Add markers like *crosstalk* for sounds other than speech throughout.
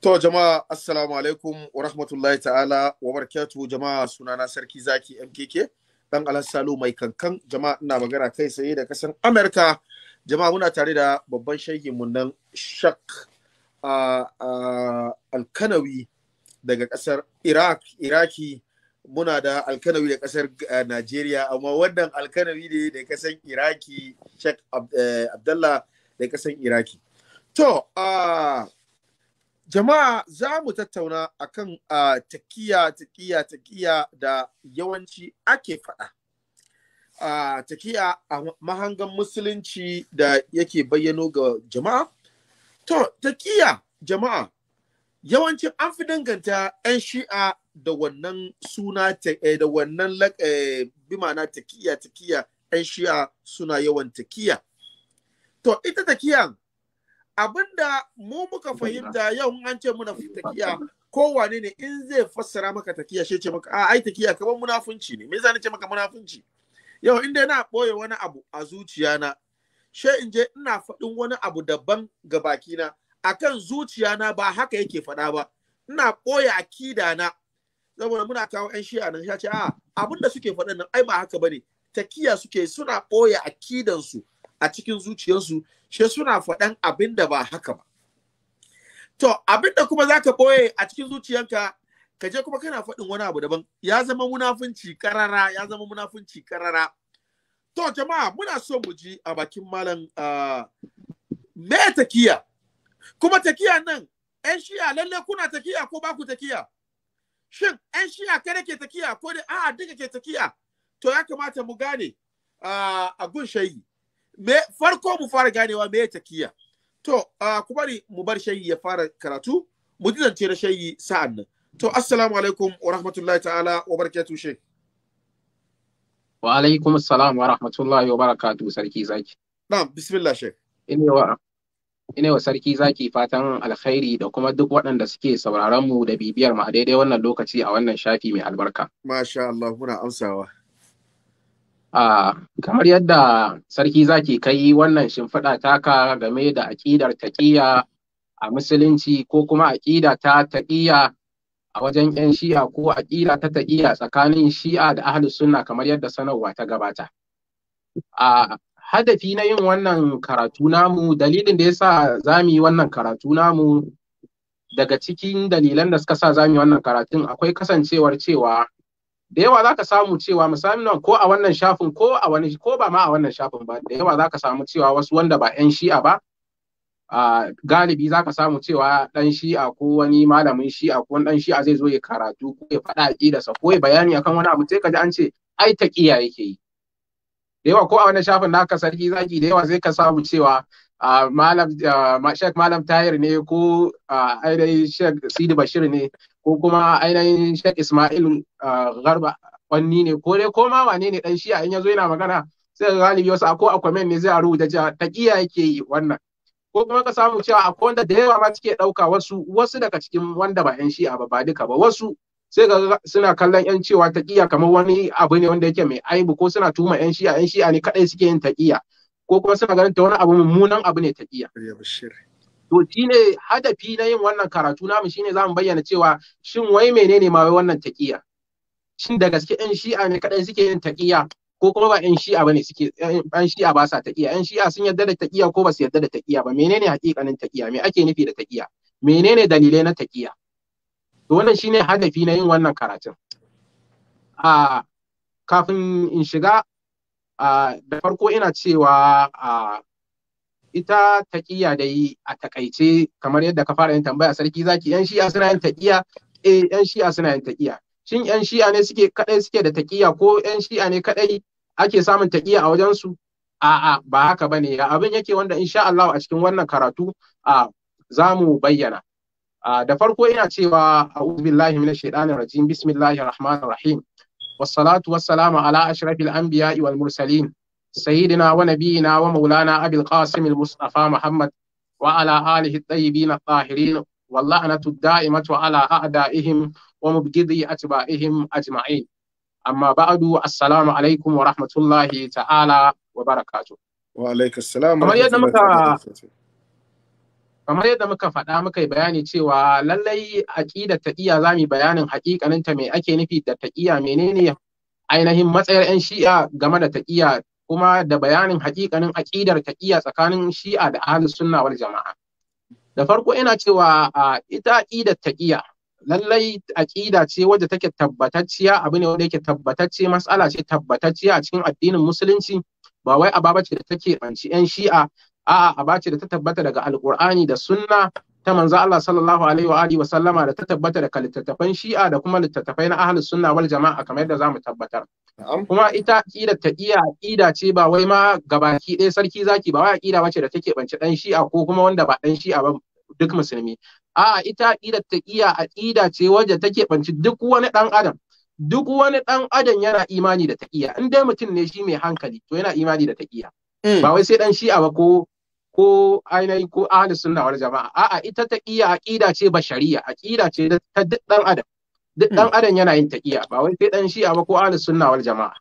To jama'a assalamu alaikum wa rahmatullahi ta'ala wa barakatu jama'a sunana sarki zaki MKK dan Alhassalo mai kankan jama'a ina magana kai tsaye da kasan Amerika jama'a muna tare da babban shaikin mu nan Shak uh, uh, Alkanawi daga kasar Iraq Iraki muna da alkanawi da kasar Najeriya amma wannan alkanawi ne da kasan Iraki Shak eh, Abdallah da kasan Iraki to uh, Jama'a za mu tattauna akan uh, takiya takiya takiya da yawanci ake faɗa. Uh, takiya a mahangan musulunci da yake bayyano ga jama'a? To, takiya jama'a yawancin an fi danganta 'yan shi'a da wannan suna eh, da wannan eh, bimana takiya takiya 'yan shi'a suna yawan takiya. To, ita takiyan abinda mu muka fahimta yau an ce muna takiya kowane ne in zai fassara maka takiya shi ce maka a ai takiya kamar munafunci ne me yasa nace maka munafunci yau inda dai na boye wani abu a zuciya na she in je ina faɗin wani abu daban ga bakina akan zuciya na ba haka yake faɗa ba ina boye akida na saboda muna kawo yan shi'a nan ce a abin da suke faɗan nan ai ba haka bane takiya suke suna boye akidan su a cikin zuciyarsu shi suna faɗan abin da ba haka ba to abin da kuma zaka boye a cikin zuciyanka ka je kuma kana faɗin wani abu daban ya zama munafunci karara ya zama munafunci karara to jama'a muna so mu ji a bakin malam me takiya kuma takiya nan yan shiya lalle kuna takiya ko ba ku takiya shin yan shiya kada ke takiya ko da a'a duka ke takiya to ya kamata mu gane a gun shayi me farko mu fara ganewa me takiya to uh, ku bari mu bar shayyi ya fara karatu mu dinance da shayyi sa'an nan to assalamu alaikum wa rahmatullahi ta'ala wa barakatuh she wa alaikum assalam wa rahmatullahi wa barakatuh sarki zaki na'am bismillah shek inewa inewa sarki zaki fatan alkhairi da kuma duk waɗanda suke sauraron mu da bibiyar mu a daidai wannan lokaci a wannan shafi mai albarka masha Allah muna amsawa Uh, kamar yadda sarki zaki kai wannan shimfiɗa taka game da aƙidar taƙiyya a musulunci ko kuma aƙida ta taƙiya a wajen ƴan shi'a ko aƙida ta taƙiya tsakanin shi'a da ahli sunna kamar yadda sanarwa ta gabata. A uh, hadafi na yin wannan karatu namu dalilin da ya sa za mu yi wannan karatu namu daga cikin dalilan da suka sa za mu yi wannan karatun akwai kasancewar cewa da yawa za ka samu cewa nan ko a wannan shafin ko a wani ko ba ma a wannan shafin ba da yawa za ka samu cewa wasu wanda ba 'yan shi'a ba a galibi za ka samu cewa ɗan shi'a ko wani malamin shi'a ko wani ɗan shi'a zai zo ya karatu ko ya faɗa sa ko ya bayani akan wani abu sai ka ji an ce ai taqiya yake yi da yawa ko a wani shafin naka sarki zaki da yawa zai ka samu cewa a malam shek malam tahir ne ko ai dai shek sidi bashir ne ko kuma ainihin Sheikh Ismail Garba kwanni ne ko dai ko ma wane ne dan shi'a in yazo yana magana sai galibi wasu ako a comment ne zai a da cewa taqiya yake yi wannan ko kuma ka samu cewa akwai wanda da yawa ma suke ɗauka wasu wasu daga cikin wanda ba 'yan shi'a ba ba duka ba wasu sai ga suna kallon 'yan cewa taƙiya kamar wani abu ne wanda yake mai aibu ko suna tuma 'yan shi'a 'yan shi'a ne kadai suke yin taƙiya ko kuma suna ganin ta wani abu mummunan abu ne taƙiya. To shine hadafi na yin wannan karatu namu shine zamu bayyana cewa shin wai menene ma wai wannan taqiya? Shin da gaske ɗan shi'a ne kaɗai suke yin taqiya ko kuma ba ɗan shi'a bane suke ɗan shi'a ba sa taqiya ɗan shi'a sun yarda da taqiya ko ba su yarda da taqiya ba menene hakikanin taqiya me ake nufi da taqiya menene dalilai na taqiya to wannan shine hadafi na yin wannan karatun a kafin in shiga da farko ina cewa ita taƙiya yi a takaice kamar yadda ka fara yin tambaya sarki zaki yan shi'a suna yin taƙiya eh yan shi'a suna yin taƙiya shin yan shi'a ne suke kadai suke da taƙiya ko yan shi'a ne kadai ake samun taƙiya a wajen su a'a ba haka bane ya abin yake wanda insha Allah a cikin wannan karatu a za mu bayyana da farko ina cewa a'udhu billahi minash shaitanir rajim bismillahir rahmanir rahim والصلاة والسلام على أشرف الأنبياء والمرسلين سيدنا ونبينا ومولانا أبي القاسم المصطفى محمد وعلى آله الطيبين الطاهرين واللعنة الدائمة على أعدائهم ومبغضي أتباعهم أجمعين أما بعد السلام عليكم ورحمة الله تعالى وبركاته وعليك السلام ورحمة الله وبركاته kamar yadda muka faɗa muka yi bayani cewa lallai aƙida taƙiya za mu bayanin haƙiƙaninta me ake nufi da taƙiya menene ainihin matsayar 'yan shi'a game da taƙiya kuma da bayanin hakikanin aƙidar taƙiyya tsakanin shi'a da ahli sunna wal jama'a da farko ina cewa a ita aƙidar taƙiya, lallai aƙida ce wadda take tabbatacciya abu ne wanda yake tabbatacce matsala ce tabbatacciya a cikin addinin musulunci ba wai ababa ce da take banci yan shi'a a'a aba ce da ta tabbata daga alƙur'ani da sunna ta manzo Allah sallallahu alaihi wa alihi wa sallama da ta tabbata daga littattafan Shi'a da kuma littattafai na ahlus sunna wal jama'a kamar yadda zamu tabbatar kuma ita aqida ta iya aqida ce ba wai ma gabaki ɗaya sarki zaki ba wai aqida bace da take bance dan Shi'a ko kuma wanda ba dan Shi'a ba duk musulmi a ita aqida ta iya aqida ce wanda take bance duk wani dan adam duk wani dan adam yana imani da ta iya in dai mutum ne shi mai hankali to yana imani da ta iya mm. ba wai sai dan Shi'a ba ko ko ainihin ko ahli sunna wal jama'a a'a ita taqiya aqida ce shari'a aqida ce ta duk dan adam duk dan hmm. adam yana yin taqiya ba wai sai dan shi'a ba ko ahli sunna wal jama'a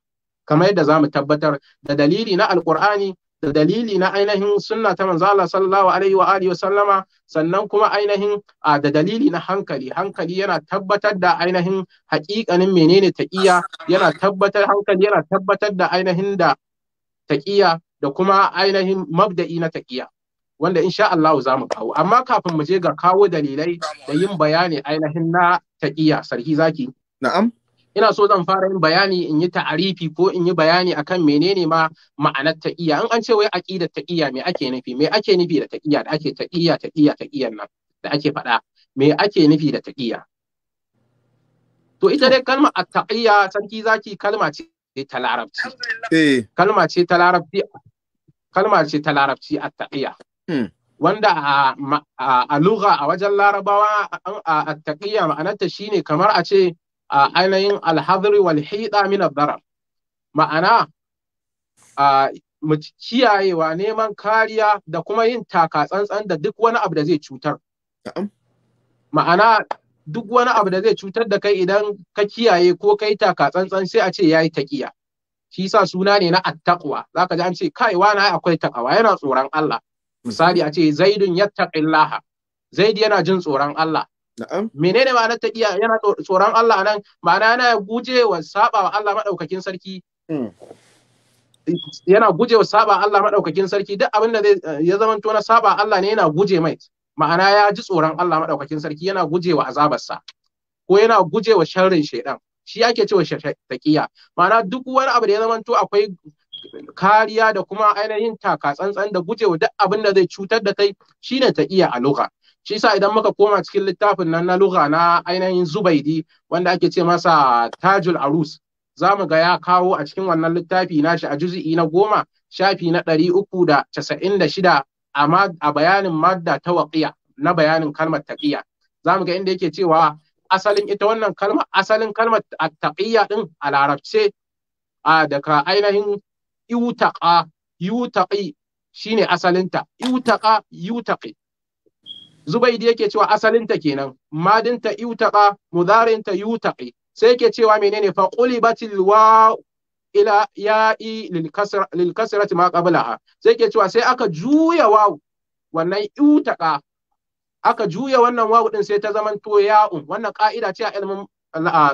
kamar yadda zamu tabbatar da dalili na alqur'ani da dalili na ainihin sunna ta manzo Allah sallallahu alaihi wa alihi sallama sannan kuma ainihin a da dalili na hankali hankali yana tabbatar da ainihin haƙiƙanin menene taqiya yana tabbatar hankali yana tabbatar da ainihin da taqiya da kuma ainihin mabda'i na taƙiya. wanda insha Allah za mu kawo amma kafin mu je ga kawo dalilai da yin bayani ainihin na taƙiya. sarki zaki na'am ina so zan fara yin bayani in yi ta'arifi ko in yi bayani akan menene ma ma'anar taƙiya. in an ce wai aqidat taqiya me ake nufi me ake nufi da taqiya da ake taqiya taqiya taqiyan nan da ake faɗa me ake nufi da taqiya to ita dai kalmar at-taqiya sarki zaki kalma ce ta larabci eh kalma ce ta larabci kalma ce ta larabci hmm. a taƙiya. Wanda a lugha a wajen larabawa a taƙiya ma'anarta shine kamar a ce a ainihin alhazri wal hida min darar. Ma'ana mu kiyayewa neman kariya da kuma yin taka tsantsan da duk wani abu da zai cutar. Ma'ana duk wani abu da zai cutar da kai idan ka kiyaye ko kai taka tsantsan sai a ce yayi taƙiya. shi sa suna ne na attaqwa zaka ji an ce kai wani akwai takawa yana tsoron Allah misali a ce zaidun yattaqillaha zaid yana jin tsoron Allah Na'am. Menene ma'anar taqiya yana tsoron Allah anan ma'ana yana guje wa saba wa Allah madaukakin sarki. Hmm. Yana guje wa saba Allah madaukakin sarki duk abin da eh, ya zamanto na saba Allah ne yana guje mai. Ma'ana ya ji tsoron Allah madaukakin sarki yana guje wa azabarsa ko yana guje wa sharrin shaidan shi ake cewa taqiya ma'ana duk wani abu da ya zamanto akwai kariya da kuma ainihin taka tsantsan da gujewa duk abin da zai cutar da kai shine iya a lugha shi yasa idan muka koma cikin littafin nan na lugha na ainihin Zubaidi wanda ake ce masa Tajul Arus za mu ga ya kawo a cikin wannan littafi nashi a juzi'i na goma shafi na ɗari uku da casa'in da shida a bayanin madda ta waƙiya na bayanin kalmar taƙiya za mu ga inda yake cewa asalin ita wannan kalma asalin kalmar taqiyya din a larabce a daga ainihin yutaqa yutaqi shine asalinta yutaqa yutaqi Zubaidi yake cewa asalinta kenan madinta yutaqa mudarinta yutaqi sai yake cewa menene fa qulibatil wa ila ya'i lil kasra lil ma qablaha sai yake cewa sai aka juya wa wannan yutaqa aka juya wannan wawu din sai ta zamanto ya'un wannan ka'ida ce a ilmin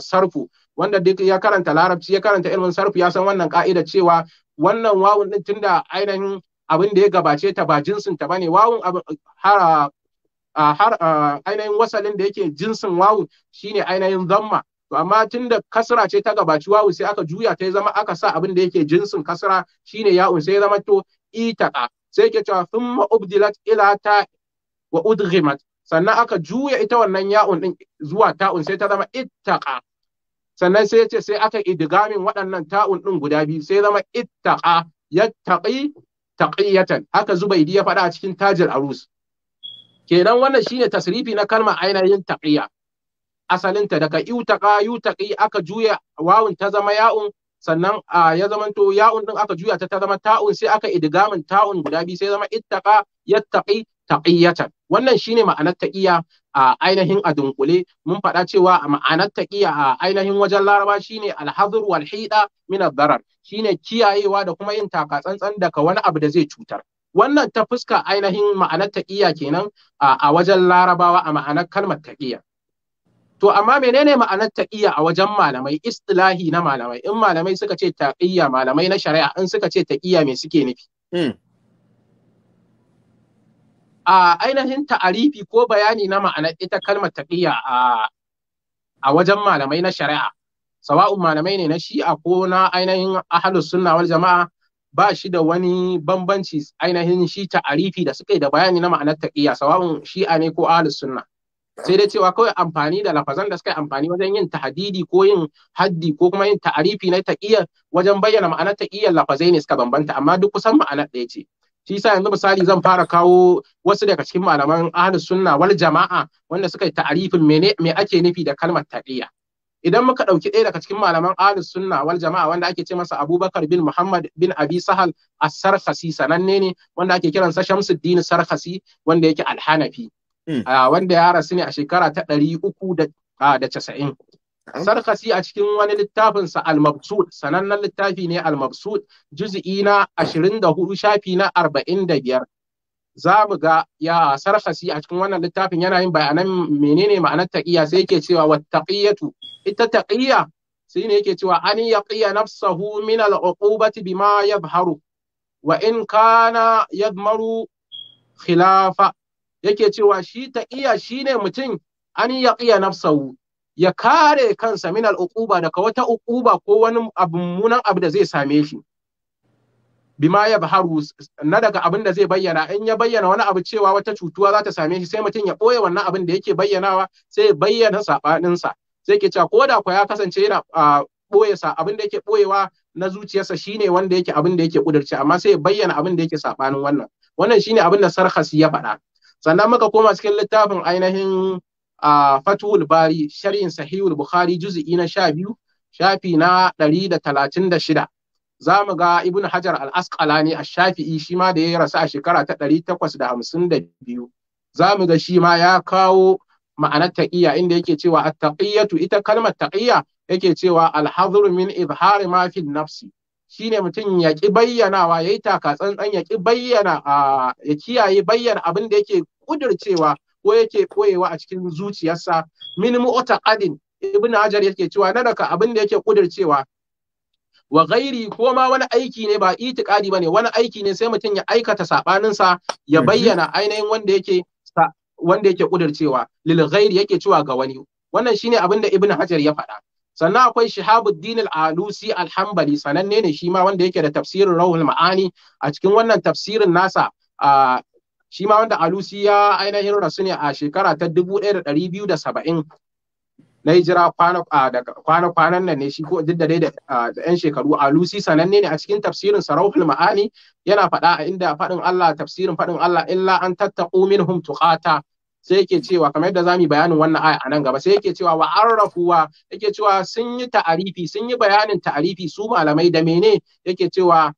sarfu wanda duk ya karanta larabci ya karanta ilmin sarfu ya san wannan ka'ida cewa wannan wawu din tunda ainihin abin da ya gabace ta ba jinsin ta bane wawun abin, har har ainihin wasalin da yake jinsin wawun shine ainihin zamma to amma tunda kasra ce ta gabaci wawu sai aka juya ta zama aka sa abin da yake jinsin kasra shine ya'un sai zama to itaka sai yake cewa thumma ubdilat ila ta wa udghimat sannan aka juya ita wannan ya'un din zuwa ta'un sai ta zama ittaqa sannan sai ya ce sai aka idgamin waɗannan ta'un din guda biyu sai zama ittaqa yattaqi taqiyatan haka zubaidi ya faɗa a cikin tajir arus kenan wannan shine tasrifi na kalma ainihin taqiya asalinta daga yutaka yutaqi aka juya wawun ta zama ya'un sannan ya zamanto ya'un din aka juya ta ta zama ta'un sai aka idgamin ta'un guda biyu sai zama ittaqa yattaqi taqiyatan wannan shine ma'anar taqiya a ainihin a dunkule mun faɗa cewa a ma'anar taqiya a ainihin wajen laraba shine alhazur wal hida min ad-darar shine kiyayewa da kuma yin takatsantsan daga wani abu da zai cutar wannan ta fuska ainihin ma'anar taqiya kenan a wajen larabawa a ma'anar kalmar taqiya to amma menene ma'anar taqiya a wajen malamai istilahi na malamai in malamai suka ce taqiya malamai na shari'a in suka ce taqiya me suke nufi hmm. a ainihin ta'arifi ko bayani na ma'anar ita kalmar taqiyya a wajen malamai na shari'a sawa'un malamai ne na shi'a ko na ainihin ahlus sunna wal jama'a ba shi da wani bambanci ainihin shi ta'arifi da suka yi da bayani na ma'anar taqiyya sawa'un shi'a ne ko ahlus sunna sai dai cewa kawai amfani da lafazan da suka yi amfani wajen yin tahdidi ko yin haddi ko kuma yin ta'arifi na taqiyya wajen bayyana ma'anar taƙiyar lafazai ne suka bambanta amma duk kusan ma'anar ɗaya ce shi yasa yanzu misali zan fara kawo wasu daga cikin malaman ahlus sunna wal jama'a wanda suka yi ta'arifin mene me ake nufi da kalmar taqiyya idan muka ɗauki ɗaya daga cikin malaman ahlus sunna wal jama'a wanda ake ce masa Abubakar bin Muhammad bin Abi Sahal as sarkasi sananne ne wanda ake kiran sa Shamsuddin sarkasi wanda yake Al-Hanafi hmm. ah, wanda ya rasu ne a shekara ta ɗari uku da ah, casa'in Sarkasi a cikin wani littafinsa Al-Mabsud, sanannen littafi ne Al-Mabsud, juz'i na 24 shafi na 45. Za mu ga ya sarkasi a cikin wannan littafin yana yin bayanan menene ma'anar taqiyya sai yake cewa wattaqiyatu ita taqiyya sai ne yake cewa an yaqiya nafsahu min al-uqubati bima yabharu wa in kana yadmaru khilafa yake cewa shi taqiya shine mutum an yaqiya nafsahu ya kare kansa min al'uquba daga wata uquba ko wani abu munan abu da zai same shi bima ya baharu na daga abin da zai bayyana in ya bayyana wani abu cewa wata cutuwa za ta same shi sai mutum ya boye wannan abin da yake bayyanawa sai ya bayyana sabaninsa sai ke cewa ko da ko ya kasance yana boye sa abin da yake boyewa na zuciyarsa shine wanda yake abin da yake kudurci amma sai ya bayyana abin da yake sabanin wannan wannan shine abin da sarhasi ya faɗa sannan muka koma cikin littafin ainihin a Fathul Bari sharhin Sahihul Bukhari juz'i na sha biyu shafi na ɗari da talatin da shida za mu ga Ibn Hajar al-Asqalani a shafi'i shi ma da ya rasu a shekara ta ɗari takwas da hamsin da biyu za mu ga shi ma ya kawo ma'anar taƙiyya inda yake cewa at-taqiyyatu ita kalmar taƙiyya yake cewa al-hadru min izhari ma fi nafsi shine mutum ya ƙi bayyanawa ya yi taka tsantsan ya ƙi bayyana ya kiyaye bayyana abin da yake cewa. ko yake koyewa a cikin zuciyarsa min mu'taqadin ibn hajar yake cewa na daga abin da yake kudircewa wa ghairi ko ma wani aiki ne ba itikadi bane wani aiki ne sai mutum ya aikata sabanin sa ya mhm. bayyana ainihin wanda yake wanda yake kudircewa lil ghairi yake cewa ga wani wannan shine abin da ibn hajar ya faɗa sannan akwai shihabuddin al-alusi al-hanbali sananne ne shi ma wanda yake da tafsirin rawhul ma'ani a cikin wannan tafsirin nasa shi ma wanda alusi ya ainihin rasu ne a shekara ta dubu ɗaya da ɗari biyu da saba'in na hijira kwana-kwanan nan ne shi ko duk da da yan shekaru alusi sananne ne a cikin tafsirin sarauhul ma'ani yana faɗa a inda faɗin Allah tafsirin faɗin Allah illa an tattaqu minhum tuqata sai yake cewa kamar yadda zamu bayanin wannan aya a nan gaba sai yake cewa wa arrafuwa yake cewa sun yi ta'arifi sun yi bayanin ta'arifi su malamai da mene yake cewa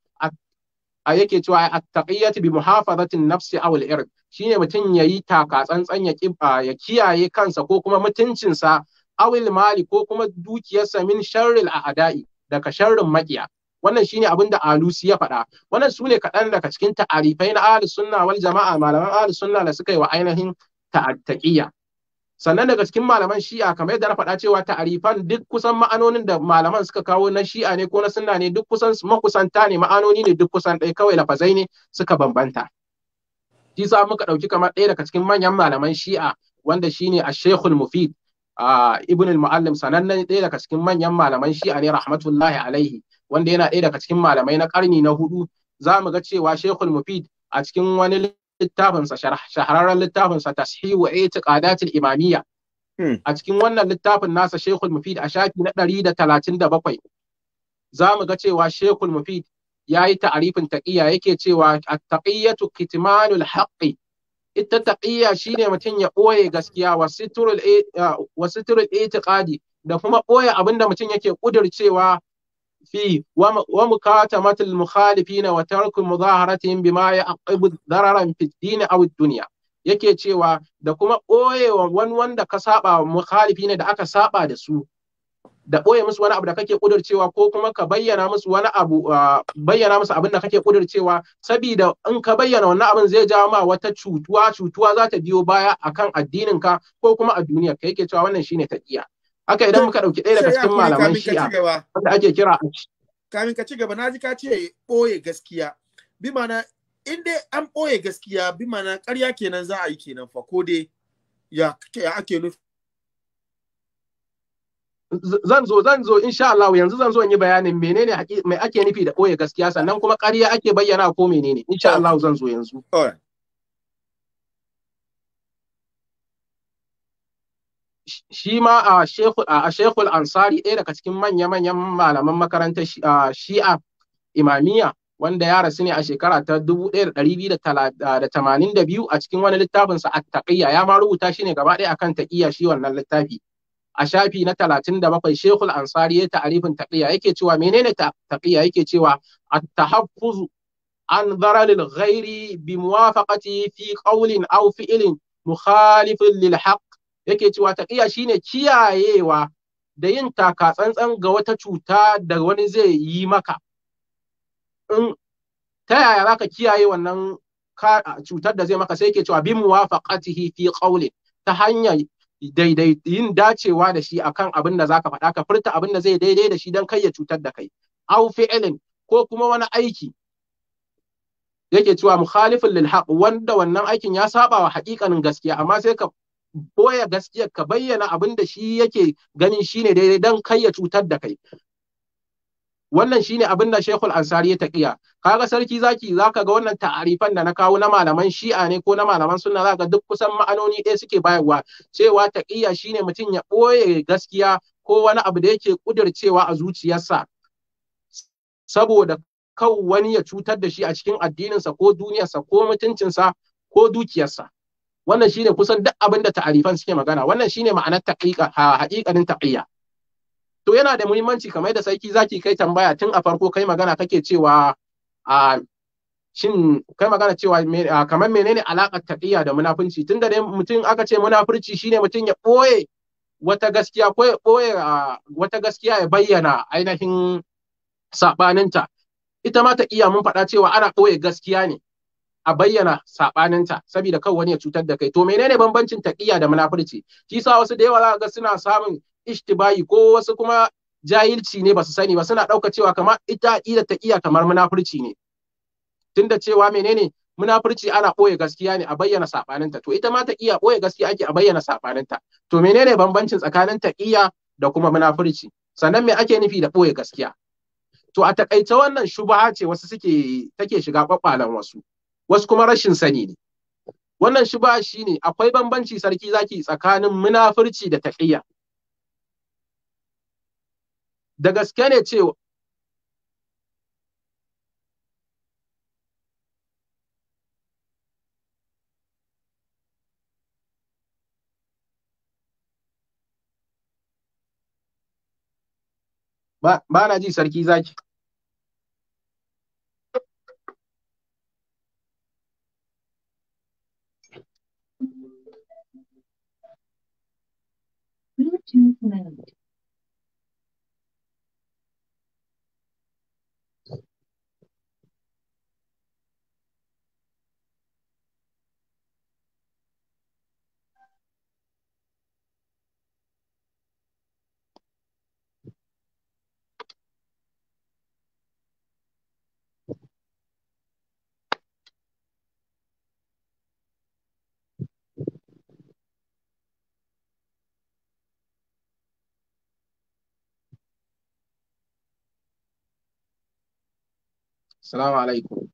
a yake cewa a taqiyyatu bi muhafazatin nafsi aw al-ird shine mutum yayi taka tsantsan ya ah, ya kiyaye kansa ko kuma mutuncinsa al mali ko kuma dukiyarsa min sharril a'da'i daga sharrin maƙiya. wannan shine abin da Alusi ya faɗa wannan su ne kaɗan daga cikin ta'arifai na ahlus sunna wal jama'a malaman ahlus sunna da suka yi wa ainihin ta'attaqiyya sannan daga cikin malaman shi'a kamar yadda na faɗa cewa ta'arifan duk kusan ma'anonin da malaman suka kawo na shi'a ne ko na sunna ne duk kusan makusanta ne ma'anoni ne duk kusan ɗaya kawai lafazai ne suka bambanta shi sa muka ɗauki kamar ɗaya daga cikin manyan malaman shi'a wanda shine ash-shaykhul mufid ibn al-muallim sanannen ɗaya daga cikin manyan malaman shi'a ne rahmatullahi alaihi wanda yana ɗaya daga cikin malamai na ƙarni na hudu za mu ga cewa shaykhul mufid a cikin wani littafinsa shahararren littafinsa tashihu i'tiqadat al-imamiyya hmm. a cikin wannan littafin nasa Sheikhul Mufid a shafi na 137 za mu ga cewa Sheikhul Mufid ya yi ta'arifin taqiyya yake cewa at-taqiyyatu kitmanul haqqi ita taqiyya shine mutum ya ɓoye gaskiya wa sitrul itiqadi da kuma ɓoye abinda mutum yake cewa. فيه ومكاتمة المخالفين وترك مظاهرتهم بما يعقب dararan fi الدين aw dunya yake cewa da kuma ɓoyewa wani wanda ka saba mukhalifin da aka saba da su da ɓoye musu wani abu da kake ƙudurcewa ko kuma ka bayyana musu wani abu bayyana musu abin da kake ƙudurcewa saboda in ka bayyana wannan abin zai jawo ma wata cutuwa cutuwa za ta biyo baya akan addininka ko kuma a duniyarka yake cewa wannan shine taqiya haka idan muka ɗauki ɗaya daga cikin malaman shi'a wanda ake kira kamin ka ci gaba na ji ka ce ɓoye gaskiya bi mana in dai an ɓoye gaskiya bi mana ƙarya kenan za a yi kenan fa ko dai ya ake nufi zan zo zan zo insha Allah yanzu zan zo in yi bayanin menene mai ake nufi da ɓoye gaskiya sannan kuma ƙarya ake bayyana ko menene insha Allah zan zo yanzu. All right. shi ma a shekul ansari ɗaya daga cikin manya-manyan malaman makarantar shi'a imamiya wanda ya rasu ne a shekara ta 1282 a cikin wani littafin a taƙiyya ya ma rubuta shi ne gaba ɗaya akan taƙiyya shi wannan littafi a shafi na 37 shekul ansari ya ta'arifin taƙiyya yake cewa menene taƙiyya yake cewa at-tahaffuzu an daralil ghairi bi muwafaqati fi qawlin aw fi'lin mukhalifin lil haqq yake cewa taqiya shine kiyayewa da yin taka tsantsan ga wata cuta da wani zai yi maka in ta yaya zaka kiyaye wannan cutar da zai maka sai yake cewa bi muwafaqatihi fi qawlin ta hanyar daidai yin dacewa da shi akan abin da zaka faɗa ka furta abin da zai daidai da shi dan kai ya cutar da kai aw fi'lin ko kuma wani aiki yake cewa mukhalifin lil wanda wannan aikin ya saba wa haƙiƙanin gaskiya amma sai ka boye gaskiya ka bayyana abin da shi yake ganin ne daidai don kai ya cutar da kai wannan shi ne abin da Sheikhul Ansari ya Ka ga sarki zaki zaka ga wannan ta'arifan da na kawo na malaman Shi'a ne ko na malaman Sunna zaka duk kusan ma'anoni ɗaya suke bayarwa cewa taƙiya shi ne mutum ya ɓoye gaskiya ko wani abu da yake kudircewa a zuciyarsa saboda kau wani ya cutar da shi a cikin addininsa ko duniyarsa ko mutuncinsa ko dukiyarsa wannan shine kusan duk abin da ta'arifan suke magana wannan shine ma'anar taqiqa haqiqanin taqiyya to yana da muhimmanci kamar da sarki zaki kai tambaya tun a farko kai magana kake cewa a shin kai magana cewa kamar menene alaƙar taƙiyya da munafunci tun da mutum aka ce munafurci shine mutum ya ɓoye wata gaskiya ko ya ɓoye wata gaskiya ya bayyana ainihin saɓaninta ita ma taƙiyya mun faɗa cewa ana ɓoye gaskiya ne a bayyana sabaninta saboda kawai wani ya cutar da kai to menene bambancin taqiyya da munafurci shi sa wasu da yawa za ga suna samun ishtibayi ko wasu kuma jahilci ne basu sani ba suna ɗauka cewa kamar ita ida taqiyya kamar munafurci ne tunda cewa menene munafurci ana ɓoye gaskiya ne a bayyana saɓaninta to ita ma taqiyya boye gaskiya ake a bayyana sabaninta to menene bambancin tsakanin taqiyya da kuma munafurci sannan me ake nufi da ɓoye gaskiya to a takaice wannan shubaha ce wasu suke take shiga ƙwaƙwalan wasu wasu kuma rashin sani ne wannan shi ba shi ne akwai bambanci sarki zaki tsakanin munafurci da taqiyya da gaske ne cewa ba na ji sarki zaki 中国なの Salamu alaikum.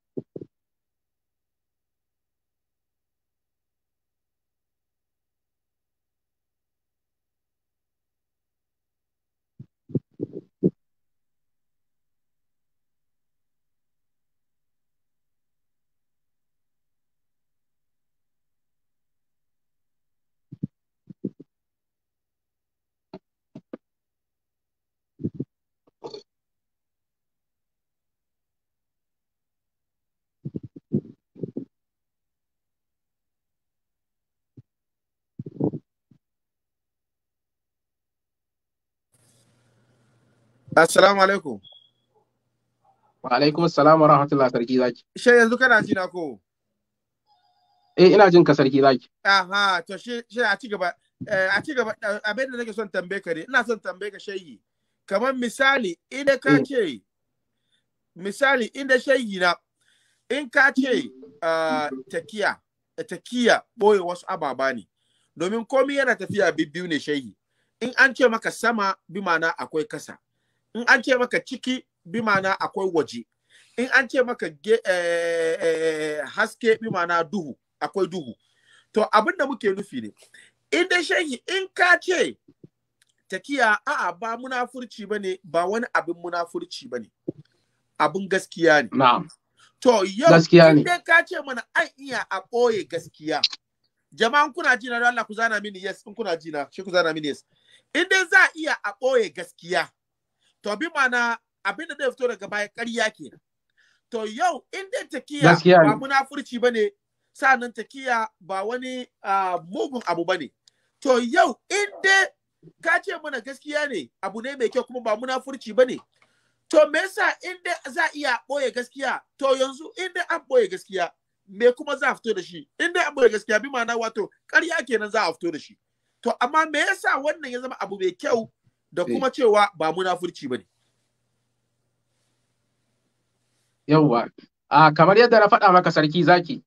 Assalamu alaikum. Wa alaikum assalam wa rahmatullah sarki zaki. She yanzu kana ji na ko? Eh ina jin ka sarki zaki. Aha, to she she a ci gaba eh, a ci gaba eh, abin da nake son tambaye ka ne. Ina son tambaye ka shehi. Kamar misali idan ka mm. ce misali inda shehi na in ka ce ah, takiya eh, takiya boye wasu ababa ne. Domin komai yana tafiya bibbiyu ne shehi. In an ce maka sama bi ma'ana akwai kasa. in an ce maka ciki bi mana akwai waje in an ce maka eh, eh, eh, haske bi mana duhu akwai duhu to abin da muke nufi ne in dai shehi in ka ce takiya a'a ba munafurci bane ba wani abin munafurci bane abin gaskiya ne to yau gaskiya ne ka ce mana an iya a ɓoye gaskiya jama'an kuna ji na Allah ku zana mini yes in kuna ji na shi ku zana mini yes in dai za a iya a ɓoye gaskiya to bi mana abin da zai fito daga baya ƙarya kenan to yau in dai takiya ba munafurci bane sanan takiya ba wani mugun abu bane to yau in dai ka ce mana gaskiya ne abu ne mai kyau kuma ba munafurci bane to me yasa in dai za iya boye gaskiya to yanzu in dai an boye gaskiya me kuma za a fito da shi in an boye gaskiya bi ma'ana wato ƙarya kenan za a fito da shi to amma me yasa wannan ya zama abu mai kyau da kuma cewa ba munafurci ba ne. Yawwa, a kamar yadda na faɗa maka sarki zaki,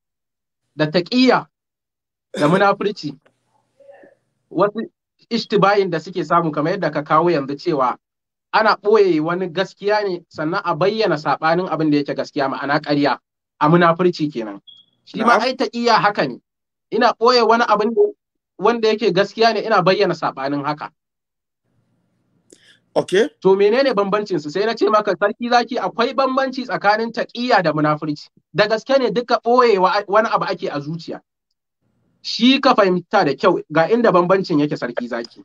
da taƙiyya da munafurci wasu ishtibayin da suke samu kamar yadda ka kawo yanzu cewa ana ɓoye wani gaskiya ne sannan a bayyana saɓanin abin da yake gaskiya ma'ana ƙarya a munafurci kenan. Shi ma ai taƙiyya haka ne, ina ɓoye wani abin wanda yake gaskiya ne ina bayyana saɓanin haka. Okay. To menene bambancin su sai na ce maka sarki zaki akwai bambanci tsakanin taƙiyya da munafurci. Da gaske ne duka ɓoye wani abu ake a zuciya. Shi ka fahimta da kyau ga inda bambancin yake sarki zaki.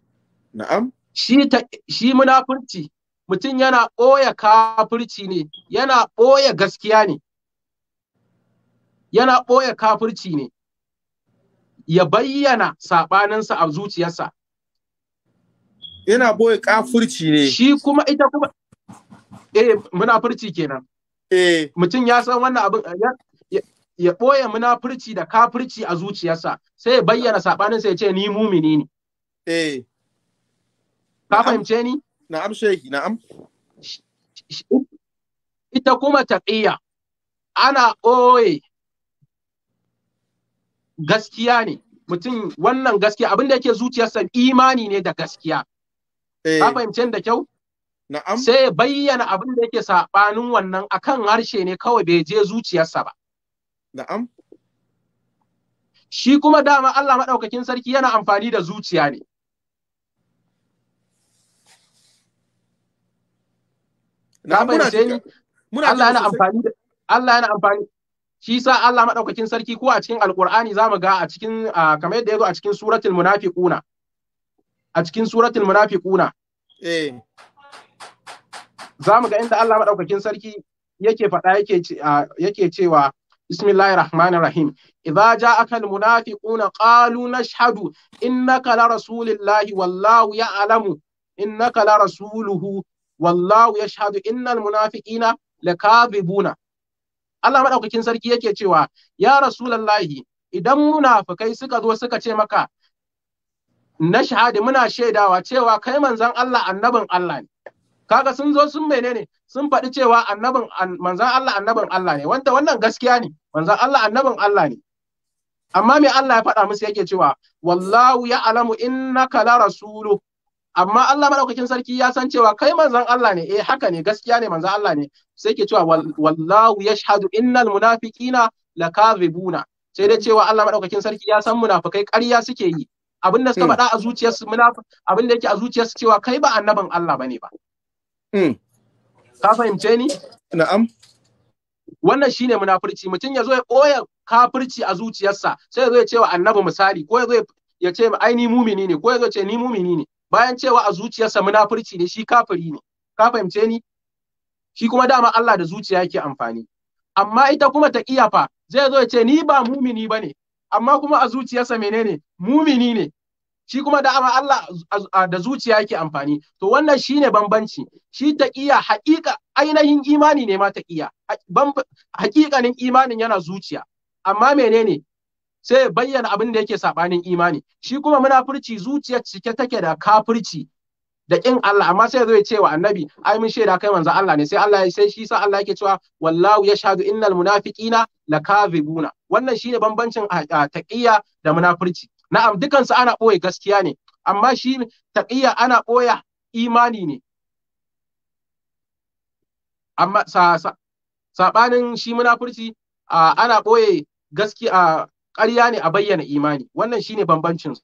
Na'am. Shi ta, shi munafurci mutum yana ɓoye kafirci ne, yana ɓoye gaskiya ne. Yana ɓoye kafirci ne. Ya bayyana saɓaninsa a zuciyarsa, yana boye kafurci ne shi kuma ita kuma eh munafurci kenan eh mutum ya san wannan abin ya boye munafurci da kafurci a zuciyarsa sai ya bayyana sabanin sai ya ce ni mumini ne eh ka fahimce ni na'am shehi na'am ita kuma taqiya ana ɓoye gaskiya ne mutum wannan gaskiya abin da yake zuciyarsa imani ne da gaskiya Ka eh. fahimci da kyau? Na'am. Sai ya bayyana abin da yake saɓanin wannan akan harshe ne kawai bai je zuciyarsa ba. Na'am. Shi kuma dama Allah maɗaukakin sarki yana amfani da zuciya ne. Na fahimce ni? Allah yana amfani da Allah yana amfani shi sa Allah maɗaukakin sarki ko a cikin Alƙur'ani za mu ga a cikin kamar yadda yazo a cikin suratul munafiquna a cikin suratul munafiquna eh. za mu ga inda Allah madaukakin sarki yake faɗa yake yake cewa bismillahir rahmanir rahim idza ja'aka al munafiquna qalu nashhadu innaka la rasulillahi wallahu ya'lamu innaka la rasuluhu wallahu yashhadu innal munafiqina lakadhibuna Allah madaukakin sarki yake cewa ya rasulullahi idan munafikai suka zo suka ce maka na shahada muna shaidawa cewa kai manzan Allah annabin Allah ne kaga sun zo sun menene sun faɗi cewa annabin manzan Allah annabin Allah ne wanda wannan gaskiya ne manzan Allah annabin Allah ne amma me Allah ya faɗa musu yake cewa wallahu ya alamu innaka la rasulu amma Allah madaukakin sarki ya san cewa kai manzan Allah ne eh haka ne gaskiya ne manzan Allah ne sai yake cewa wallahu yashhadu innal munafiqina lakazibuna sai dai cewa Allah madaukakin sarki ya san munafikai ƙarya suke yi abin da suka hmm. faɗa a zuciyarsu munafik abin da yake a zuciyarsu cewa kai ba annabin Allah bane ba hmm. ka fahimce ni na'am wannan shine munafurci mutum ya zo ya koya kafirci a zuciyarsa sai ya cewa annabi misali ko ya zo ya ce ai ni mumini ne ko ya zo ce ni mumini ne bayan cewa a zuciyarsa munafurci ne shi kafiri ne ka fahimce ni shi kuma dama Allah da zuciya yake amfani amma ita kuma ta iya fa zai zo ya ce ni ba mumini bane amma kuma a zuciyarsa menene mumini ne shi kuma da ama Allah da zuciya yake amfani to wannan shine bambanci shi taqiya haƙiƙa ainihin imani ne ma taqiya haƙiƙanin imanin yana zuciya amma menene sai bayyana abin da yake sabanin imani shi kuma munafurci zuciya cike take da kafirci da kin Allah amma sai zai ce wa annabi ai mun shaida kai manzo Allah ne sai Allah sai shi sa Allah yake cewa wallahu yashhadu innal munafiqina lakazibuna wannan shine bambancin ah, ah, taqiyya da munafurci na'am dukansu ana ɓoye gaskiya ne amma shi taqiyya ana boya imani ne amma saɓanin shi munafurci ah, ana boye gaskiya ƙarya ne a bayyana imani wannan shine bambancin su.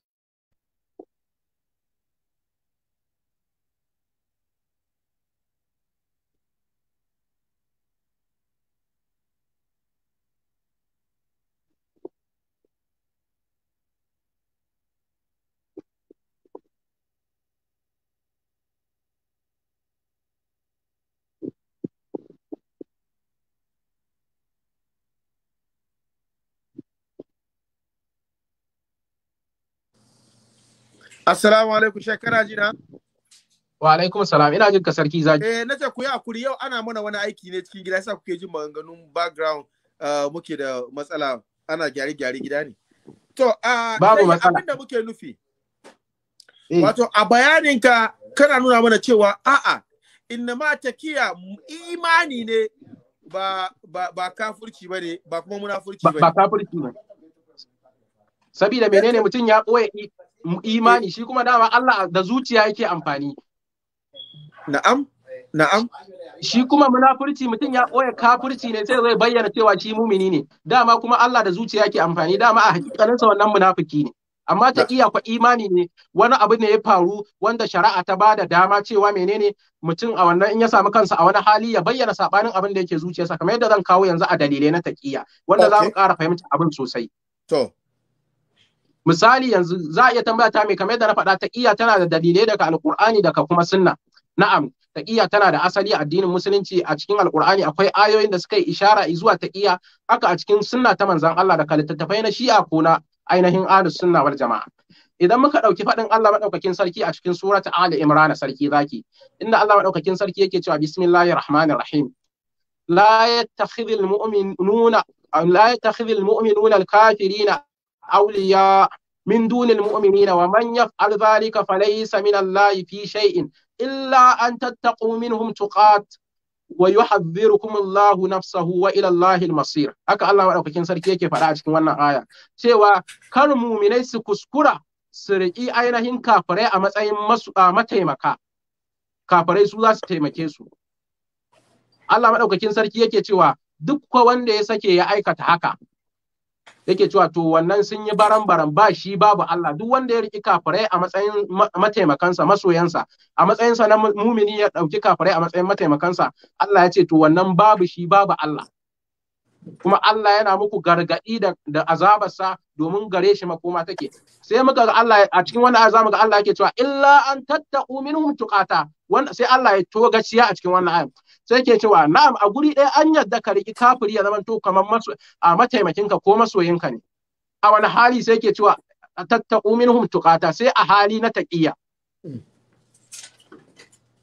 Assalamu alaikum shekara jina. Wa alaikum salam ina jin ka sarki zaki. Eh nace ku yi hakuri yau ana mana wani aiki ne cikin gida yasa kuke jin maganganun background eh, muke da matsala ana gyare gyare gida ne. To a ah, babu matsala abinda muke nufi. Eh. Wato a bayaninka kana nuna mana cewa a'a ma takiya imani ne ba ba ba kafirci bane ba kuma munafurci bane. Ba kafirci bane. Sabida menene mutum ya boye imani eh. shi kuma dama Allah da zuciya yake amfani na'am na'am shi kuma munafurci mutum ya ɓoye kafurci ne sai zai bayyana cewa shi mumini ne dama kuma Allah da zuciya yake amfani dama a hakikaninsa wannan munafiki ne amma ta iya kwa imani ne wani abu ne ya faru wanda shari'a ta bada dama cewa menene mutum a wannan in ya samu kansa a wani hali ya bayyana sabanin abin da yake zuciyarsa kamar yadda zan kawo yanzu a dalilai na taqiya wanda za mu ƙara fahimta abin sosai to misali yanzu za a iya tambaya ta mai kamar yadda na faɗa taqiyya tana da dalilai daga Alƙur'ani daga kuma sunna na'am taqiyya tana da asali a addinin musulunci a cikin Alƙur'ani, akwai ayoyin da suka yi ishara zuwa taqiyya haka a cikin sunna ta manzon Allah da littattafai na shi'a ko na ainihin ahlus sunna wal jama'a idan muka ɗauki faɗin Allah maɗaukakin sarki a cikin surata Ali Imran sarki zaki inda Allah maɗaukakin sarki yake cewa bismillahir rahim la yattakhidhul mu'minuna la yattakhidhul mu'minuna al-kafirina awliya min dunil mu'minina wa man yaf'al dhalika falaysa min fi shay'in illa an tattaqu minhum tuqat wa yuhadhdhirukum Allahu nafsahu wa ila Allahi al haka Allah madaukakin sarki yake faɗa a cikin wannan aya cewa kar muminai su kuskura su riƙi ainihin kafirai a matsayin masu mataimaka kafirai su za taimake su Allah madaukakin sarki yake cewa duk wanda ya sake ya aikata haka yake cewa to wannan sun yi baran-baran ba shi babu Allah duk wanda ya riki kafirai a matsayin mataimakansa masoyansa a matsayinsa na mumini ya dauki kafirai a matsayin mataimakansa Allah ya ce to wannan babu shi babu Allah kuma Allah yana muku gargadi da, da azabarsa domin gare shi makoma take sai muka ga Allah a cikin wannan azaba ga Allah yake cewa illa an tattaqu minhum tuqata wannan sai Allah ya togaciya a cikin wannan ayat sai ke cewa na'am a guri ɗaya an yadda ka riƙi kafiri ya zama zamanto kamar maso a mataimakinka ko masoyinka ne a wani hali sai ke cewa tattaqu minhum tuqata sai a hali na taqiya hmm.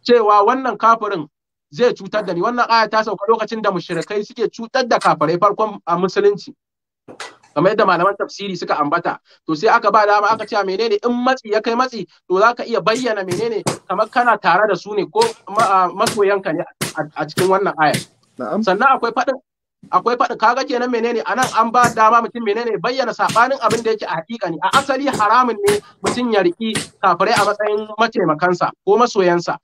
cewa wannan kafirin zai cutar da ni wannan aya ta sauka lokacin da mushrikai suke cutar da kafirai farkon a musulunci kamar yadda malaman tafsiri suka ambata to sai aka ba dama aka ce menene in matsi ya kai matsi to za ka iya bayyana menene kamar kana tare da su ne ko masoyanka ne a cikin wannan aya sannan akwai faɗin akwai faɗi kaga kenan menene anan an ba dama mutum menene bayyana sabanin abin da yake a hakika ne a asali haramun ne mutum ya riki kafirai a matsayin mataimakansa ko masoyansa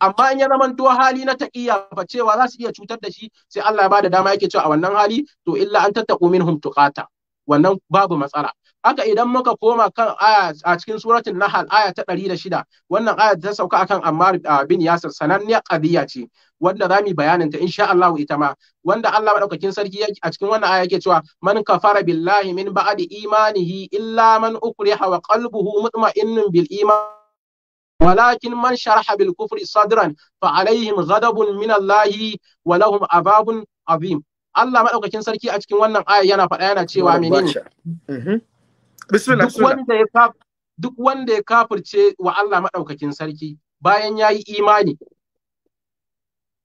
amma in ya zamanto hali na taƙiyya fa cewa za su iya cutar da shi sai Allah ya bada dama yake cewa a wannan hali to illa an tattaqu minhum tuqata wannan babu matsala haka idan muka koma kan aya a cikin suratul nahl aya ta 106 wannan aya ta sauka akan Ammar bin Yasir sananniyar qadiya ce wanda za mu bayanin ta insha Allah ita ma wanda Allah madaukakin sarki a cikin wannan aya yake cewa man kafara billahi min ba'di imanihi illa man ukriha wa qalbuhu mutma'innun bil iman ولكن من شرح بالكفر صدرا فعليهم غضب من الله ولهم عذاب عظيم Allah maɗaukakin sarki a cikin wannan aya yana faɗa yana cewa menene mm-hmm. duk wanda ya duk wanda ya kafirce wa Allah maɗaukakin sarki bayan ya yi imani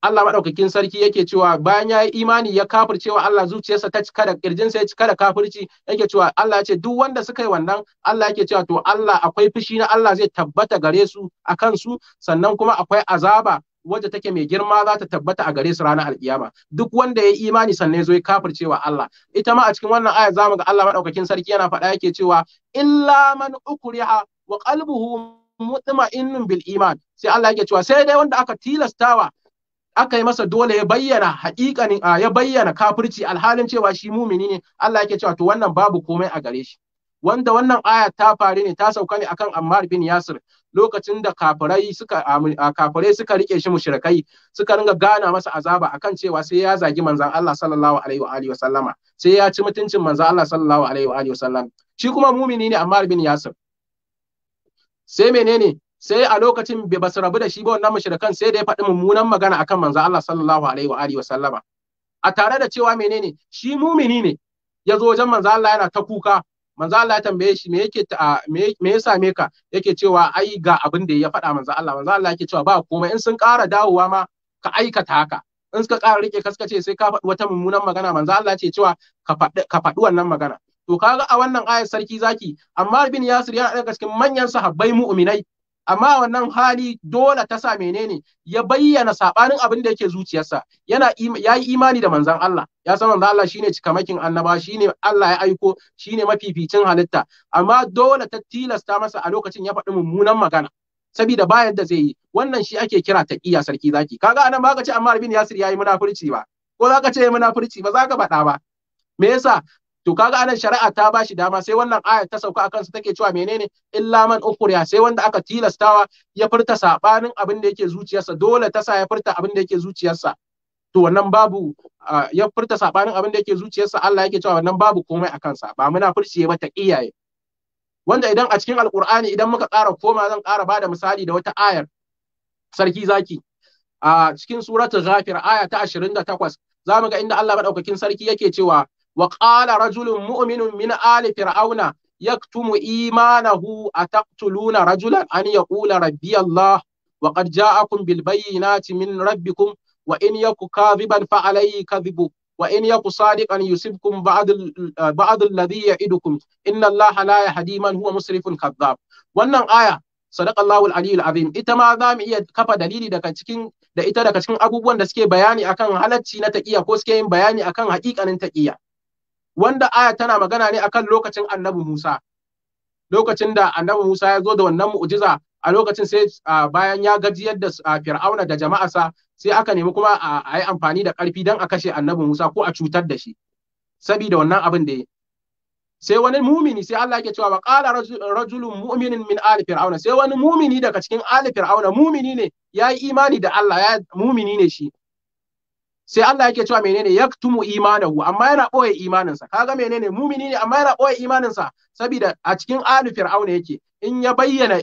Allah maɗaukakin sarki yake cewa bayan ya yi imani ya kafirce wa Allah zuciyarsa ta cika da ƙirjinsa ya cika da kafirci yake cewa Allah ya ce duk wanda suka yi wannan Allah yake cewa to Allah akwai fushi na Allah zai tabbata gare su a kansu sannan kuma akwai azaba wadda take mai girma za ta tabbata a gare su ranar alkiyama duk wanda ya yi imani sannan ya zo ya kafircewa Allah ita ma a cikin wannan aya zamu ga Allah madaukakin sarki yana faɗa yake cewa illa man ukriha wa qalbuhu mutma'innun bil iman sai Allah yake cewa sai dai wanda aka tilastawa aka yi masa dole ya bayyana haƙiƙanin ya bayyana kafirci alhalin cewa shi mumini ne Allah yake cewa to wannan babu komai a gare shi wanda wannan aya ta faru ne ta sauka ne akan Ammar bin Yasir lokacin da kafirai suka kafirai suka rike shi mushrikai suka ringa gana masa azaba akan cewa sai ya zagi manzon Allah sallallahu alaihi wa alihi wasallama sai ya ci mutuncin manzon Allah sallallahu alaihi wa alihi wasallam shi kuma mumini ne Ammar bin Yasir sai menene sai a lokacin bai basu rabu da shi ba wannan mushrikan sai da ya faɗi mummunan magana akan manzon Allah sallallahu alaihi wa alihi wasallama a tare da cewa menene shi mumini ne ya zo wajen manzon Allah yana ta kuka manzo Allah ya tambaye shi me yake me ya same ka yake cewa ai ga abin da ya faɗa manzo Allah manzo Allah yake cewa ba komai in sun ƙara dawowa ma ka aikata haka in suka ƙara rike kaska ce sai ka faɗi wata mummunan magana manzo Allah ce cewa ka faɗi wannan magana to kaga a wannan ayar sarki zaki amma bin yasir yana daga cikin manyan sahabbai mu'minai amma wannan hali dole ta sa menene ya bayyana sabanin abin da yake zuciyarsa yana ya yi imani da manzon Allah ya san manzon Allah shine cikamakin annaba shine Allah ya aiko shine mafificin halitta amma dole ta tilasta masa a lokacin ya faɗi mummunan magana saboda ba yadda zai yi wannan shi ake kira ta iya sarki zaki kaga anan ba ka ce amma bin Yasir yayi munafurci ba ko za ka ce munafurci ba za ka faɗa ba me yasa to kaga anan shari'a ta bashi dama sai wannan aya ta sauka akan su take cewa menene illa man ukhriya sai wanda aka tilastawa ya furta sabanin abin da yake zuciyarsa dole ta sa ya furta abin da yake zuciyarsa to wannan babu ya furta sabanin abin da yake zuciyarsa Allah yake cewa wannan babu komai a kansa ba muna furciye ba ta iyaye wanda idan a cikin alkur'ani idan muka kara koma zan kara bada misali da wata ayar sarki zaki a cikin suratul ghafir aya ta 28 zamu ga inda Allah madaukakin sarki yake cewa Waƙala rajulun mu'minun min ali fir'auna yaktumu imanahu ataqtuluna rajulan an yaqula rabbi Allah wa qad ja'akum bil bayyinati min rabbikum wa in yaku kadhiban fa alayhi kadhibu wa in yaku sadiqan yusibkum ba'd ba'd alladhi ya'idukum inna Allah la yahdi man huwa musrifun kadhab wannan aya sadaqallahu al-aliyyul ita ma za mu iya kafa dalili daga cikin da ita daga cikin abubuwan da suke bayani akan halacci na taqiya ko suke yin bayani akan haƙiƙanin taqiya wanda aya tana magana ne akan lokacin annabi Musa lokacin da annabi Musa ya zo da wannan mu'jiza a lokacin sai bayan ya gaji yadda Fir'auna da jama'arsa sai aka nemi kuma a yi amfani da ƙarfi don a kashe annabi Musa ko a cutar da shi sabida wannan abin da ya sai wani mumini sai Allah yake cewa wa qala rajulun mu'minin min ali fir'auna sai wani mumini daga cikin ali fir'auna mumini ne yayi imani da Allah ya mumini ne shi sai Allah yake cewa menene yaktumu imanahu amma yana boye imaninsa kaga menene mumini ne amma yana boye imaninsa saboda a cikin alu fir'auna yake in ya bayyana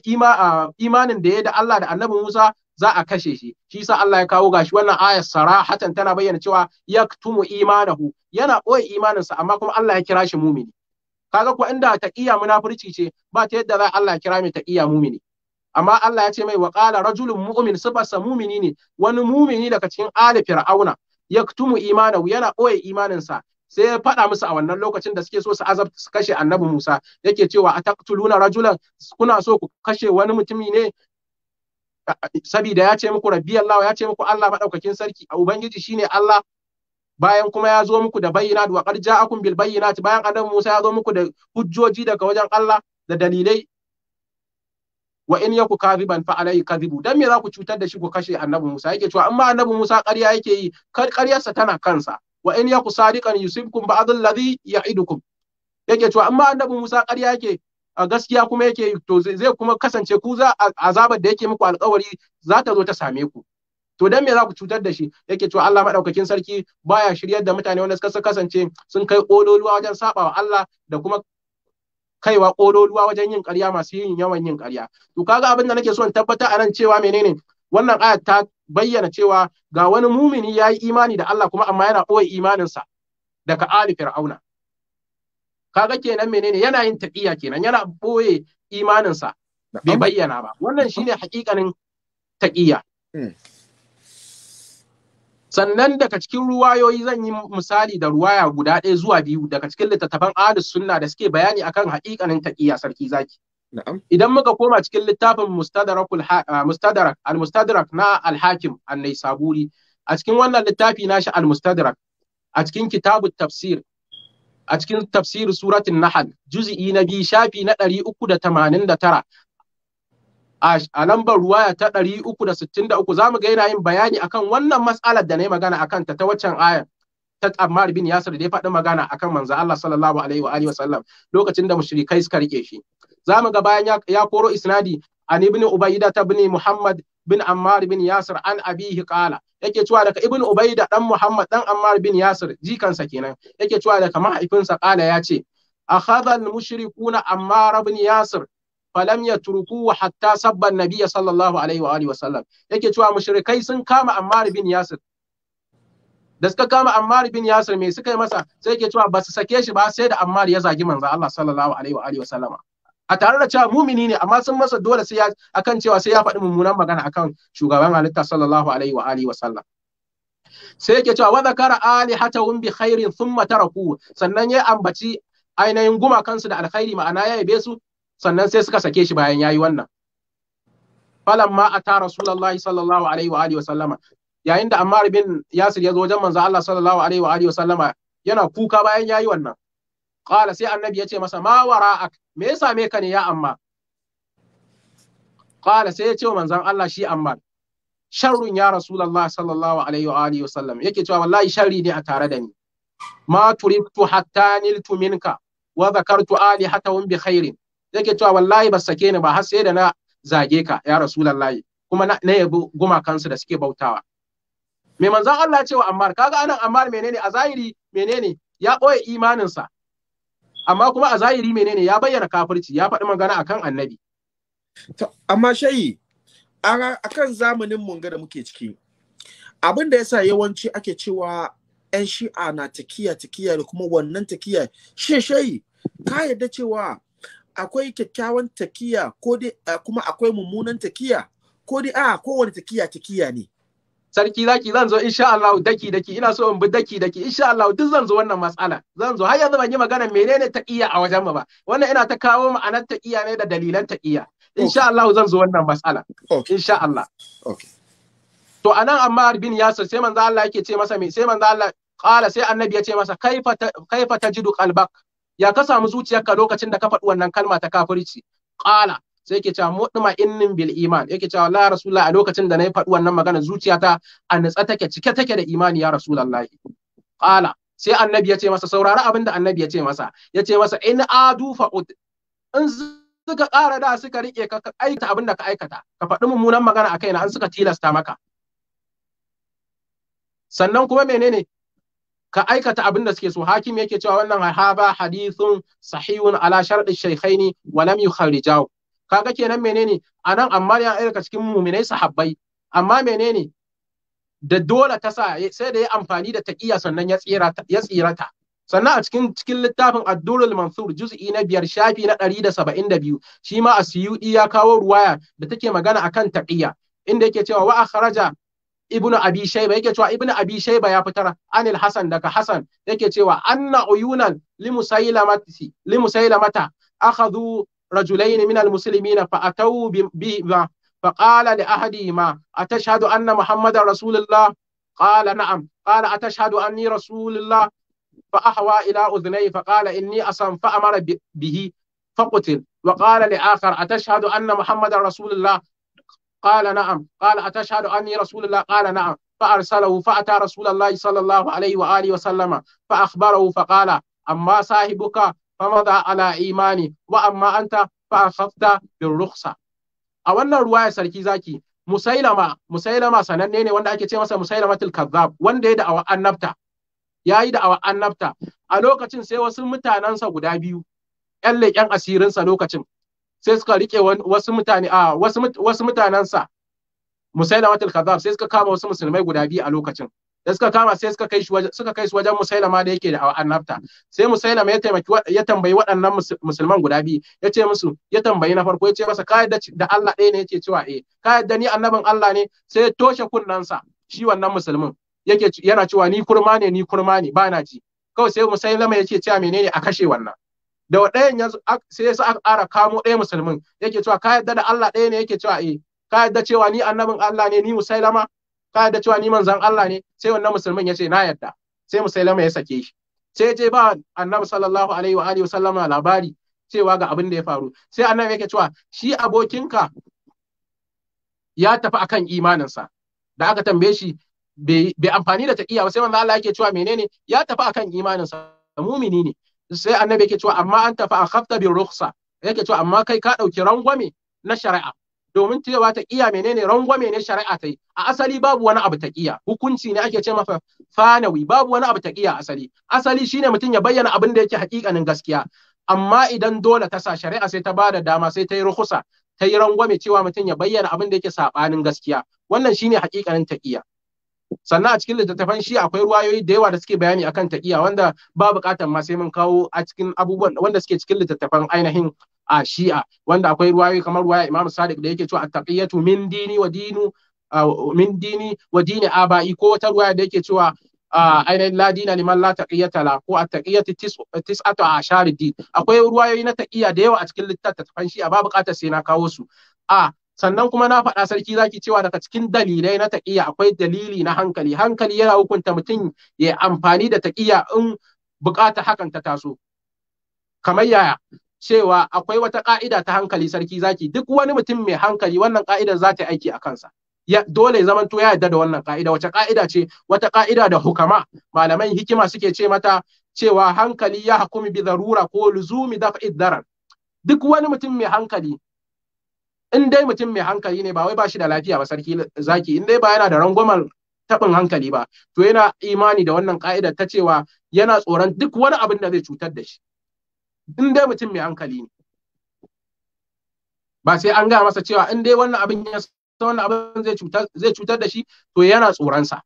imanin da ya da Allah da Annabi Musa za a kashe shi shi yasa Allah ya kawo gashi wannan ayar sarahatan tana bayyana cewa yaktumu imanahu yana boye imaninsa amma kuma Allah ya kira shi mumini kaga ko inda taqiya munafurci ce ba ta yadda za Allah ya kira mai taqiya mumini amma Allah ya ce mai wa qala rajulun mu'min sabasa mumini ne wani mumini daga cikin ali fir'auna yaktumu imanahu yana boye imaninsa sai ya faɗa musu a wannan lokacin da suke so su azab su kashe annabi Musa yake cewa a ataqtuluna rajulan kuna so ku kashe wani mutumi ne sabida ya ce muku rabbi Allah ya ce muku Allah madaukakin sarki a ubangiji shine Allah bayan kuma ya zo muku da bayyinat wa qad ja'akum bil bayyinat bayan annabi Musa ya zo muku da hujjoji daga wajen Allah da dalilai wa in yaku kadhiban fa alayhi kadhibu dan me za ku cutar da shi ku kashe annabi Musa yake cewa amma annabi Musa ƙarya yake yi ƙaryarsa tana kansa wa in yaku sadiqan yusibkum ba'd alladhi ya'idukum yake cewa amma annabi Musa ƙarya yake a gaskiya kuma yake to zai kuma kasance ku za azabar da yake muku alƙawari za ta zo ta same ku to dan me za ku cutar da shi yake cewa Allah madaukakin sarki baya shiryar da mutane wanda suka kasance sun kai ƙololuwa wajen sabawa Allah da kuma kaiwa ƙololuwa wajen yin ƙarya masu yin yawan yin ƙarya to kaga abin da nake so in tabbata a nan cewa menene wannan aya ta bayyana cewa ga wani mumini ya yi imani da Allah kuma amma yana ɓoye imaninsa daga ali fir'auna kaga kenan menene yana yin taƙiya kenan yana ɓoye imaninsa bai bayyana ba wannan shine hakikanin taqiya hmm. sannan daga cikin ruwayoyi zan yi misali da ruwaya guda ɗaya zuwa biyu daga cikin littattafan ahlus sunna da suke bayani akan haƙiƙanin taqiyya sarki zaki idan muka koma cikin littafin mustadrakul al ah, mustadrak na al hakim annai saburi a cikin wannan littafi nashi al mustadrak a cikin kitabu tafsir a cikin tafsir suratul nahl juz'i na biyu shafi na 389 a lambar ruwaya ta ɗari uku da da sittin uku, za mu ga yana yin bayani akan wannan matsalar da na yi magana akan ta ta waccan ayar ta Ammar bin Yasir da ya faɗi magana akan Manza. Allah sallallahu alaihi wa wa sallam lokacin da mushrikai suka rike shi za mu ga bayan ya koro isnadi an ibn ubayda ta bin muhammad bin ammar bin yasir an abihi qala yake cewa daga ibn ubayda dan muhammad dan ammar bin yasir jikansa kenan yake cewa daga mahaifinsa qala ya ce akhadha al mushrikuna ammar bin yasir falam yatruku hatta Sabban Nabiya sallallahu alaihi wa alihi wa sallam yake cewa mushrikai sun kama Ammar bin Yasir da suka kama Ammar bin Yasir me suka yi masa sai yake cewa ba su sake shi ba sai da Ammar ya zagi manzo Allah sallallahu alaihi wa alihi wa sallama a tare da cewa mumini ne amma sun masa dole sai ya akan cewa sai ya faɗi mummunan magana akan shugaban halitta sallallahu alaihi wa alihi wa sallam sai yake cewa wa zakara alihatahum bi khairin thumma taraku sannan ya ambaci ainihin gumakansu da alkhairi ma'ana ya yabe su sannan sai suka sake shi bayan yayi wannan falamma ta rasulullahi sallallahu alaihi wa alihi wa sallama yayin da Ammar bin Yasir ya zo wajen manzo Allah sallallahu alaihi wa alihi wa sallama yana kuka bayan yayi wannan qala sai annabi ya ce masa ma wara'ak me ya same ka ne ya amma qala sai ya ce manzon Allah shi Ammar sharrun ya rasulullah sallallahu alaihi wa alihi wa sallam yake cewa wallahi sharri ne a tare da ni ma turibtu hatta niltu minka wa dhakartu alihatahum bi khairin yake cewa wallahi ba sake ni ba har sai da na zage ka ya rasulullahi kuma na yabi gumakansu da suke bautawa me manzon Allah cewa Ammar kaga anan Ammar menene a zahiri menene ya ɓoye imaninsa amma kuma a zahiri menene ya bayyana kafirci ya faɗi magana akan annabi amma shayi akan zamanin mun da muke ciki abin da yasa yawanci ake cewa yan shi'a na takiya takiya da kuma wannan takiya shi shayi ka yarda cewa akwai kyakkyawan takiya ko dai kuma akwai mummunan takiya ko dai a kowane takiya takiya ne sarki zaki zan zo insha Allah daki daki ina so in bi daki daki insha Allah duk zan zo wannan matsala zan zo har yanzu ban yi magana menene takiya a wajen mu ba wannan ina ta kawo mu anan takiya ne da dalilan takiya insha Allah zan zo wannan matsala insha Allah to anan Ammar bin Yasir sai manzo Allah yake ce masa me sai manzo Allah qala sai annabi ya ce masa kaifa kaifa tajidu qalbak ya ka samu zuciyarka lokacin da ka faɗi wannan kalma ta kafirci qala sai yake cewa mudma innin bil iman yake cewa la rasulullah a lokacin da na yi faɗi wannan magana zuciyata a nutsa take cike take da imani ya rasulullah qala sai annabi ya ce masa saurari abin da annabi ya ce masa ya ce masa in adu fa'ud in suka ƙara da suka rike ka aikata abin da ka aikata ka faɗi mummunan magana a kaina an suka tilasta maka sannan kuma menene ka aikata abin da suke so hakim yake cewa wannan haba hadithun sahihun ala sharɗi shaykhaini wa lam yukharijahu kaga kenan menene anan amma ya aika cikin muminai sahabbai amma menene da dole ta sa sai da ya amfani da taqiya sannan ya tsira ya tsirata sannan a cikin cikin littafin Ad-Durrul Mansur juz'i na biyar shafi na 172 shi ma Asyudi ya kawo ruwaya da take magana akan taqiya inda yake cewa wa akhraja ibnu abi shayba yake cewa ibnu abi shayba ya fitar anil hasan daga hasan yake cewa anna uyunan limusailamati limusailamata akhadhu rajulain min almuslimina fa atau bi فقال لأحدهما أتشهد أن محمد رسول الله قال نعم قال أتشهد أني رسول الله فأحوى إلى أذنيه فقال إني أصم فأمر به فقتل وقال لآخر أتشهد أن محمد Muhammadan الله قال نعم قال أتشهد أني رسول الله قال نعم فأرسله فأتى رسول الله صلى الله عليه وآله وسلم فأخبره فقال أما صاحبك فمضى على إيماني وأما أنت فأخفت بالرخصة a wannan ya sarki zaki musailama sananne ne wanda ake ce masa musailamatul kazzab wanda ya ya yi da'awa annabta a lokacin sai wasu mutanensa guda biyu ƴan leƙen asirinsa lokacin sai suka rike wasu mutane a wasu wasu Musaila musailamatul kadhab sai suka kama wasu musulmai guda biyu a lokacin da suka kama sai suka kai suka kai su wajen musailama da yake da annabta sai musailama ya taimaki ya tambayi waɗannan musulman guda biyu ya ce musu ya tambayi na farko ya ce masa ka yadda da Allah ɗaya ne yake cewa eh ka yadda ni annabin Allah ne sai ya toshe kunnansa shi wannan musulmin yake yana cewa ni kurma ne ni kurma ne ba na ji kawai sai musailama ce cewa menene a kashe wannan da waɗayan ya sai yasa aka ƙara kamo ɗaya musulmin yake cewa ka yadda da Allah ɗaya ne yake cewa eh ka yadda cewa ni annabin Allah ne ni musailama ka yadda cewa ni manzon Allah ne sai wannan musulmin ya ce na yadda sai musailama ya sake shi sai ya je ba annabi sallallahu alaihi wa alihi wasallama labari cewa ga abin da ya faru sai annabi yake cewa shi abokinka ya tafi akan imaninsa da aka tambaye shi bai amfani da taqiya ba sai manzo Allah yake cewa menene ya tafi akan imaninsa mumini ne sai annabi yake cewa amma anta fa akhafta bi rukhsa yake cewa amma kai ka dauki rangwame na shari'a domin cewa ta iya menene rangwame ne shari'a ta a asali babu wani abu taqiya hukunci ne ake ce masa fanawi babu wani abu taqiya asali asali shine mutum ya bayyana abin da yake hakikanin gaskiya amma idan dole ta sa shari'a sai ta bada dama sai ta yi ruhusa ta yi rangwame cewa mutum ya bayyana abin da yake sabanin gaskiya wannan shine hakikanin taqiya sannan a cikin littattafan shi akwai ruwayoyi da yawa da suke bayani akan taqiya wanda ba buƙatar ma sai mun kawo a cikin abubuwan wanda suke cikin littattafan ainihin a shi'a wanda akwai ruwayoyi kamar ruwaya Imam Sadiq da yake cewa at-taqiyatu min dini wa dinu min dini wa dini aba'i ko wata ruwaya da yake cewa ainihin la dina liman la taqiyata la ko at-taqiyatu tis'atu asharid din akwai ruwayoyi na taqiya da yawa a cikin littattafan shi'a ba buƙatar sai na kawo su a sannan kuma na faɗa sarki zaki cewa daga cikin dalilai na taƙiyya akwai dalili na hankali hankali yana hukunta mutum ya amfani da taƙiyya in buƙata hakan ta taso kamar yaya cewa akwai wata ƙa'ida ta hankali sarki zaki duk wani mutum mai hankali wannan ƙa'idar za ta aiki a kansa ya dole ya zamanto ya yarda da wannan ƙa'ida wace ƙa'ida ce wata ƙa'ida da hukama malaman hikima suke ce mata cewa hankali ya hukumi bi zarura ko luzumi daf'i darar duk wani mutum mai hankali in dai mutum mai hankali ne ba wai ba shi da lafiya ba sarki zaki in dai ba yana da rangwamar taɓin hankali ba to yana imani da wannan ka'idar ta cewa yana tsoron duk wani abin da zai cutar da shi in dai mutum mai hankali ne ba sai an gaya masa cewa in dai wannan abin ya wannan abin zai cutar zai cutar da shi to yana tsoron sa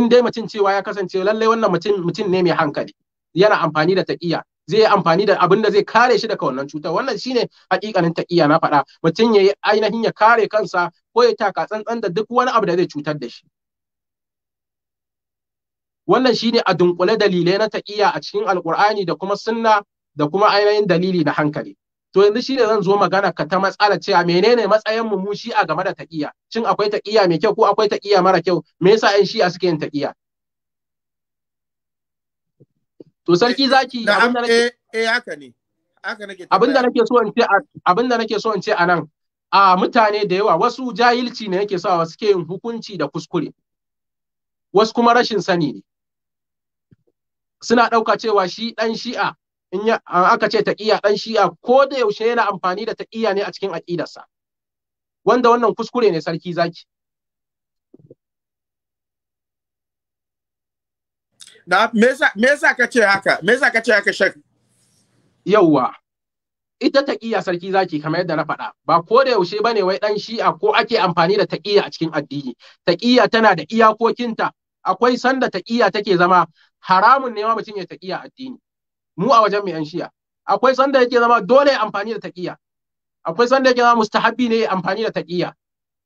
in dai mutum cewa ya kasance lallai wannan mutum mutum ne mai hankali yana amfani da taqiya zai yi amfani da abin da zai kare shi daga wannan cutar wannan shine hakikanin taqiya na faɗa mutum ya yi ainihin ya kare kansa ko ya taka tsantsan da duk wani abu da zai cutar da shi wannan shine a dunkule dalilai na taqiya a cikin alqur'ani da kuma sunna da kuma ainihin dalili na hankali to yanzu shine zan zo magana ka ta matsala cewa menene matsayin mu shi a game da taqiya shin akwai taqiya mai kyau ko akwai taqiya mara kyau me yasa ƴan shi'a suke yin taqiya To sarki zaki abinda eh, eh, nake so in ce abinda nake so in ce anan a mutane da yawa wasu jahilci ne yake sawa suke yin hukunci da kuskure wasu kuma rashin sani ne suna ɗauka cewa shi ɗan shi'a in aka ce taƙiya ɗan shi'a ko da yaushe yana amfani da taƙiya ne a cikin aƙidarsa wanda wannan kuskure ne sarki zaki na me yasa ka ce haka me yasa ka ce haka shek yauwa ita taqiya sarki zaki kamar yadda na faɗa ba ko da yaushe bane wai dan shi'a ko ake amfani da taqiya a cikin addini taqiya tana da iyakokinta akwai sanda taqiya take zama haramun ne ma mutum ya taqiya addini mu a wajen mu yan shi'a akwai sanda yake zama dole amfani da taqiya akwai sanda yake zama mustahabbi ne amfani da taqiya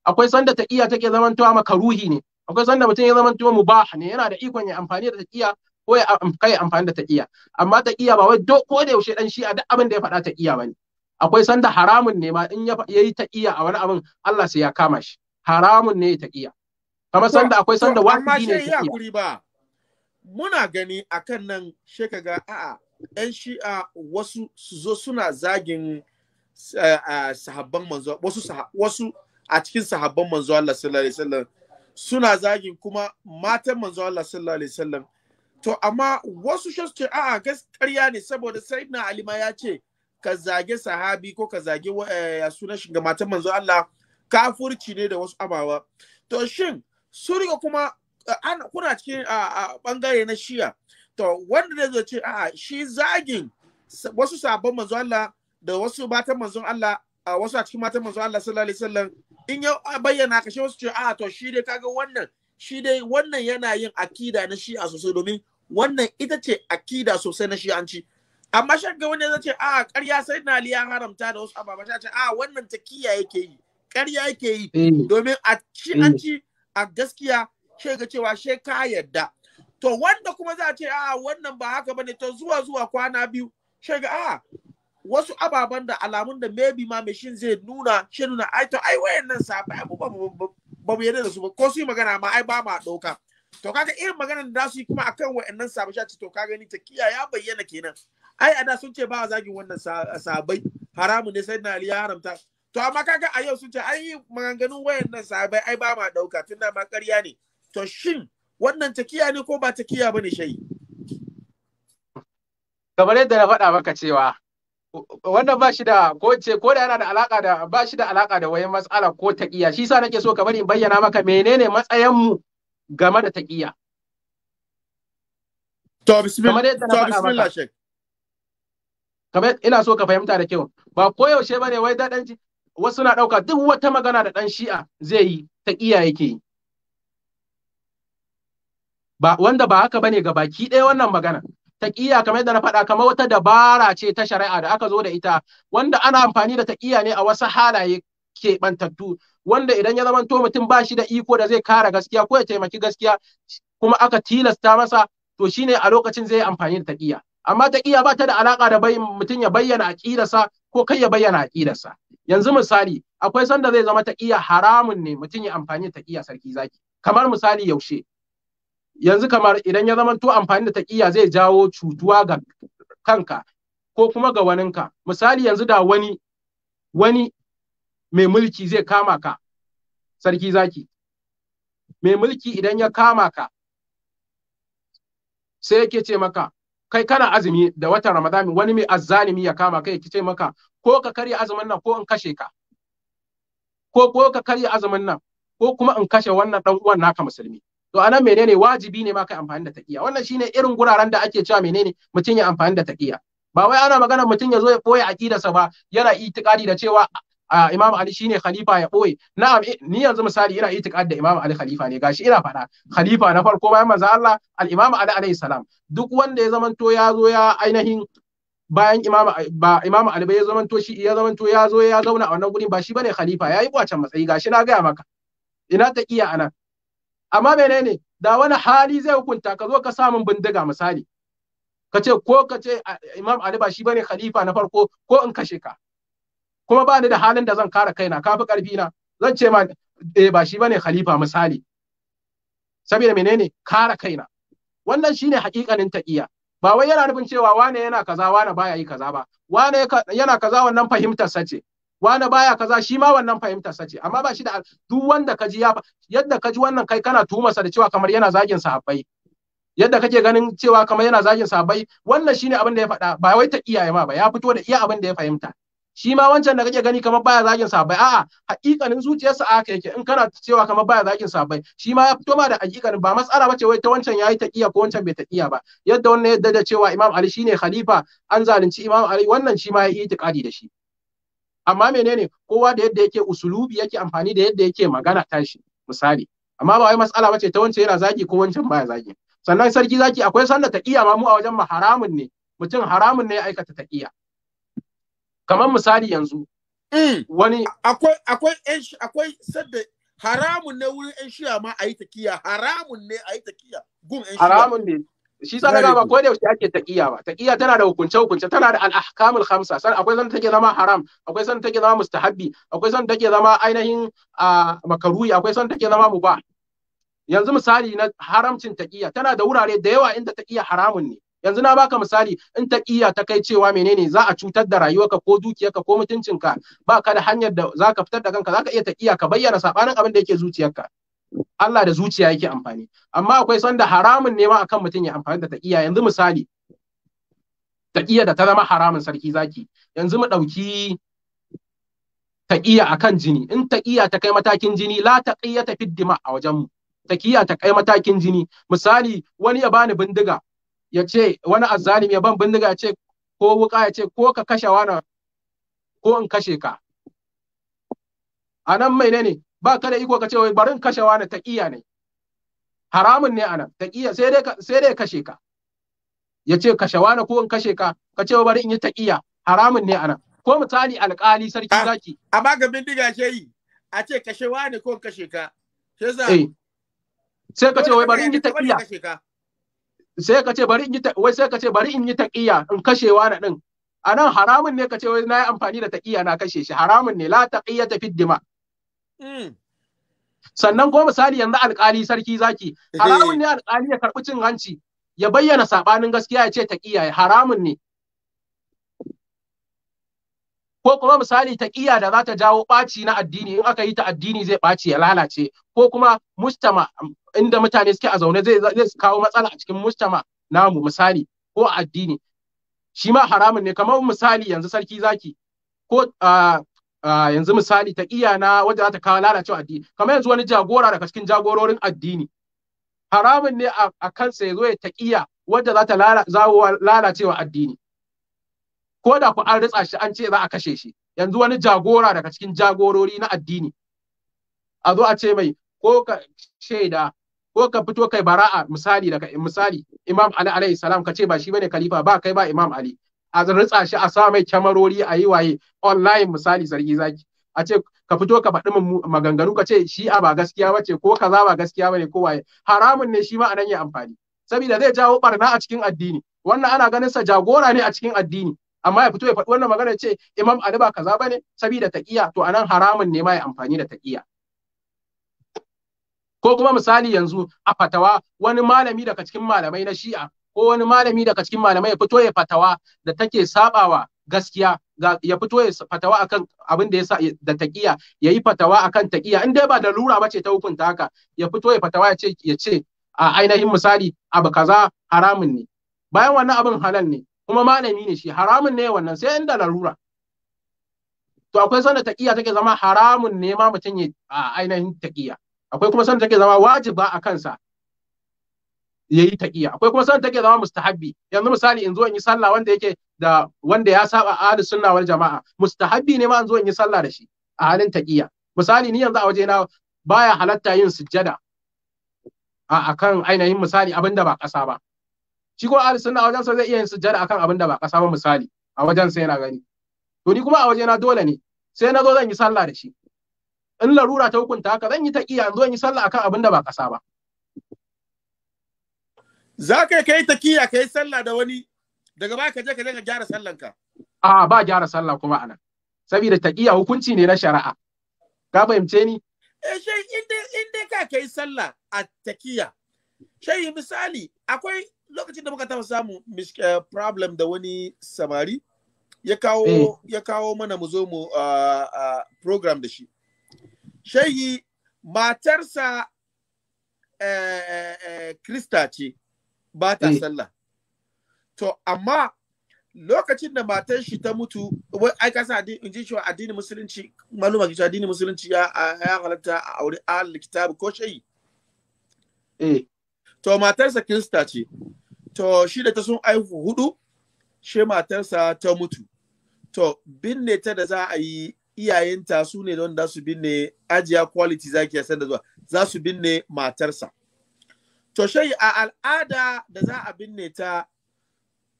akwai sanda taqiya take zamantowa makaruhi ne akwai sanda mutum ya zama tuwa mubah ne yana da ikon ya amfani da taqiya ko ya kai amfani da taqiya amma taqiya ba wai ko da yaushe dan shi a duk abin da ya faɗa taqiya bane akwai sanda haramun ne ma in ya yi taqiya a wani abin Allah sai ya kama shi haramun ne taqiya kamar sanda akwai sanda wajibi ne taqiya ba muna gani akan nan she kaga a'a yan shi'a wasu su zo suna zagin eh, eh, sahabban manzo wasu wasu a cikin sahabban manzo Allah sallallahu alaihi wasallam suna zagin kuma matan manzo Allah sallallahu alaihi wasallam to amma wasu shi ce a'a gaskiya ne saboda sayyidina Ali ma ya ce ka zage sahabi ko ka zage eh, ya suna shiga matan manzo Allah kafurci ne da wasu abawa to shin su riga kuma eh, an kuna cikin bangare na shiya to wanda da zai ce a'a shi zagin wasu sabon manzo Allah da wasu matan manzo Allah wasu a cikin matan manzo Allah sallallahu alaihi wasallam in ya bayyana ka shi wasu ce a ah, to shi dai kaga wannan shi dai wannan yana yin akida na shi'a sosai domin wannan ita ce akida sosai na shi'anci amma ga wani zai ce a ah, ƙarya sai na ya haramta da wasu ababa ta ce a ah, wannan ta kiyaye yake yi ƙarya yake yi eh. domin a shi'anci eh. a gaskiya shi ga cewa shi ka yarda to wanda kuma za a ce a wannan ba haka bane to zuwa zuwa kwana biyu shi ga a wasu ababen da alamun da maybe ma mashin zai nuna shi nuna ai to ai wayannan safa ai ba mu yarda da su ba ko su yi magana ma ai ba ma dauka to kaga irin magana da su yi kuma akan wayannan safa shi to ka gani ta kiya ya bayyana kenan ai a sun ce ba zagin wannan sabai haramun ne sai na ali ya haramta to amma kaga a yau sun ce ai maganganun wayannan sabai ai ba ma dauka Tun ma ƙarya ne to shin wannan ta takiya ne ko ba ta takiya bane shayi kamar yadda na faɗa maka cewa wannan ba shi da ko ce ko da yana da alaka da ba shi da alaka da wayan matsala ko taqiya shi sa nake so kamar in bayyana maka menene matsayin mu game da taqiya to bismillah to bismillah shek kamar ina so ka fahimta da kyau ba koyaushe bane wai da dan wasu na ɗauka duk wata magana da ɗan shi'a zai yi taqiya yake yi. Ba, wanda ba haka bane ga baki ɗaya wannan magana. taqiya kamar yadda na faɗa kamar wata dabara ce ta shari'a da aka zo da ita wanda ana amfani da taqiya ne a wasu halaye keɓantattu wanda idan ya zamanto mutum ba shi da iko da zai kara gaskiya ko ya taimaki gaskiya kuma aka tilasta masa to shine a lokacin zai amfani da taqiya amma taqiya ba ta da alaka da mutum ya bayyana aƙidarsa ko kai ya bayyana aqidarsa yanzu misali akwai sanda zai zama taqiya haramun ne mutum ya amfani da taqiya sarki zaki kamar misali yaushe yanzu kamar idan ya zama to amfani da taƙiyya zai jawo cutuwa ga kanka ko kuma ga waninka misali yanzu da wani wani mai mulki zai kama ka sarki zaki mai mulki idan ya kama ka sai yake ce maka kai kana azumi da watan ramadani wani mai azzalimi ya kama kai yake ce maka ko ka karya azumin nan ko in kashe ka ko ko ka karya azumin nan ko kuma in kashe wannan dan uwan naka musulmi to anan menene wajibi ne ma kai amfani da taqiya wannan shine irin guraren da ake cewa menene mutum ya amfani da taqiya ba wai ana magana mutum ya zo ya boye aqidarsa ba yana itikadi da cewa Imam Ali shine khalifa ya boye na'am eh, ni yanzu misali ina itikadi da Imam Ali khalifa ne gashi ina faɗa khalifa na farko bayan manzo Allah al-Imam Ali alayhi salam duk wanda ya zamanto ya zo ya ainihin bayan imam ba Ali ya zamanto shi ya zamanto ya zo ya zauna a wannan gurin ba shi bane khalifa yayi kwacen matsayi gashi na gaya maka ina taqiya anan amma menene da wani hali zai hukunta ka zo ka samun bindiga misali ka ce ko ka ce imam ali ba shi bane khalifa na farko ko in kashe ka kuma ba ni da halin da zan kare kaina kafi karfi na zan ce ma eh ba shi bane khalifa misali saboda menene kare kaina wannan shine hakikanin taqiya ba wai yana nufin cewa wane yana kaza wane baya yi kaza ba wane yana kaza wannan fahimtar sace wane baya kaza shi ma wannan fahimtar sa ce amma ba shi da duk wanda ka ji ya yadda ka ji wannan kai kana tuhumarsa da cewa kamar yana zagin sahabbai yadda kake ganin cewa kamar yana zagin sahabbai wannan shine abin da ya faɗa ba wai ta iyaye ma ba ya fito da iya abin da ya fahimta shi ma wancan da kake gani kamar baya zagin sahabbai a'a hakikanin zuciyarsa a haka yake in kana cewa kamar baya zagin sahabbai shi ma ya fito ma da hakikanin ba matsala bace wai ta wancan yayi iya ko wancan bai ta iya ba yadda wannan yadda da cewa Imam Ali shine khalifa an zalunci Imam Ali wannan shi ma ya yi itikadi da shi amma menene kowa da yadda yake usulubi yake amfani da yadda yake magana tashi misali amma ba wai matsala bace ta wancan yana zagi ko wancan baya zagi sannan sarki zaki akwai sallar taqiya ma mu a wajen mu haramun ne mutum haramun ne ya aikata taqiya kamar misali yanzu mm. wani akwai akwai akwai sadda haramun ne wurin ƴan shiya ma a yi takiya haramun ne a yi takiya gun ƴan shiya haramun ne shi sa ga ba ko da yaushe ake taqiya ba taqiya tana da hukunce hukunce tana da al-ahkamul khamsa san akwai san take zama haram akwai san take zama mustahabbi akwai san take zama ainihin makaruhi akwai san take zama mubah yanzu misali na haramcin taqiya tana da wurare da yawa inda taqiya haramun ne yanzu na baka misali in taqiya ta kai cewa menene za a cutar da rayuwarka ko dukiyarka ko mutuncinka ba da hanyar da zaka fitar da kanka zaka iya taqiya ka bayyana sabanin abin da yake zuciyarka Allah da zuciya yake amfani amma akwai sanda haramun nema ma akan mutum ya amfani da taqiya yanzu misali taqiya da ta zama haramun sarki zaki yanzu mu dauki taqiya akan jini in taqiya ta kai matakin jini la taqiya ta fiddima a wajen mu taqiya ta kai matakin jini misali wani ya bani bindiga ya ce wani azzalim ya ban bindiga ya ce ko wuka ya ce ko ka kashe wani ko in kashe ka anan nan mai ne ba ka da iko ka ce wai barin kashe wani iya ne haramun ne anan taqiya sai dai sai dai kashe ka ya ce kashe wani ko in kashe ka ka ce bari in yi iya, haramun ne anan ko misali alƙali sarki ah, zaki a ga bindiga yi, a ce kashe wani ko in kashe ka sai za eh. sai ka ce wai bari in yi iya. sai ka ce bari in yi wai sai ka ce bari in yi iya in kashe wani din anan haramun ne ka ce wai na yi amfani da iya na kashe shi haramun ne la taqiyata fid dima Mm. sannan ko misali yanzu alkali sarki zaki eh. haramun ne alkali ya karɓi cin hanci ya bayyana sabanin gaskiya ya ce taqiya haramun ne ko kuma misali taqiya da za ta jawo ɓaci na addini in aka yi ta addini zai ɓaci ya lalace ko kuma mustama inda mutane suke a zaune zai zai kawo matsala a cikin mustama namu misali ko addini shima haramun ne kamar misali yanzu sarki zaki ko ah, yanzu misali ta na wanda za ta kawo lalacewa addini kamar yanzu wani jagora daga cikin jagororin addini haramun ne a kansa ya zo ya taƙiya wanda za ta lalacewa addini ko da ku an ritsa shi an ce za a kashe shi yanzu wani jagora daga cikin jagorori na addini a zo a ce mai ko ka shaida ko ka fito kai bara'a misali daga misali Imam Ali alaihi salam ka ce ba shi bane khalifa ba kai ba Imam Ali a ritsa shi a sa mai kyamarori a yi waye online misali sarki zaki a ce ka fito ka faɗi maganganu ka ce shi a ba gaskiya ba ce ko kaza ba gaskiya ba ne ko waye haramun ne shi ma anan ya amfani saboda zai jawo barna a cikin addini wannan ana ganin sa jagora ne a cikin addini amma ya fito ya faɗi wannan magana ce imam ali ba kaza bane saboda taqiya to anan haramun ne ma ya amfani da taqiya ko kuma misali yanzu a fatawa wani malami daga cikin malamai na shi'a ko wani malami daga cikin malamai ya fito ya fatawa da take sabawa gaskiya ya fito ya fatawa akan abin da ya sa da taqiya ya yi fatawa akan taqiya in dai ba da lura bace ta hukunta haka ya fito ya fatawa ya ce ya ce a ainihin misali abu kaza haramun ne bayan wannan abin halal ne kuma malami ne shi haramun ne wannan sai inda larura to akwai sanda taqiya take zama haramun ne ma mutum ya ainihin taqiya akwai kuma sanda take zama wajiba a kansa yayi taƙiya. akwai kuma sanin take zama mustahabbi yanzu misali in zo in yi sallah wanda yake da wanda ya saba ahlus sunna wal jama'a mustahabbi ne ma in zo in yi sallah da shi a halin taƙiya. misali ni yanzu a waje na baya halatta yin sujjada a akan ainihin misali abin da ba ƙasa ba shi ko ahlus sunna wajen sa zai iya yin sujjada akan da ba ƙasa ba misali a wajen sa yana gani to ni kuma a waje na dole ne sai na zo zan yi sallah da shi in larura ta hukunta haka zan yi taƙiya in zo in yi sallah akan da ba ƙasa ba za ka kai takiya yi sallah da wani daga ba ka je ka dinga gyara sallanka a ba gyara sallah kuma anan saboda takiya hukunci ne na shari'a ka fahimce ni eh shi in dai ka kai sallah a takiya shi misali akwai lokacin da muka taɓa samu eh, problem da wani samari ya kawo eh. ya kawo mana mu zo mu program da shi shehi matarsa eh, krista ce ba ta eh. sallah to amma lokacin da matan shi ta mutu wai ai kasa in ji cewa addinin musulunci maluma ki addinin musulunci ya ya halatta a aure ahlul kitab ko shayi eh. to matarsa kirista ce to shi da ta sun aihu hudu she matarsa ta mutu to binne ta da za a yi iyayenta su ne don da su binne ajiya quality zaki ya sanda zuwa za su binne matarsa To shai a al'ada da za a binne ta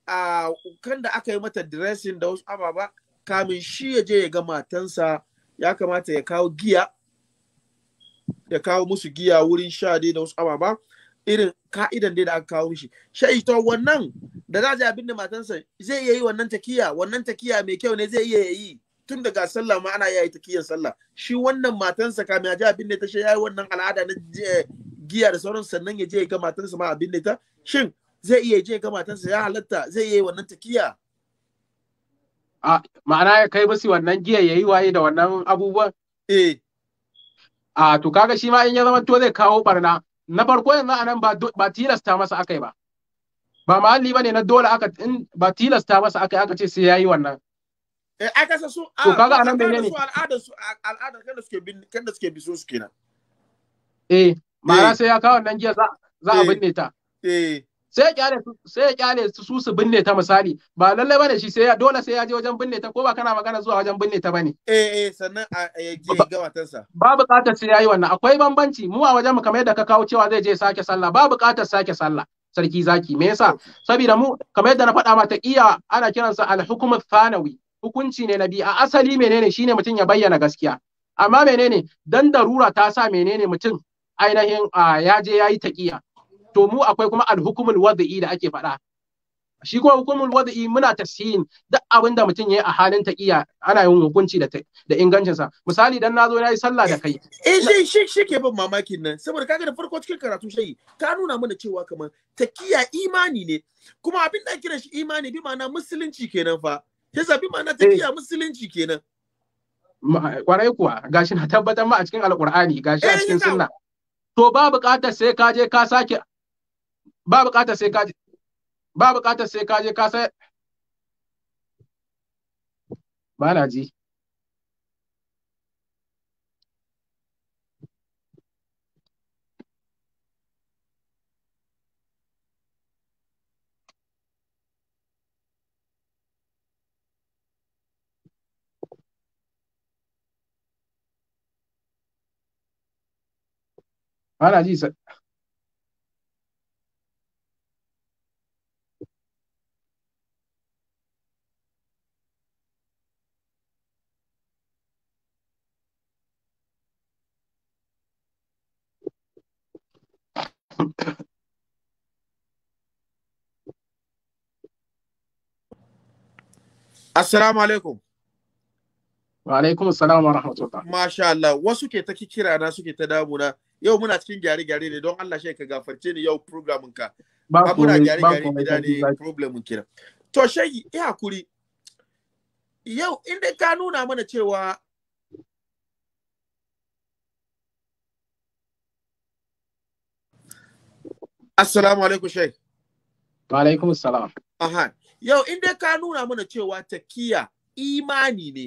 a kan da aka yi mata dressing da wasu ababa kamin shi ya je ya ga matansa ya kamata ya kawo giya ya kawo musu giya wurin sha dai da wasu ababa irin ka'idan dai da aka kawo mishi shai to wannan da za a je a binne matansa zai iya yi wannan takiya wannan takiya mai kyau ne zai iya yi tun daga sallah ma ana yayi takiyar sallah shi wannan matansa kamin a je a binne ta shi yayi wannan al'ada na eh, giya da sauran sannan ya je ya ga matansa ma abin da ta shin zai iya je ga matansa ya halatta zai iya wannan takiya a ma'ana ya kai musu wannan giya yayi waye da wannan abubuwan eh a to kaga shi ma in ya zama to zai kawo barna na farko yanzu anan ba ba tilasta masa akai ba ba mahalli bane na dole aka in ba tilasta masa akai aka ce sai yayi wannan eh aka san su to kaga anan menene al'adar su al'adar kada suke bin suke biso su kenan eh mara eh. sai ya kawo wannan giya za a eh. binne ta eh. sai ya kyale su su binne ta misali ba lallai bane shi sai ya dole sai ya je wajen binne ta ko ba kana magana zuwa wajen binne ta bane eh eh sannan a ya je ga ba buƙatar sai yayi wannan akwai bambanci mu a wajen mu kamar yadda ka kawo cewa zai je sake sallah ba buƙatar sake sallah sarki zaki me yasa saboda mu kamar yadda na faɗa mata iya ana kiransa al-hukm thanawi hukunci ne nabi a asali menene shine mutum ya bayyana gaskiya amma menene dan darura ta sa menene mutum ainihin ya je ya yi taƙiya to mu akwai kuma alhukumul wadi'i da ake faɗa shi kuma hukumul wadi'i muna tasihin duk abin da mutum ya yi a halin taƙiya. ana yin hukunci da da ingancin sa misali dan nazo nayi sallah da kai eh shi shi ke ban mamakin nan saboda kaga da farko cikin karatu shayi ka nuna mana cewa kamar taƙiya imani ne kuma abin da kira shi imani bi ma'ana musulunci kenan fa yasa bi ma'ana eh. taƙiya musulunci kenan kwarai kuwa gashi na tabbatar ma a cikin Alƙur'ani, gashi a eh, cikin sunna to ba buƙatar sai ka je ka sake ba buƙatar sai ka je ba buƙatar sai ka je ka sai ba na ji ana ji Assalamu alaikum. Wa alaikum assalam wa rahmatullah. Masha Allah, wasu ke ta kikira na suke ta damuna. yau muna cikin gyare-gyare ne don Allah shi ka gafarce ni yau programin ka ba muna gyare-gyare gida ne problemin kira to shayi eh hakuri yau inda ka nuna mana cewa Assalamu alaikum shai. Wa alaikum assalam. Aha. Yau in dai ka nuna mana cewa takiya imani ne.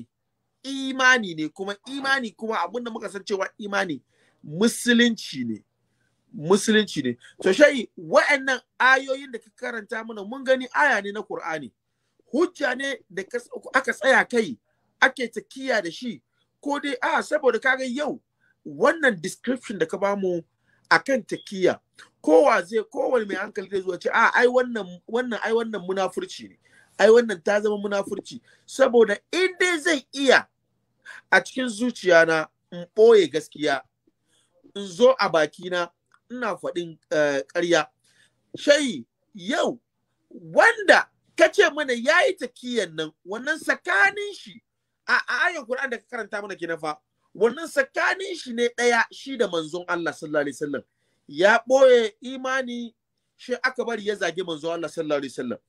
Imani ne kuma imani kuma abinda muka san cewa imani musulunci ne musulunci ne to shayi wa'annan ayoyin da ka karanta mana mun gani aya ne na Qur'ani hujja ne da aka tsaya kai ake takiya da shi ko dai a saboda kaga yau wannan description da ka ba mu akan takiya kowa zai kowane mai hankali zai zuwa ce a ai wannan wannan ai wannan munafurci ne ai wannan ta zama munafurci saboda in dai zai iya a cikin zuciya na in ɓoye gaskiya in zo a bakina ina faɗin eh, ƙarya. Shayi yau wanda ka ce mana ya yi takiyan nan wannan tsakanin shi a ayan Qur'an da ka karanta mana kenan fa wannan tsakanin shi ne ɗaya shi da manzon Allah sallallahu alaihi wasallam ya ɓoye imani shi aka bari ya zage manzon Allah sallallahu alaihi wasallam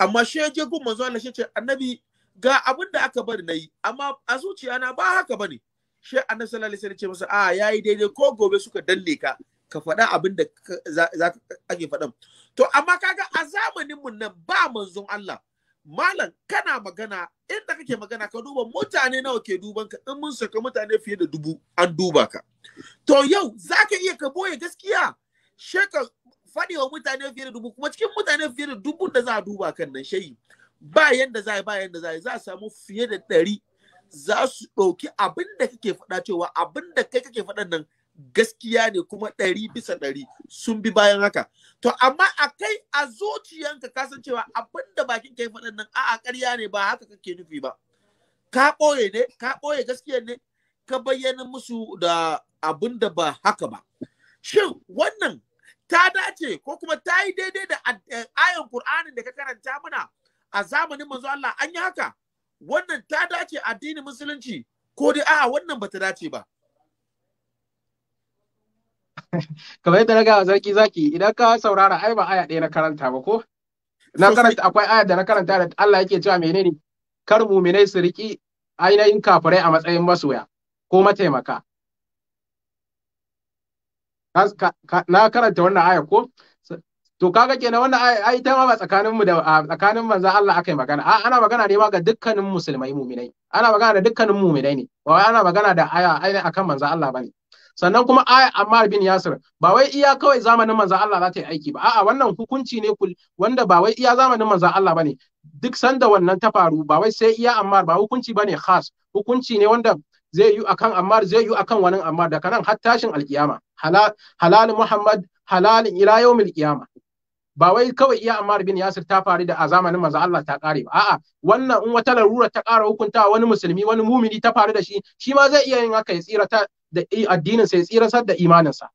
amma shi ya je gun manzon Allah shi ce annabi ga abin aka bari nayi. amma a zuciya ba haka bane shi annabi sallallahu alaihi wasallam ce masa a ah, yayi daidai ko gobe suka dalle ka ka faɗa abin da za ake faɗan to amma kaga a zamanin mun nan ba manzon Allah malam kana magana inda kake magana ka duba mutane nawa ke duban ka in mun saka mutane fiye da dubu an duba ka to yau zaka iya ka boye gaskiya sheka faɗi wa mutane fiye da dubu kuma cikin mutane fiye da dubu da za a duba kan nan shayi ba yanda za ba yanda za za a samu fiye da ɗari za su ɗauki abin da kake faɗa cewa abin da kai kake faɗan nan gaskiya ne kuma ɗari bisa ɗari sun bi bayan haka to amma a kai a zuciyanka ka san cewa abin da bakin kai faɗan nan a'a ƙarya ne ba haka kake nufi ba ka ɓoye ne ka ɓoye gaskiya ne ka bayyana musu da abin da ba haka ba shin wannan ta dace ko kuma ta yi daidai da eh, ayan Kur'anin da ka karanta mana a zamanin manzo Allah an yi haka wannan ta dace addinin musulunci ko dai a'a wannan bata dace ba *laughs* kamar yadda na gaya sarki zaki idan ka saurara ai ba aya ɗaya na karanta ba ko na karanta akwai aya da na karanta da Allah yake cewa menene kar muminai su riki ainihin kafirai a matsayin masoya ko mataimaka na karanta wannan aya ko to kaga kenan wannan ai ta ma ba tsakanin mu da tsakanin manzo Allah akai magana a ana magana ne ma ga dukkanin musulmai mu'minai ana magana da dukkanin mu'minai ne ba wai ana magana da aya ai akan manzo Allah bane sannan kuma aya Ammar bin Yasir ba wai iya kawai zamanin manzo Allah za ta yi aiki ba a'a wannan hukunci ne wanda ba wai iya zamanin manzo Allah bane duk sanda wannan ta faru ba wai sai iya Ammar ba hukunci bane khas hukunci ne wanda zai yi akan Ammar zai yi akan wani Ammar daga nan har tashin alkiyama halal Muhammad halal ila yawmil qiyama ba wai kawai iya Ammar bin Yasir ta faru da a zamanin manzo Allah ta kare ba a'a wannan in wata larura ta ƙara hukunta wani musulmi wani mumini ta faru da shi shi ma zai iya yin haka ya tsira ta da addinin sa ya tsirasar da imanin sa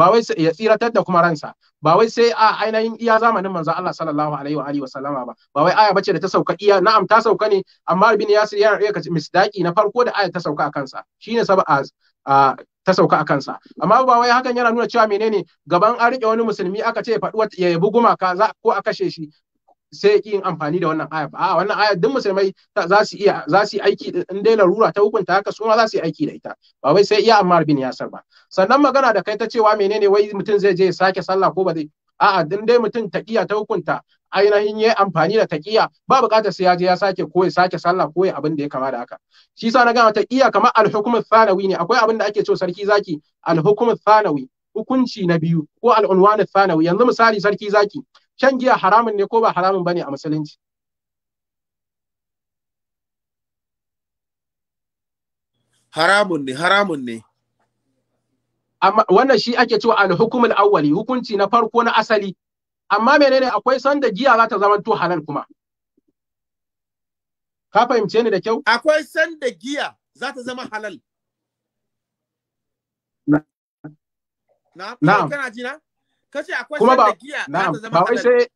ba wai ya tsiratar da kuma ransa ba wai sai a ainihin iya zamanin manzo Allah sallallahu alaihi wa alihi wa ba ba wai aya bace da ta sauka iya na'am ta sauka ne amma ibn yasir yana rike kace misdaki na farko da aya ta sauka a kansa shine sab a ta sauka a kansa amma ba wai hakan yana nuna cewa menene gaban an rike wani musulmi aka ce faɗi ya bi gumaka za ko a kashe shi sai ki yin amfani da wannan aya a wannan aya duk musulmai za su iya za su aiki in dai rura ta hukunta haka su ma za su yi aiki da ita ba wai sai iya amma bin yasar ba sannan magana da kai ta cewa menene wai mutum zai je ya sake sallah ko ba zai a'a din dai mutum taqiya ta hukunta ainihin yayi amfani da taqiya ba buƙatar sai ya je ya sake ko ya sake sallah ko ya abin da ya kama da haka shi yasa na gama taqiya kamar al-hukm thanawi ne akwai abin da ake cewa sarki zaki al-hukm thanawi hukunci na biyu ko al-unwan thanawi yanzu misali sarki zaki shan giya haramun ne ko ba haramun bane a musulunci haramun ne haramun ne amma wannan shi ake cewa al-hukumul awwali hukunci na farko na asali amma menene akwai sanda giya za ta zama to halal kuma ka fahimce ni da kyau akwai sanda giya za ta zama halal na'am na kana ji na kace akwai kuma ba ba wai sai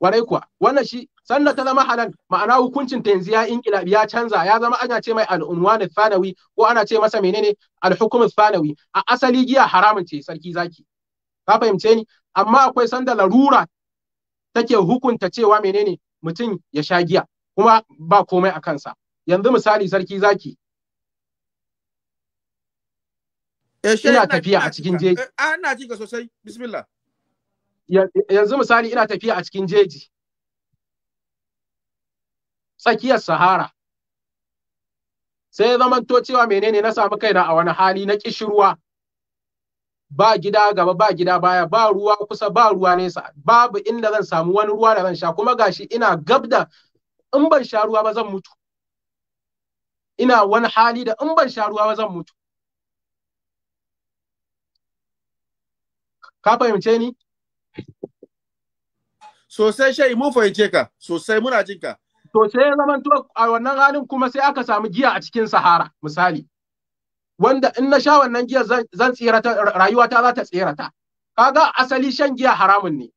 warai kuwa wannan shi sannan ta zama halal ma'ana hukuncin ta yanzu ya inkila ya canza ya zama ana ce mai al'unwan thanawi ko ana ce masa menene al-hukm a asali giya haramun ce sarki zaki ka fahimce ni amma akwai sanda larura take hukunta cewa menene mutum ya sha giya kuma ba komai a kansa yanzu misali sarki zaki Eh, ina tafiya a cikin jeji eh, ah, yanzu misali ina tafiya a cikin jeji tsakiyar sahara sai zamanto cewa menene na samu kaina a wani hali na ruwa? ba gida gaba ba gida baya ba ruwa kusa ba ruwa nesa babu inda zan samu wani ruwa da zan sha kuma gashi ina gab da in ban sha ruwa ba zan mutu ina wani hali da in ban sha ruwa ba zan mutu ka fahimce ni sosai shai mun fahimce ka sosai muna jin ka to sai ya zama to a wannan halin kuma sai aka samu giya a cikin sahara misali wanda in na sha wannan giya zan tsirata rayuwata za ta tsirata kaga asali shan giya haramun ne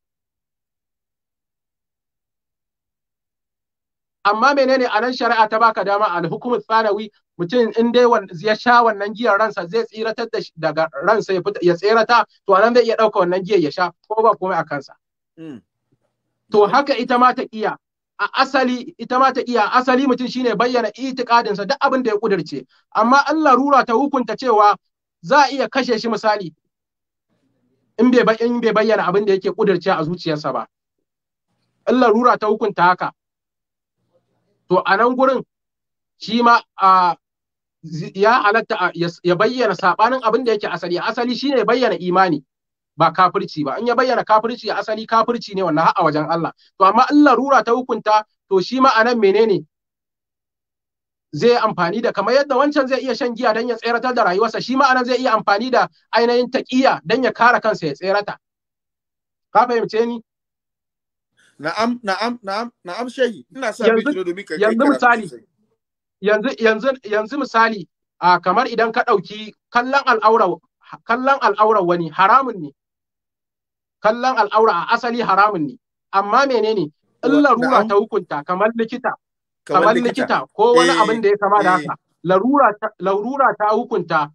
amma menene a nan shari'a ta baka dama al hukumu tsanawi mutum in dai ya sha wannan giyar ransa zai tsiratar daga ransa ya ya tsirata to anan zai iya ɗauka wannan giyar ya sha ko ba komai a kansa mm. to haka ita ma ta iya a asali ita ma ta iya asali mutum shine bayyana itikadinsa duk abin da ya kudirce amma Allah rura ta hukunta cewa za a iya kashe shi misali in bai bayyana abin da yake kudirce a zuciyarsa ba Allah rura ta hukunta haka to a nan gurin shi ma a ya halatta ya bayyana sabanin abin da yake asali asali shine ya bayyana imani ba kafirci ba in ya bayyana kafirci asali kafirci ne wannan a wajen Allah to amma in rura ta hukunta to shi ma anan menene zai amfani da kamar yadda wancan zai iya shan giya don ya tseratar da rayuwarsa shi ma anan zai iya amfani da ainihin taqiya don ya kare kansa ya tserata ka fahimce ni na'am na'am na'am na'am shehi ina sa domin ka yanzu misali yanzu misali kamar idan ka ɗauki kallon al'aura kallon al'aura wani haramun ne kallon al'aura a asali haramun ne amma menene in larura ta hukunta kamar likita kamar likita ko wani abin da ya kama da eh, haka larura ta hukunta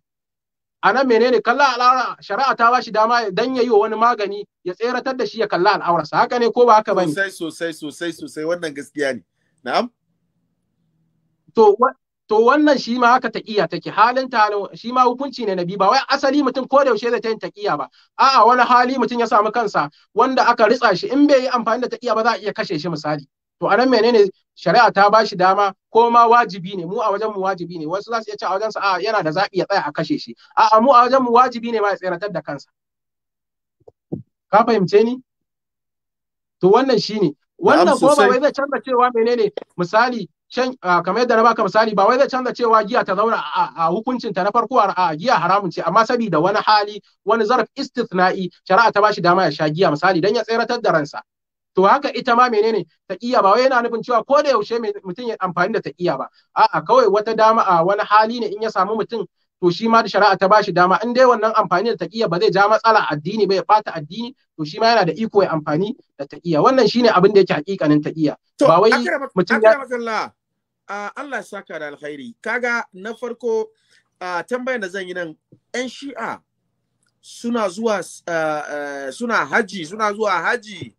a nan menene kallon al'aura shari'a ta ba shi dama dan yi wa wani magani ya tseratar da shi ya kalla al'aurarsa haka ne ko ba haka bane sosai sosai sosai sosai wannan gaskiya ne na'am to to wannan shi ma haka taqiya take halin ta shi ma hukunci ne nabi ba wai asali mutum ko da yaushe zai ta yin taqiya ba a'a wani hali mutum ya samu kansa wanda aka ritsa shi in bai yi amfani da taqiya ba za a iya kashe shi misali to anan menene shari'a ta ba shi dama ko ma wajibi ne mu a wajen mu wajibi ne wasu za su iya cewa a wajen sa a yana da zaɓi ya tsaya a kashe shi a'a mu a wajen mu wajibi ne ma ya tsayar da kansa ka fahimce ni to wannan shine wannan ko ba wai zai canza cewa menene misali Ah, kamar yadda na baka misali ba wai zai canza cewa giya ta zauna a hukuncin ta na farko a giya haramun ce amma saboda wani hali wani zarf istithna'i shari'a ta bashi dama ya sha giya misali dan ya tseratar da ransa to haka ita ma menene iya ba wai yana nufin cewa ko da yaushe mutum ya amfani da iya ba a'a kawai wata dama a wani hali ne in ya samu mutum to shi ma da shari'a ta bashi dama in dai wannan amfani da taqiya ba zai ja matsala addini ba ya bata addini to shi ma yana da iko ya amfani da taqiya wannan shine abin da yake hakikanin taqiya ba wai mutum ya Allah ya saka da alkhairi kaga na farko tambayar da zan yi nan yan shi'a suna zuwa suna haji suna zuwa haji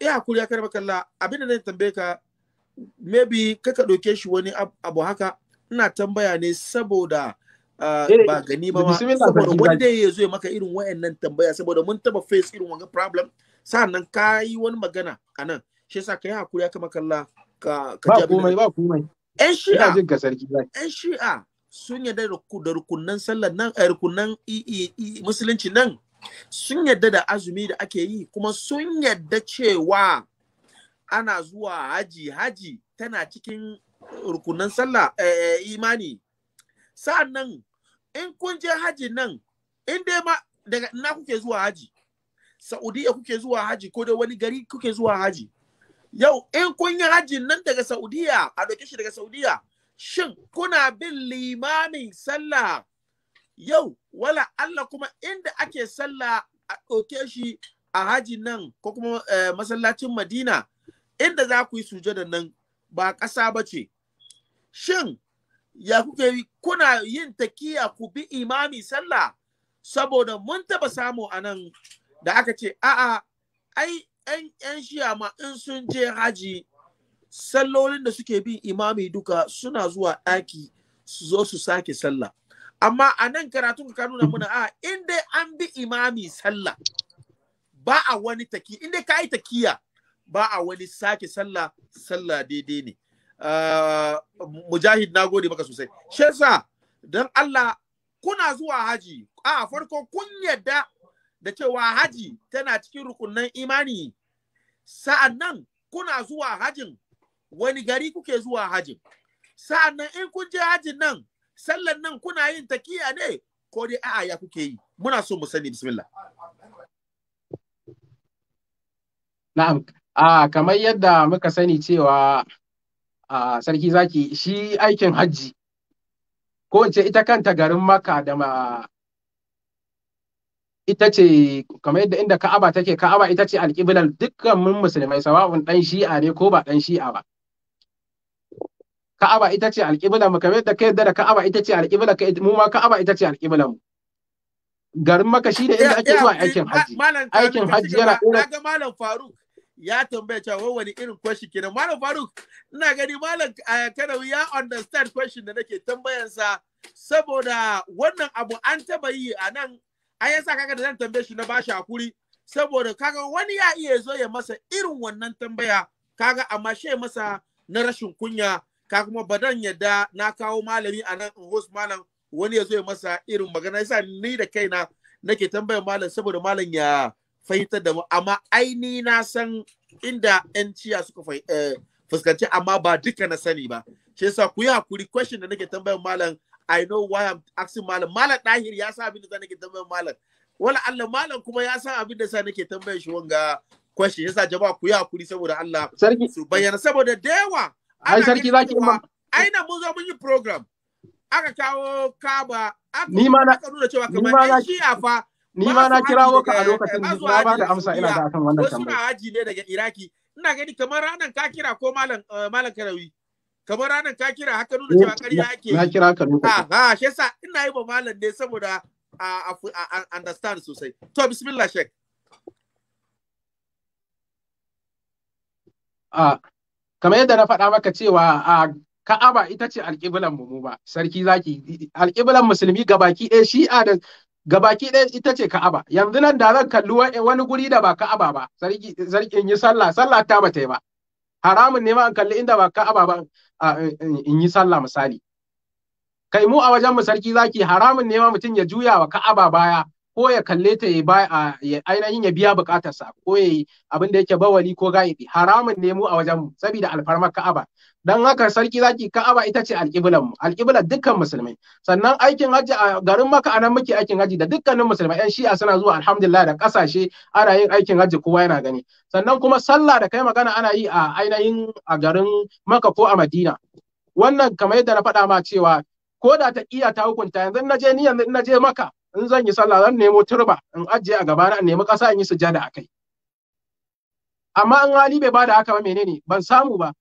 ya kuri ya karba kalla abin da zan tambaye ka maybe kaka doke shi wani abu haka ina tambaya ne saboda ah, eh, ba gani ba ma saboda wanda ya zo maka irin wayannan tambaya saboda mun taba face irin wani problem sannan ka yi wani magana a nan shi yasa ka yi hakuri aka makalla ka ka ba komai ba komai yan shi'a jin ka sarki yan shi'a sun yarda da rukunan sallar nan a eh, rukunan musulunci nan sun yarda da azumi da ake yi kuma sun yarda cewa ana zuwa haji haji tana cikin rukunan sallah eh, eh, imani sa'an nan in kun je haji nan in dai ma daga ina kuke zuwa haji saudiya kuke zuwa haji ko da wani gari kuke zuwa haji yau in kun yi haji nan daga saudiya a doke shi daga saudiya shin kuna bin limamin sallah yau wala Allah kuma inda ake sallah a ɗauke shi a haji nan ko kuma eh, masallacin madina inda za ku yi sujada nan ba ƙasa ba ce shin ya kuke kuna yin takiya ku bi imami sallah saboda mun taba samu a nan da aka ce a'a ai yan yan shiya ma in sun je haji sallolin da suke bin imami duka suna zuwa ɗaki su zo su sake sallah amma a nan karatun ka nuna muna a in dai an bi imami sallah ba a wani taki in dai ka yi takiya ba a wani sake sallah sallah daidai ne Ah, mujahid na gode maka sosai shi yasa don Allah kuna zuwa haji a farko kun yadda da cewa haji tana cikin rukunan imani sa'annan kuna zuwa hajin wani gari kuke zuwa hajin sa'annan in kun je hajin nan sallan nan kuna yin takiya ne ko dai a'a ya kuke yi muna so mu sani bismillah na'am a ah, kamar yadda muka sani cewa a sarki zaki shi aikin hajji ko in ce ita kanta garin maka da ma ita ce kamar yadda inda ka'aba take ka'aba ita ce alƙiblar dukkan mun musulmai sawa'un ɗan shi'a ne ko ba ɗan shi'a ba ka'aba ita ce alƙiblar mu kamar yadda ka yadda da ka'aba ita ce alƙiblar ka mu ma ka'aba ita ce alƙiblar mu garin maka shi ne inda ake zuwa aikin hajji aikin hajji yana ga faruk ya tambaya cewa wani irin kwashi kenan malam faruk ina gani malam Kanawi ya understand question da nake tambayansa saboda wannan abu an taba yi a nan an yasa kaga da zan tambaye shi na bashi hakuri saboda kaga wani ya iya zo ya masa irin wannan tambaya kaga amma shi masa na rashin kunya ka kuma badan yadda na kawo malami a nan host malam wani ya zo ya masa irin magana yasa ni da kaina nake tambayar malam saboda malam ya fahimtar da mu amma aini na san inda 'yan ciya suka fahimta eh, fuskanci amma ba duka na sani ba shi yasa ku yi hakuri question da nake tambayar malam i know why i'm asking malam malam dahir ya sa abin da nake tambayar malam wala Allah malam kuma ya san abin da sa nake tambayar shi wanga question yasa jama'a ku yi hakuri saboda Allah sarki su bayyana saboda da yawa ai sarki zaki aina mun zo mun yi program aka kawo kaba aka nuna cewa kamar shi afa fa ni ma na kirawo ka a lokacin na ba da amsa ina da akan wannan tambaya. Wasu na haji ne daga Iraki ina gani kamar ranan ka kira ko malam eh, malam karawi kamar ranan ka kira haka nuna cewa ƙarya ake na kira ka nuna ha ah, ah, shi yasa ina yi ba malam ne saboda a understand sosai to bismillah shek a ah, kamar yadda na faɗa maka cewa a Ka'aba ita ce alƙiblan mu ba sarki zaki alƙiblan musulmi gabaki ɗaya shi'a da gabaki ɗaya ita ce Ka'aba yanzu nan da zan kalli eh, wani guri da ba Ka'aba ba sarki in yi sallah sallah ta bata ba haramun ne ma in kalli inda ba Ka'aba ba in yi sallah misali kai mu a wajen mu sarki zaki haramun ne ma mutum ya juya wa Ka'aba baya ko ya kalle ta ya ainihin ya biya bukatarsa ko ya yi abin yake bawali ko gaibi haramun ne mu a wajen mu saboda alfarmar Ka'aba dan haka sarki zaki ka'aba ita ce alƙiblan mu alƙiblan dukkan musulmai sannan aikin haji a garin maka anan muke aikin haji da dukkanin musulmai yan shi'a suna zuwa alhamdulillah da kasashe ana yin aikin haji kowa yana gani sannan kuma sallah da kai magana ana yi a ainihin a garin maka ko a madina wannan kamar yadda na faɗa ma cewa ko da ta iya ta hukunta yanzu na je ni yanzu na je maka in zan yi sallah zan nemo turba in ajiye a gabana in nemi ƙasa in yi sujada a kai amma in hali bai bada haka ba menene ban samu ba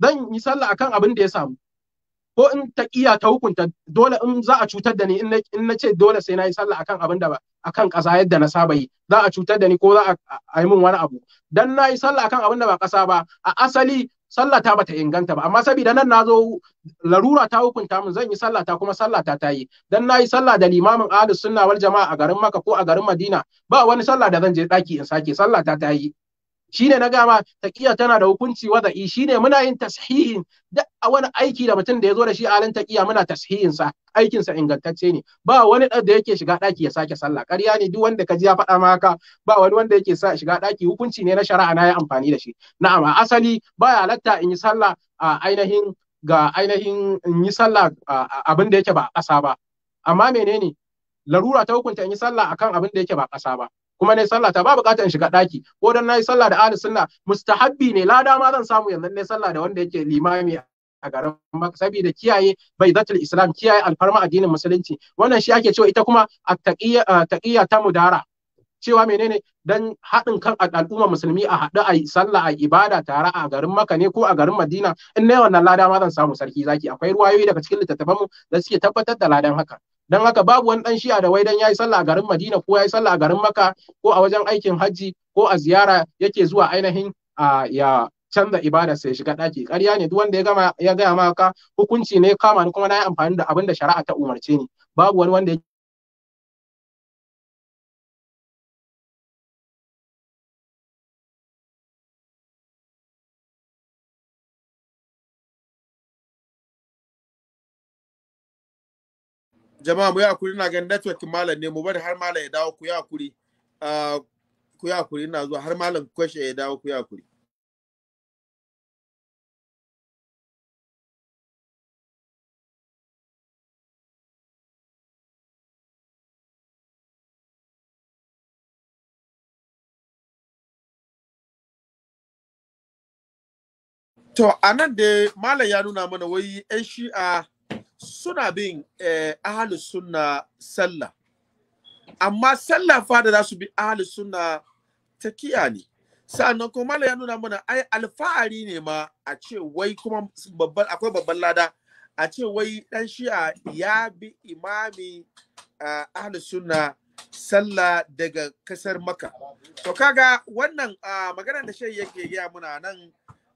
zan yi sallah akan abin da ya samu ko in ta iya ta hukunta dole in za a cutar da ni in na ce dole sai na yi sallah akan abin da ba akan ƙasa yadda na saba yi za a cutar da ni ko za a yi min wani abu dan na yi sallah akan abin da ba ƙasa ba a asali sallah ta bata inganta ba amma saboda nan nazo larura ta hukunta min zan yi sallah ta kuma sallah ta tayi dan nayi sallah da limamin ahlus sunna wal jamaa a garin Makka ko a garin Madina ba wani sallah da zan je daki in sake sallah ta tayi shine na gama taqiya tana da hukunci wada'i shine muna yin tashihin da wani aiki da mutum da ya zo da shi a halin taqiya muna tashihin sa aikin sa ingantacce ne ba wani da yake shiga daki ya sake sallah ƙarya ne duk wanda ka ji ya faɗa ma haka ba wani wanda yake sa shiga daki hukunci ne na shari'a na yi amfani da shi na'am asali baya halatta in yi sallah a ainihin ga ainihin in yi sallah abin da yake ba ƙasa ba amma menene larura ta hukunta in yi sallah akan abin da yake ba ƙasa ba kuma ne sallah ta ba bukatar in shiga daki ko dan nayi sallah da ahli sunna mustahabbi ne lada ma zan samu yanzu ne sallah da wanda yake limami a garin Makka saboda kiyaye baidatul islam kiyaye alfarma addinin musulunci wannan shi ake cewa ita kuma at-taqiyya ah, ta mudara cewa menene dan haɗin kan al'umma musulmi a haɗu a sallah a ibada tare a garin Makka ne ko a garin Madina in ne wannan lada ma zan samu sarki zaki akwai ruwayoyi daga cikin littattafan mu da suke tabbatar da ladan haka don haka babu wani dan shi'a da wai dan yayi sallah a garin Madina ko yayi sallah a garin Makka ko a wajen aikin hajji ko a ziyara yake zuwa ainihin ya canza ibada sai shiga daki ƙarya ne duk wanda ya gama ya gaya maka hukunci ne kama ni kuma na yi amfani da abin da shari'a ta umarce ni babu wani wanda jama'a mu yi hakuri na ganin network malam ne mu bari har malam ya dawo ku yi hakuri ah, ku yi hakuri ina zuwa har malam kwashe ya dawo ku yi hakuri To, anan da Malam ya nuna mana wai 'yan shi'a suna bin eh, ahalu sunna sallah amma sallah fa da za su bi ahalu sunna takiya ne sa'annan kuma mala ya nuna mana ai alfahari ne ma a ce wai kuma babban akwai babban lada a ce wai dan shi'a ya bi imami uh, eh, ahalu suna sallah daga kasar maka to kaga wannan uh, maganar da shi yake gaya muna nan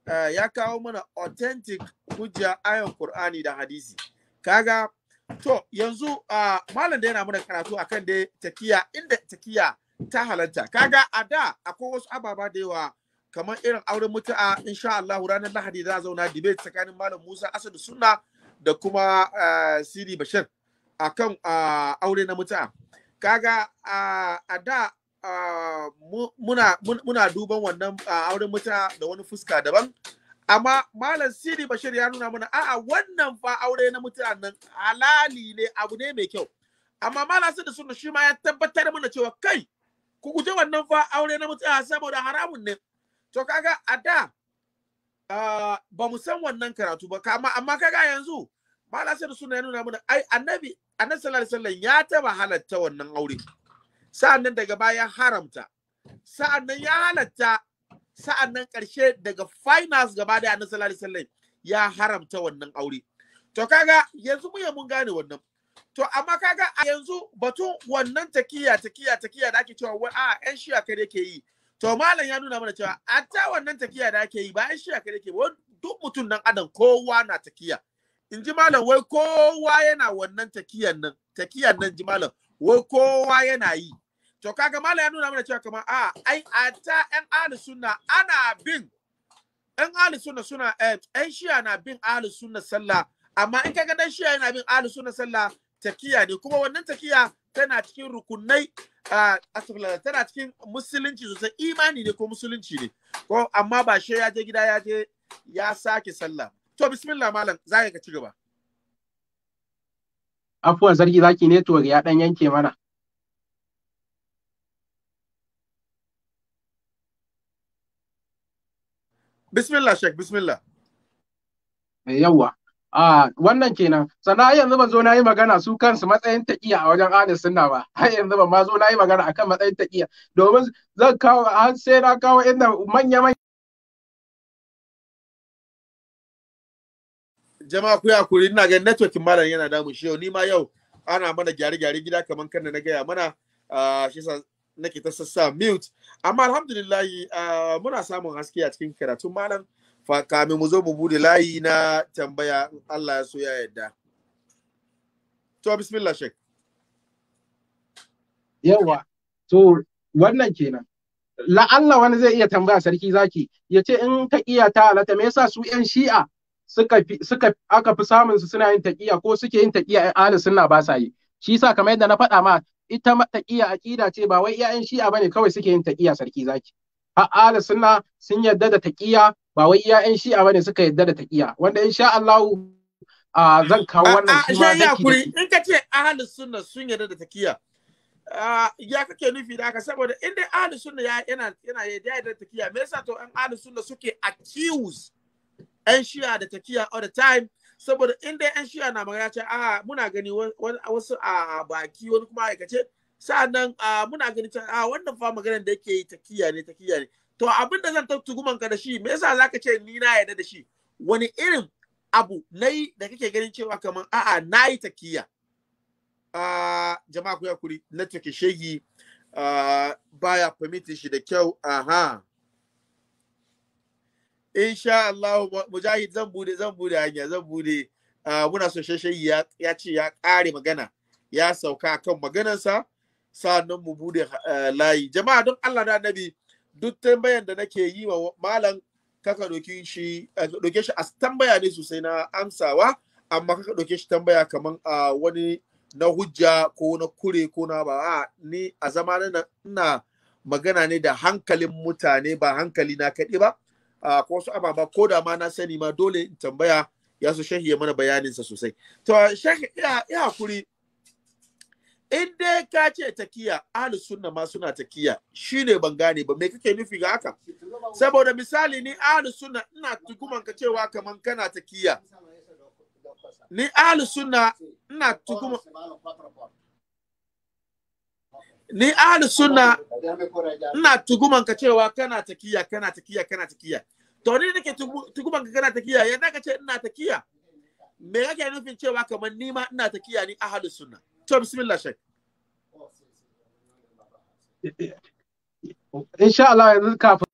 uh, ya kawo mana authentic hujja ayon qur'ani da hadisi kaga to yanzu uh, malam da yana mana karatu akan dai takiya inda takiya ta halarta kaga a da akwai wasu ababa da yawa kamar irin auren mutu'a insha Allah ranar Lahadi za zauna debate tsakanin malam Musa Asadu Sunna da kuma uh, Siri Bashir akan uh, aure na mutu'a kaga uh, a da muna muna duban wannan uh, auren mutu'a da wani fuska daban amma malam sidi bashir ya nuna mana a'a wannan fa aure na mutanen halali ne abu ne mai kyau amma malam sidi sunna shi ma ya tabbatar mana cewa kai ku guje wannan fa aure na mutanen saboda haramun ne to kaga a da ba mu san wannan karatu ba kama amma kaga yanzu malam sidi sunna ya nuna mana ai annabi annabi sallallahu alaihi wasallam ya taba halatta wannan aure sa'annan daga baya haramta sa'annan ya halatta sa'an nan ƙarshe daga finals gaba da annabi sallallahu alaihi wasallam ya haramta wannan aure to kaga yanzu mu mun gane wannan to amma kaga a yanzu batun wannan takiya takiya takiya da ake cewa a yan shiya kai yake yi to malam ya nuna mana cewa a ta wannan takiya da ake yi ba yan shiya kai yake duk mutum nan adam kowa na takiya in ji malam wai kowa yana wannan takiyan nan takiyan nan ji malam wai kowa yana yi to kaga mala ya nuna mana cewa kamar a ai a ta ahli sunna ana bin yan ahli sunna suna eh shiya na bin ahli sunna sallah amma in kaga dan shiya yana bin ahli sunna sallah takiya ne kuma wannan takiya tana cikin rukunai asibila tana cikin musulunci sosai imani ne ko musulunci ne ko amma ba shi ya je gida ya je ya sake sallah to bismillah malam za ka ci gaba afuwan sarki zaki ne to ya dan yanke mana bismillah Sheikh, bismillah eh, Yawa. a ah, wannan kenan sannan yanzu ban zo na magana su kansu matsayin taƙiya a wajen ahli sunna ba *laughs* har yanzu ban ma zo na yi magana akan matsayin taƙiya domin zan kawo an sai na kawo inda manya manya jama'a ku kuri, ina ga network malam yana damu shi yau ni ma yau ana mana gyare gyare gida kaman kan na gaya mana ah, shi nake ta sassa mute amma alhamdulillah ah, muna samun haske a cikin karatun malam kamin mu zo mu bude layi na tambaya Allah ya so ya yarda to bismillah shek yawa to wannan kenan Allah wani zai iya tambaya sarki zaki ya ce in ka iya ta halatta me yasa su yan shi'a suka suka aka fi samun su suna yin taqiya ko suke yin taqiya ai eh, ahlus sunna ba sa yi shi yasa kamar yadda na faɗa ma ita taqiya aqida ce ba wai iyayen shi'a bane kawai suke yin taqiya sarki zaki har ahli sunna sun yadda da taqiya ba wai iyayen shi'a bane suka yadda da taqiya wanda insha Allah a zan kawo wannan shi ma da kuri in ka ce ahli sunna sun yadda da taqiya ya kake nufi da haka saboda in dai ahli sunna yana yana yadda da taqiya me yasa to an ahli sunna suke accuse yan shi'a da taqiya all the time saboda in dai yan shi'a na magana ce a muna gani wasu a baki wani kuma aikace sa'annan muna gani ta a wannan fa maganar da yake yi takiya ne takiya ne to abin da zan guman ka da shi me yasa zaka ce ni na yarda da shi wani irin abu nayi da kake ganin cewa kaman a'a nayi takiya a jama'a ku ya kuri na take shegi baya permit shi da kyau aha insha Allah mujahid zan bude zan bude hanya zan bude ah, muna so shashayi ya ce ya kare magana ya sauka kan maganarsa sannan mu bude eh, layi jama'a don Allah da annabi duk tambayan da nake yi wa malam kaka doke shi doke eh, shi as tambaya ne sosai na amsawa amma kaka doke shi tambaya kaman ah, wani na hujja ko na kure ko na ba ni a zamanin ina magana ne da hankalin mutane ba hankali na kaɗi ba ko wasu ababa ko da ma na sani ma dole in tambaya ya su shehi ya mana bayaninsa sosai to shehi ya hakuri in dai ka ce takiya ahli sunna ma suna takiya shine ban gane ba me kake nufi ga haka saboda misali ni ahli sunna ina tuguman ka cewa kaman kana takiya ni ahli sunna ina tuguman ni ahli sunna ina tuguman ka cewa kana takiya kana takiya kana takiya to ni nake tuguman ka kana takiya yanda ka ce ina takiya me kake nufin cewa kamar ni ma ina takiya ni ahli sunna to bismillah shek insha Allah yanzu kafin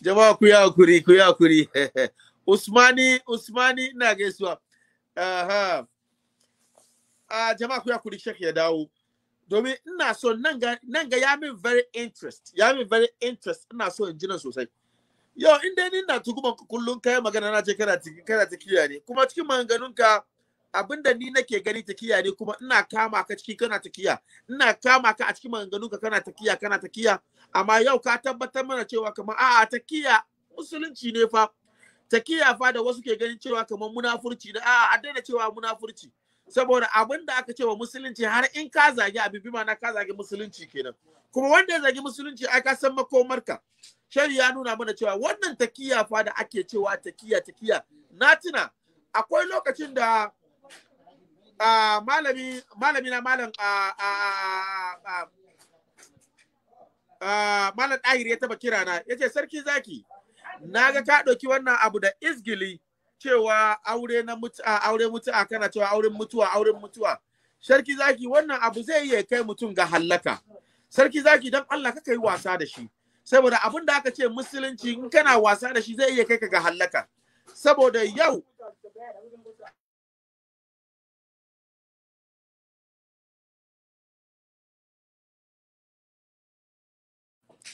jama'a ku ya kuri ku ya kuri *laughs* usmani usmani ina gaisuwa aha uh -huh. a jama'a ku ya kuri shek ya dawo domin ina so nan ga nan ya min very interest ya min very interest ina so in jina sosai yau in dai ni na tuguman kullun kai magana na ce kana cikin kana tikiya ne kuma cikin maganganun ka abinda ni nake gani takiya ne kuma ina kama ka ciki kana takiya ina kama ka a cikin maganganun ka kana takiya kana takiya amma yau ka tabbatar mana cewa kamar a takiya musulunci ne fa takiya fa da wasu ke ganin cewa kamar munafurci da a a daina cewa munafurci saboda abin da aka ce wa musulunci har in ka zagi abi bi na ka zagi musulunci kenan kuma wanda ya zagi musulunci ai ka san makomarka shari ya nuna mana cewa wannan takiya fa da ake cewa takiya takiya na tuna akwai lokacin da uh, malami malami na malam uh, uh, uh, malam ɗahir ya taba kirana. na ya ce sarki zaki na ga ka ɗauki wannan abu da izgili cewa aure na mutu'a aure mutu'a kana cewa auren mutuwa auren mutuwa sarki zaki wannan abu zai iya kai mutum ga hallaka sarki zaki dan Allah ka kai wasa da shi saboda abin da aka ce musulunci in kana wasa da shi zai iya kai ka ga hallaka saboda yau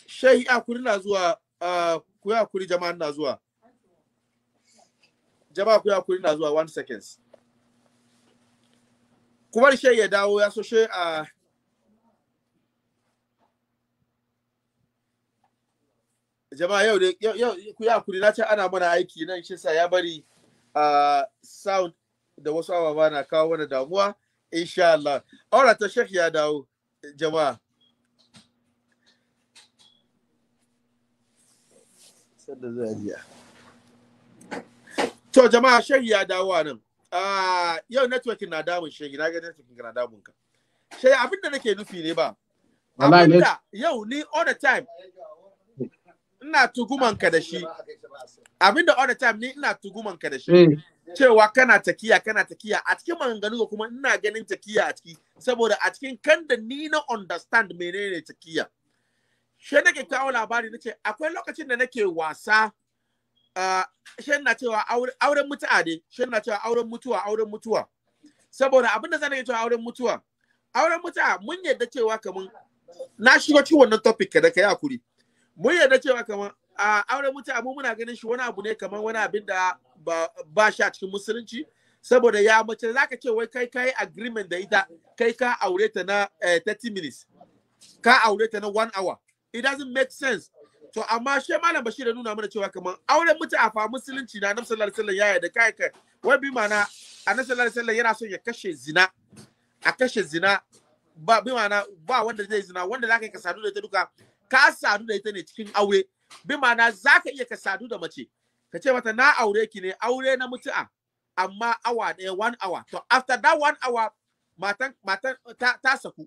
Shehi akuri na zuwa, ku ya akuri jama'a na zuwa. jama'a ku kuri na zuwa 1 seconds kuma shi ya dawo ya so shi a ah. jama'a yau da yau ku kuri na ce ana mana aiki nan shi sa ya bari a ah, sound da wasu ababa na kawo wani damuwa insha Allah aura ta shek ya dawo jama'a sanda zai To jama'a shehi ya dawo a nan. Ah, yau networking na damun shehi na ga networking na damun ka. Shehi abin da nake nufi ne ba. Abinda yau ni all the time ina tuguman ka da shi. Abinda all the time ni ina tuguman ka da shi. Mm. Cewa kana takiya kana takiya a cikin maganganu kuma ina ganin takiya a ciki saboda a cikin kan da ni na understand menene takiya. Shi nake kawo labari nace akwai lokacin da nake wasa Ah, shan na cewa auren mutuwa ne shan na cewa auren mutuwa auren mutuwa saboda abin da zan yi cewa auren mutuwa auren mutuwa mun yadda cewa kaman na shigo cikin wannan topic kada kai hakuri mun yadda cewa kaman a ah, auren mutuwa mu muna ganin shi wani abu ne kaman wani abin da ba, shi a cikin musulunci saboda ya mace ka ce wai kai kai agreement da ita kai ka aure ta na 30 eh, minutes ka aure ta na one hour it doesn't make sense to amma she malam bashir ya nuna mana cewa kamar auren mutu a fa musulunci na annabi sallallahu alaihi wasallam ya yarda kai kai wai bi mana annabi sallallahu alaihi wasallam yana son ya kashe zina a kashe zina ba bi mana ba wanda zai zina wanda zaka ka sadu da ita duka ka sadu da ita ne cikin aure bi mana zaka iya ka sadu da mace ka ce mata na aure ki ne aure na mutu'a amma awa ɗaya one hour to after that one hour matan matan ta, ta saku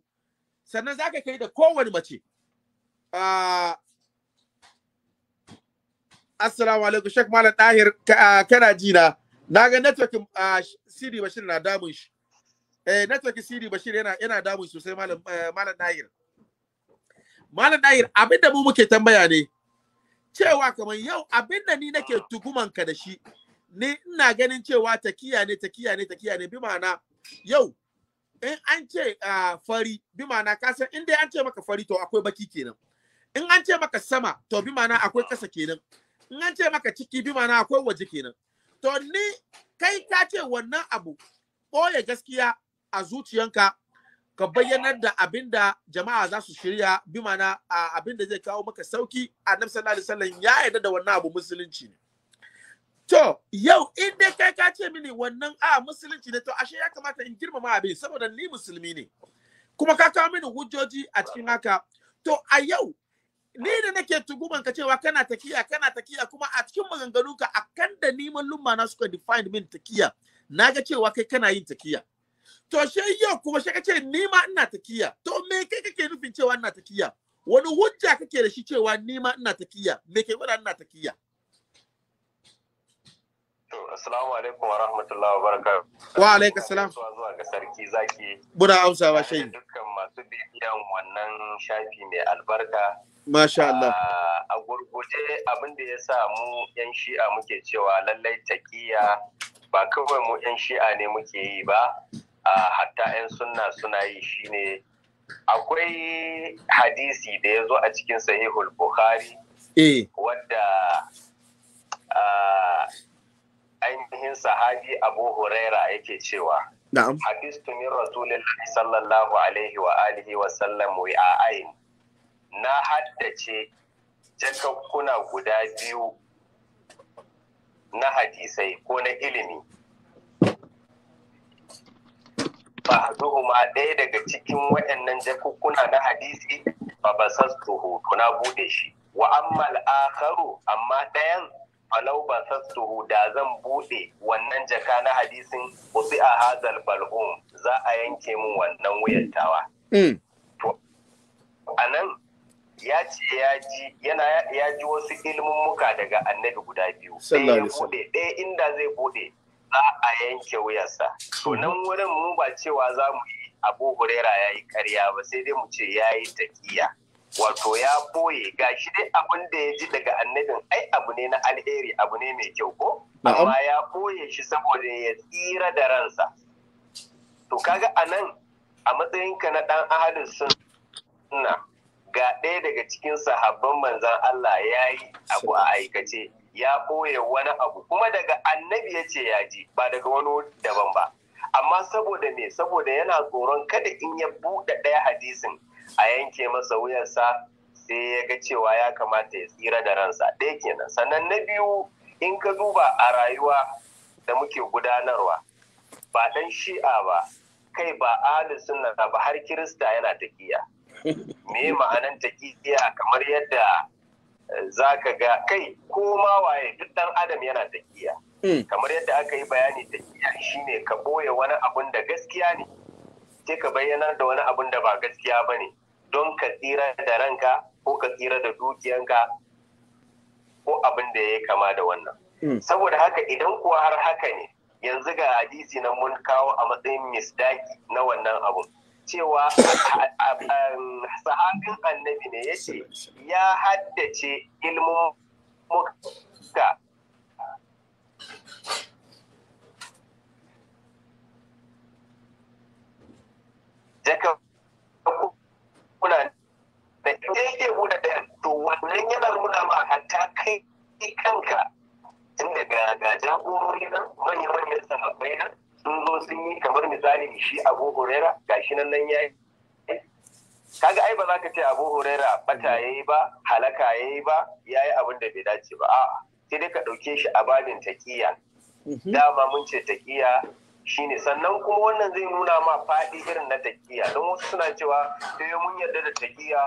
sannan zaka kai da kowane mace uh, Assalamu alaikum Sheikh Malam Dahir kana ji na na ga network Siri Bashir na damun shi eh network Siri Bashir yana yana damun sosai Malam eh, Malam Dahir Malam Dahir abinda mu muke tambaya ne cewa kamar yau abinda ni nake tuguman ka da shi ni ina ganin cewa takiya ne takiya ne takiya ne bi ma'ana yau in an ce fari bi ma'ana ka san in dai an ce maka fari to akwai baki kenan in an ce maka sama to bi ma'ana akwai kasa kenan in an ce maka ciki bi mana akwai waje kenan to ni kai ka ce wannan abu ɓoye gaskiya a zuciyanka ka bayyanar da abinda jama'a za su shirya bi mana abin da zai kawo maka sauki nan sallallahu alaihi wasallam ya yarda da wannan abu musulunci ne To, yau in dai kai ka ce mini wannan a musulunci ne to ashe ya kamata in girmama abin saboda ni musulmi ne. Kuma ka kawo mini hujjoji a cikin haka. To, a yau ni da nake tuguman ka cewa kana takiya kana takiya kuma a cikin maganganu ka akan da neman lumma na suka define min takiya na ga cewa kai kana yin takiya to she yau kuma she kace ni ma ina takiya to me kai kake nufin cewa ina takiya wani hujja kake da shi cewa ni ma ina takiya me kai wada ina takiya to assalamu alaikum wa rahmatullahi wa barakatuh wa alaikum assalam zuwa ga sarki zaki muna dukkan masu bibiyan wannan shafi mai albarka Masha Allah. A gurguje abin da ya sa mu 'yan shi'a muke cewa lallai takiya ba kawai mu 'yan shi'a ne muke yi ba, a hatta 'yan sunna suna yi ne akwai hadisi da ya zo a cikin sahihul Bukhari eh. wadda ainihin sahabi Abu Huraira yake cewa. Na'am. Hadistu min sallallahu alaihi wa alihi wa sallam wi'a'ain. na haddace jakakkuna guda biyu na hadisai ko na ilimi ba ma ɗaya daga cikin waɗannan jakakkuna na hadisi ba ba na bude shi wa amma al'akaru amma ɗayan falau ba sastuhu da zan bude wannan jaka na hadisin wasu a hazal bal'um za a yanke mun wannan wuyantawa. Mm. To, a ya ce ya ji yana ya ji wasu ilmummuka daga annabi guda biyu ɗaya bude ɗaya inda zai bude za a yanke wuyarsa to nan wurin mu ba cewa za mu yi abu hurera ya yi karya ba sai dai mu ce ya yi taƙiya wato ya boye ga shi dai abin da ya ji daga annabin ai abu ne na alheri abu ne mai kyau ko amma ya boye shi saboda ya tsira da ransa to kaga a nan a matsayinka na ɗan ahalin sunna ga ɗaya daga cikin sahabban manzan Allah ya yi abu a aikace ya ɓoye wani abu kuma daga annabi ya ce ya ji ba daga wani daban ba amma saboda me saboda yana tsoron kada in ya buɗe ɗaya hadisin a yanke masa wuyarsa sai ya ga cewa ya kamata ya tsira da ransa ɗaya kenan sannan na biyu in ka duba a rayuwa da muke gudanarwa ba ɗan shi'a ba kai ba ahli ba har kirista yana tafiya. me ma'anan taƙiya kamar yadda eh, za ka ga kai ko ma waye duk ɗan adam yana ta taƙiya hmm. kamar yadda aka yi bayani ta shi shine ka ɓoye wani abun da gaskiya ne sai ka bayyanar da wani abun da ba gaskiya ba ne don ka tsira da ranka ko ka tsira da dukiyanka ko abin da ya kama da wannan hmm. saboda haka idan kuwa har haka ne yanzu ga hadisi na mun kawo a matsayin misdaki na wannan abun cewa sahabin annabi ne ya ce ya haddace ilmin muka daga kuna da daidai guda da to wannan yana nuna ma hatta kai kanka tun daga ga jagorori nan manya-manyan sahabbai nan sun zo sun yi kamar misali shi abu ga shi nan nan yayi kaga ai ba za ka ce abu horera bata yayi ba halaka yayi ba yayi abin da bai dace ba a'a sai dai ka ɗauke shi a babin taƙiya mhm. dama mun ce taƙiya shine sannan kuma wannan zai nuna ma faɗi irin na taƙiya don wasu suna cewa sai eh, mun yarda da taƙiya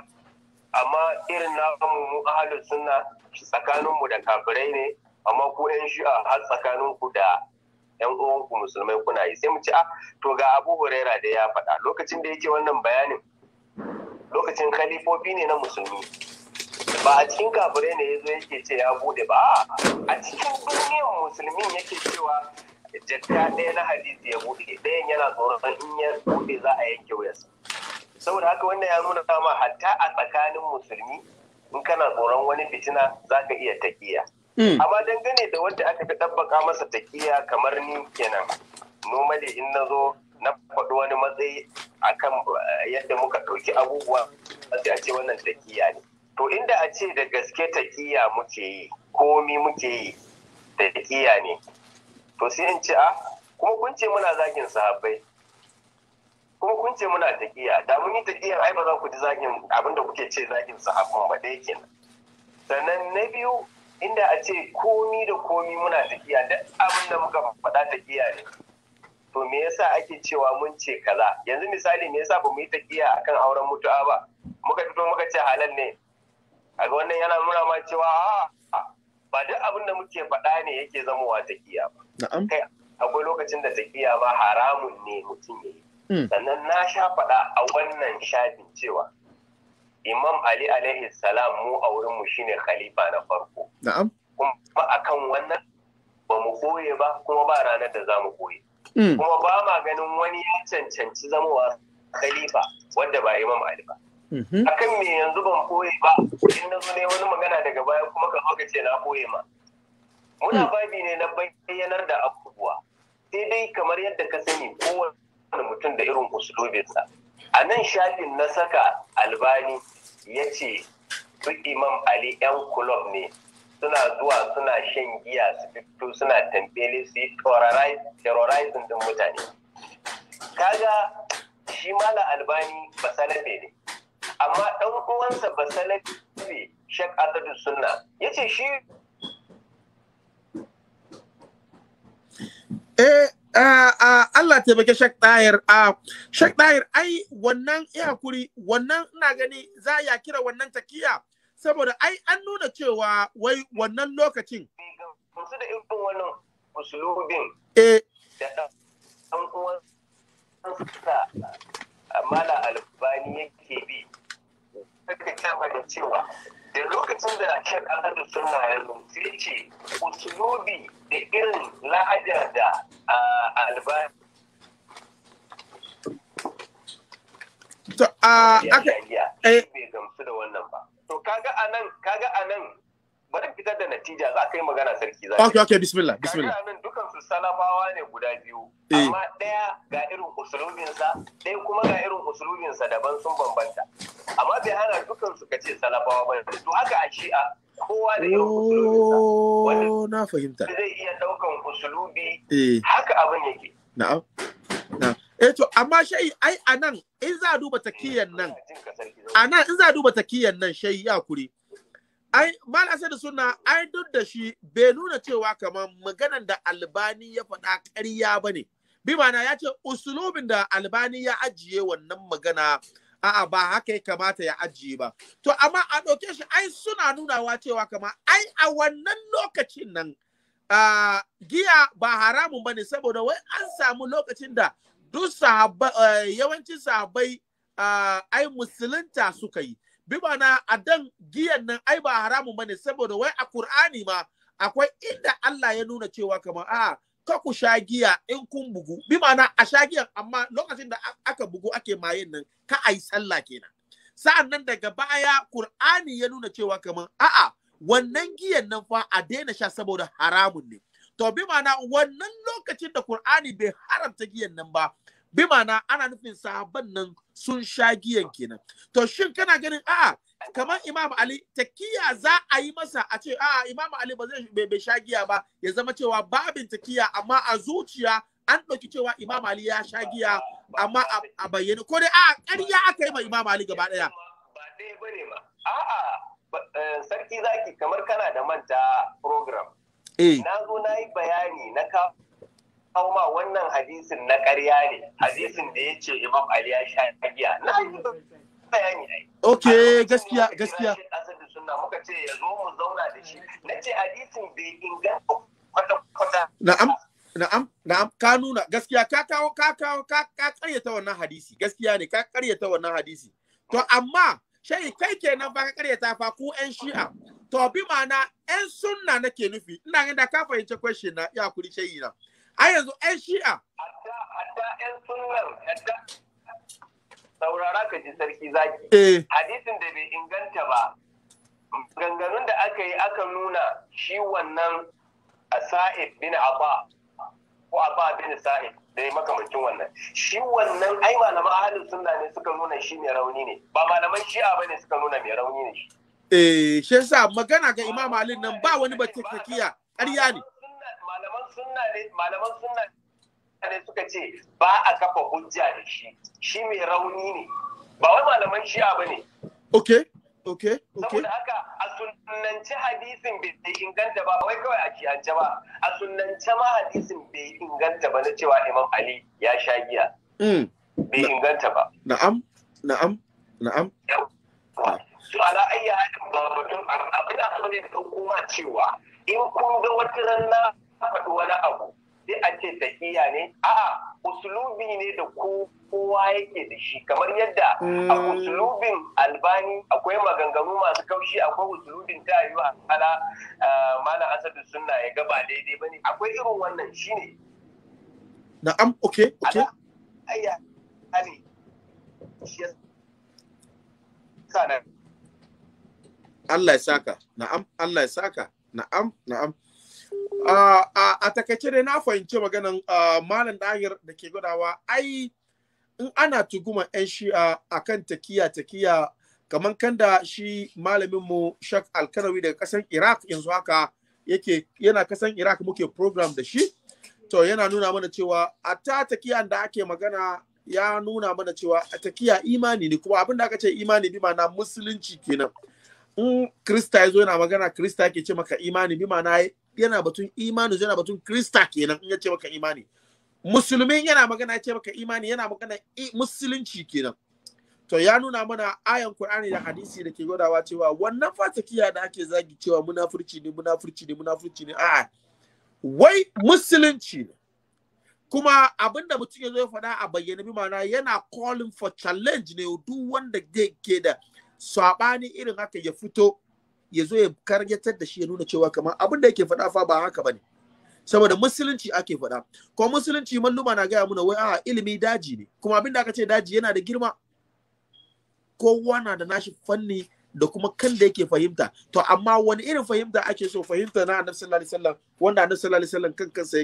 amma irin na mu ahalin suna tsakaninmu da kafirai ne amma ku 'yan shi'a har tsakaninku da yan uwanku musulmai kuna yi sai mu ci a ah, to ga abu huraira da ya faɗa lokacin da yake wannan bayanin lokacin khalifofi ne na musulmi ba a cikin kafirai ne ya zo yake ce ya bude ba a cikin duniyar musulmin yake cewa jakka ɗaya na hadisi ya bude ɗayan yana tsoron in ya bude za a yanke wuyarsa saboda haka wannan ya nuna sama hatta a tsakanin musulmi in kana tsoron wani fitina za ka iya taƙiya Mm. amma dangane da wanda aka fi ɗabbaka masa taƙiya kamar ni kenan nomale in na zo na faɗi wani matsayi akan eh, yadda muka ɗauki abubuwa sai a ce wannan taƙiya ne to inda a ce da gaske taƙiya muke yi komi muke yi taƙiya ne to sai in ce a ah, kuma kun ce muna zagin sahabbai kuma kun ce muna taƙiya da mun yi taƙiya ai ba za ku ji zagin abinda kuke ce zagin sahabban ba dai kenan sannan na biyu inda a ce komi da komi muna tafiya duk abin da muka faɗa tafiya ne to me yasa ake cewa mun ce kaza yanzu misali me yasa ba mu yi tafiya akan auren mutuwa ba muka fito muka ce halal ne a ga wannan yana nuna ma cewa ba duk abin da muke faɗa ne yake zamowa tafiya ba kai akwai lokacin da tafiya ba haramun ne mutum ya yi hmm. sannan na sha faɗa a wannan shafin cewa imam ali alaihi salam mu a wurin mu shine khalifa na farko na'am kuma akan wannan ba mu koye ba kuma ba ranar da za mu koye mm. kuma ba ma ganin wani ya cancanci zamowa khalifa wanda ba imam ali ba mm-hmm. akan me yanzu ban koye ba in na ne wani magana daga baya kuma ka zo ka ce na koye ma muna mm. babi ne na bayyanar da abubuwa sai dai kamar yadda ka sani kowane mutum da irin usulobinsa a nan shafin na saka albani ya ce su imam ali yan kulob ne suna zuwa suna shan giya su fito suna tambele su yi terrorizing din mutane kaga shi mala albani basalafe ne amma ɗan uwansa basalafe shek asadu sunna ya ce shi eh Ah, ah, Allah taimake Sheikh Tahir a ah, Sheikh Tahir ai wannan ya kuri wannan ina gani za ya kira wannan takiya saboda ai an nuna cewa wai wannan lokacin su da irin wannan usulubin eh da sa albani yake bi kake cewa da lokacin da shan al'adar suna ya zo sai ce usulobi da irin lahajar da albani a aka eh. da wannan ba. To kaga anan kaga anan bari fitar da natija za ka yi magana sarki za. Okay okay bismillah bismillah. Kaga anan dukan su salafawa ne guda biyu. Eh. Amma daya ga irin usulubin daya kuma ga irin usulubin daban sun bambanta. Amma bai hana dukan su kace salafawa ba. haka a shi'a kowa da yau usulubinsa oh, wanda na fahimta zai iya daukan usulubi eh. haka abin yake na'am na'am eh to amma shayi ai anan in za a duba takiyan eh, nan anan in za a duba takiyan nan shayi ya kuri ai mala sai da suna ai duk da shi bai nuna cewa kamar maganan da albani ya faɗa ƙarya ba ne bi ma'ana ya ce usulubin da albani ya ajiye wannan magana a'a ba haka ya kamata ya ajiye ba to amma a ɗauke shi ai suna nunawa cewa kama ai a wannan lokacin nan giya ba haramun ne saboda wai an samu lokacin da duk eh, yawancin sahabbai ai musulunta suka yi bi na a dan giyan nan ai ba haramun ne saboda wai a Kur'ani ma akwai inda Allah ya nuna cewa kama a. ka ku sha giya in kun bugu bi ma'ana a sha giyan amma lokacin da aka bugu ake mayin nan ka ayi sallah kenan sa'an nan daga baya qur'ani ya nuna cewa kaman a'a wannan giyan nan fa a daina sha saboda haramun ne to bi ma'ana wannan lokacin da qur'ani bai haramta giyan nan ba bi ma'ana ana nufin sahabban nan sun sha giyan kenan to shin kana ganin a'a kamar Imam Ali takiya za a yi masa a ce a Imam Ali ba zai bai sha giya ba ya zama cewa babin takiya amma a zuciya an ɗauki cewa Imam Ali ya sha giya amma a bayyana ko dai a ƙarya aka yi ma Imam Ali gaba ɗaya. A'a eh, sarki zaki kamar kana da manta program. Eh. Na zo na yi bayani na kawo ma wannan hadisin na ƙarya ne hadisin da ya ce imam ali ya sha giya na okay gaskiya gaskiya na'am na'am na'am ka nuna gaskiya ka kawo ka kawo ka ka karyata wannan hadisi gaskiya ne ka karyata wannan hadisi to amma shayi, kai kenan fa ka karyata fa ku yan shi'a to bi ma'ana yan sunna nake nufi ina ganin da ka fahimci question na ya kuri shayi na a yanzu yan shi'a Hadda, hadda, yan sunnar hadda. saurara ka ji sarki zaki eh. hadisin da bai inganta ba ganganun da aka yi aka nuna shi wannan sa'id bin abba ko abba bin sa'id da ya makamancin wannan shi wannan ai malaman ahalin sunna ne suka nuna shi mai rauni ne ba malaman shi'a ba ne suka nuna mai rauni ne shi eh shi yasa magana ga imam ali nan ba wani batun fakiya ƙarya ne malaman sunna ne malaman sunna kadai suka ce ba a kafa hujja da shi shi mai rauni ne ba wai malaman shi'a ba ne okay okay okay saboda haka a sunnance hadisin bai inganta ba wai kawai a kiyance ba a sunnance ma hadisin bai inganta ba na cewa imam ali ya sha giya hmm. bai inganta ba na'am na'am na'am su ala ayya ba mutum abin da ne da kuma cewa in kun ga wata ranar faɗi wani abu sai a ce taƙiya ne a'a usulubi ne da kowa yake da shi kamar yadda a mm. usulubin albani akwai maganganu masu kaushi akwai usulubin ta yi wa ala eh, mana asadu suna ya gaba daidai bane akwai irin wannan ne. na'am okay okay ayya ali shi Allah ya saka na'am Allah ya saka na'am na'am a takaice dai na fahimci maganan malam dahir da ke gudawa ai in ana tuguma 'yan shi'a a kan takiya takiya kamar kan da shi malaminmu shak alkanawi daga kasan iraq yanzu haka yake yana kasan iraq muke program da shi to yana nuna mana cewa a ta takiya da ake magana ya nuna mana cewa a takiya imani ne kuma abin da aka ce imani bi ma'ana musulunci kenan in krista ya zo yana magana krista ke ce maka imani bi ma'ana yana batun imani yana batun krista kenan in ya ce maka imani musulmin yana magana ya ce maka imani yana magana musulunci kenan to ya nuna mana ayan Qur'ani da hadisi da ke gwadawa cewa wannan fatakiya da ake zagi cewa munafurci ne munafurci ne munafurci ne a'a wai musulunci ne kuma abinda mutum ya zo ya faɗa a bayyana bi ma'ana yana calling for challenge ne duk wanda ke da Saɓani irin haka ya fito ya zo ya karyatar da shi ya nuna cewa kamar abin da yake faɗa fa ba haka bane saboda musulunci ake faɗa ko musulunci malluma na gaya muna wai a ilimi daji ne kuma abin da aka ce daji yana da girma kowa na da nashi fanni da kuma kan da yake fahimta to amma wani irin fahimta ake so fahimta na annabi sallallahu alaihi wasallam wanda annabi sallallahu alaihi wasallam kan kansa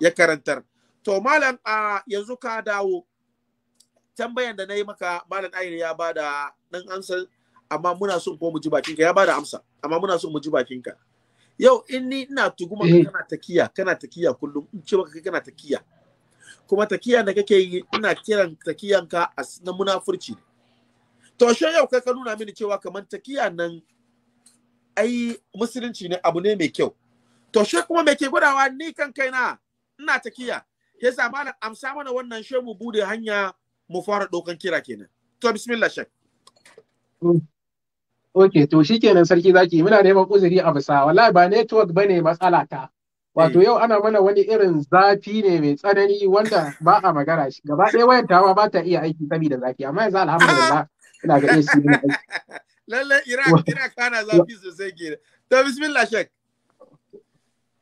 ya karantar to malam a yanzu ka dawo tambayan da na yi maka malam ayin ya bada dan amsa amma muna son ko mu ji bakinka ya bada amsa amma muna son mu ji bakinka yau in ni ina tuguma eh. kana takiya kana takiya kullum in ce maka kana takiya kuma takiya da kake yi ina kiran takiyanka na munafurci to shi yau kai ka nuna mini cewa kamar takiya nan ai musulunci ne abu ne mai kyau to shi kuma me ke gwadawa ni kan kaina ina takiya ya zama amsa mana wannan shehu bude hanya mu fara ɗaukan kira kenan to bismillah shek Ok, to shi kenan sarki zaki muna neman uzuri a bisa wallahi ba network ba ne matsala ta. Wato eh. yau ana mana wani irin zafi ne mai tsanani wanda ba a magana shi. Gaba ɗaya wayar tawa ba ta iya aiki saboda zafi amma yanzu alhamdulillah *laughs* ina ga AC ne. *laughs* Lallai Iraq Iraq kana zafi sosai ke. To bismillah shek.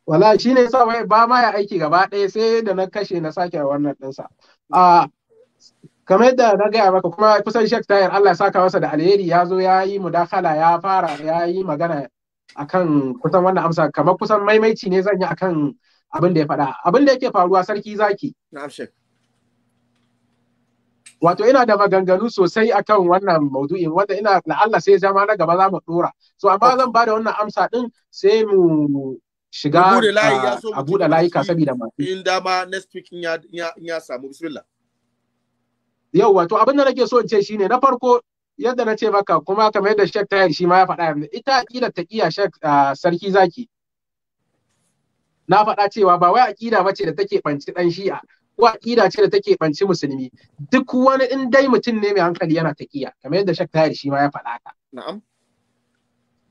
Wala shi ne sa wai ba ma ya aiki gaba ɗaya sai da na kashe na sake wannan ɗinsa. Ah, kamar yadda na gaya maka kuma kusan Sheikh Tayar Allah ya saka masa da alheri ya zo ya yi mudakala ya fara ya yi magana akan kusan wannan amsa kamar kusan maimaici ne zan yi akan abin da ya faɗa abin da yake faruwa sarki zaki wato ina da maganganu sosai akan wannan maudu'in wanda ina la'alla sai zama na gaba za mu dora so amma zan ba da wannan amsa din sai mu shiga a buɗe layika saboda masu in dama next week ya samu bismillah yauwa to abin da nake so in ce shine na farko yadda na ce maka kuma kamar yadda shek tayar shi ma ya faɗa yanzu ita ta taqiya shek ah, sarki zaki na faɗa cewa ba wai aqida bace da take banci dan shi'a ko aƙida ce da take banci musulmi duk wani in dai mutum ne mai hankali yana ta taqiya kamar yadda shek tayar shi ma ya faɗa ka na'am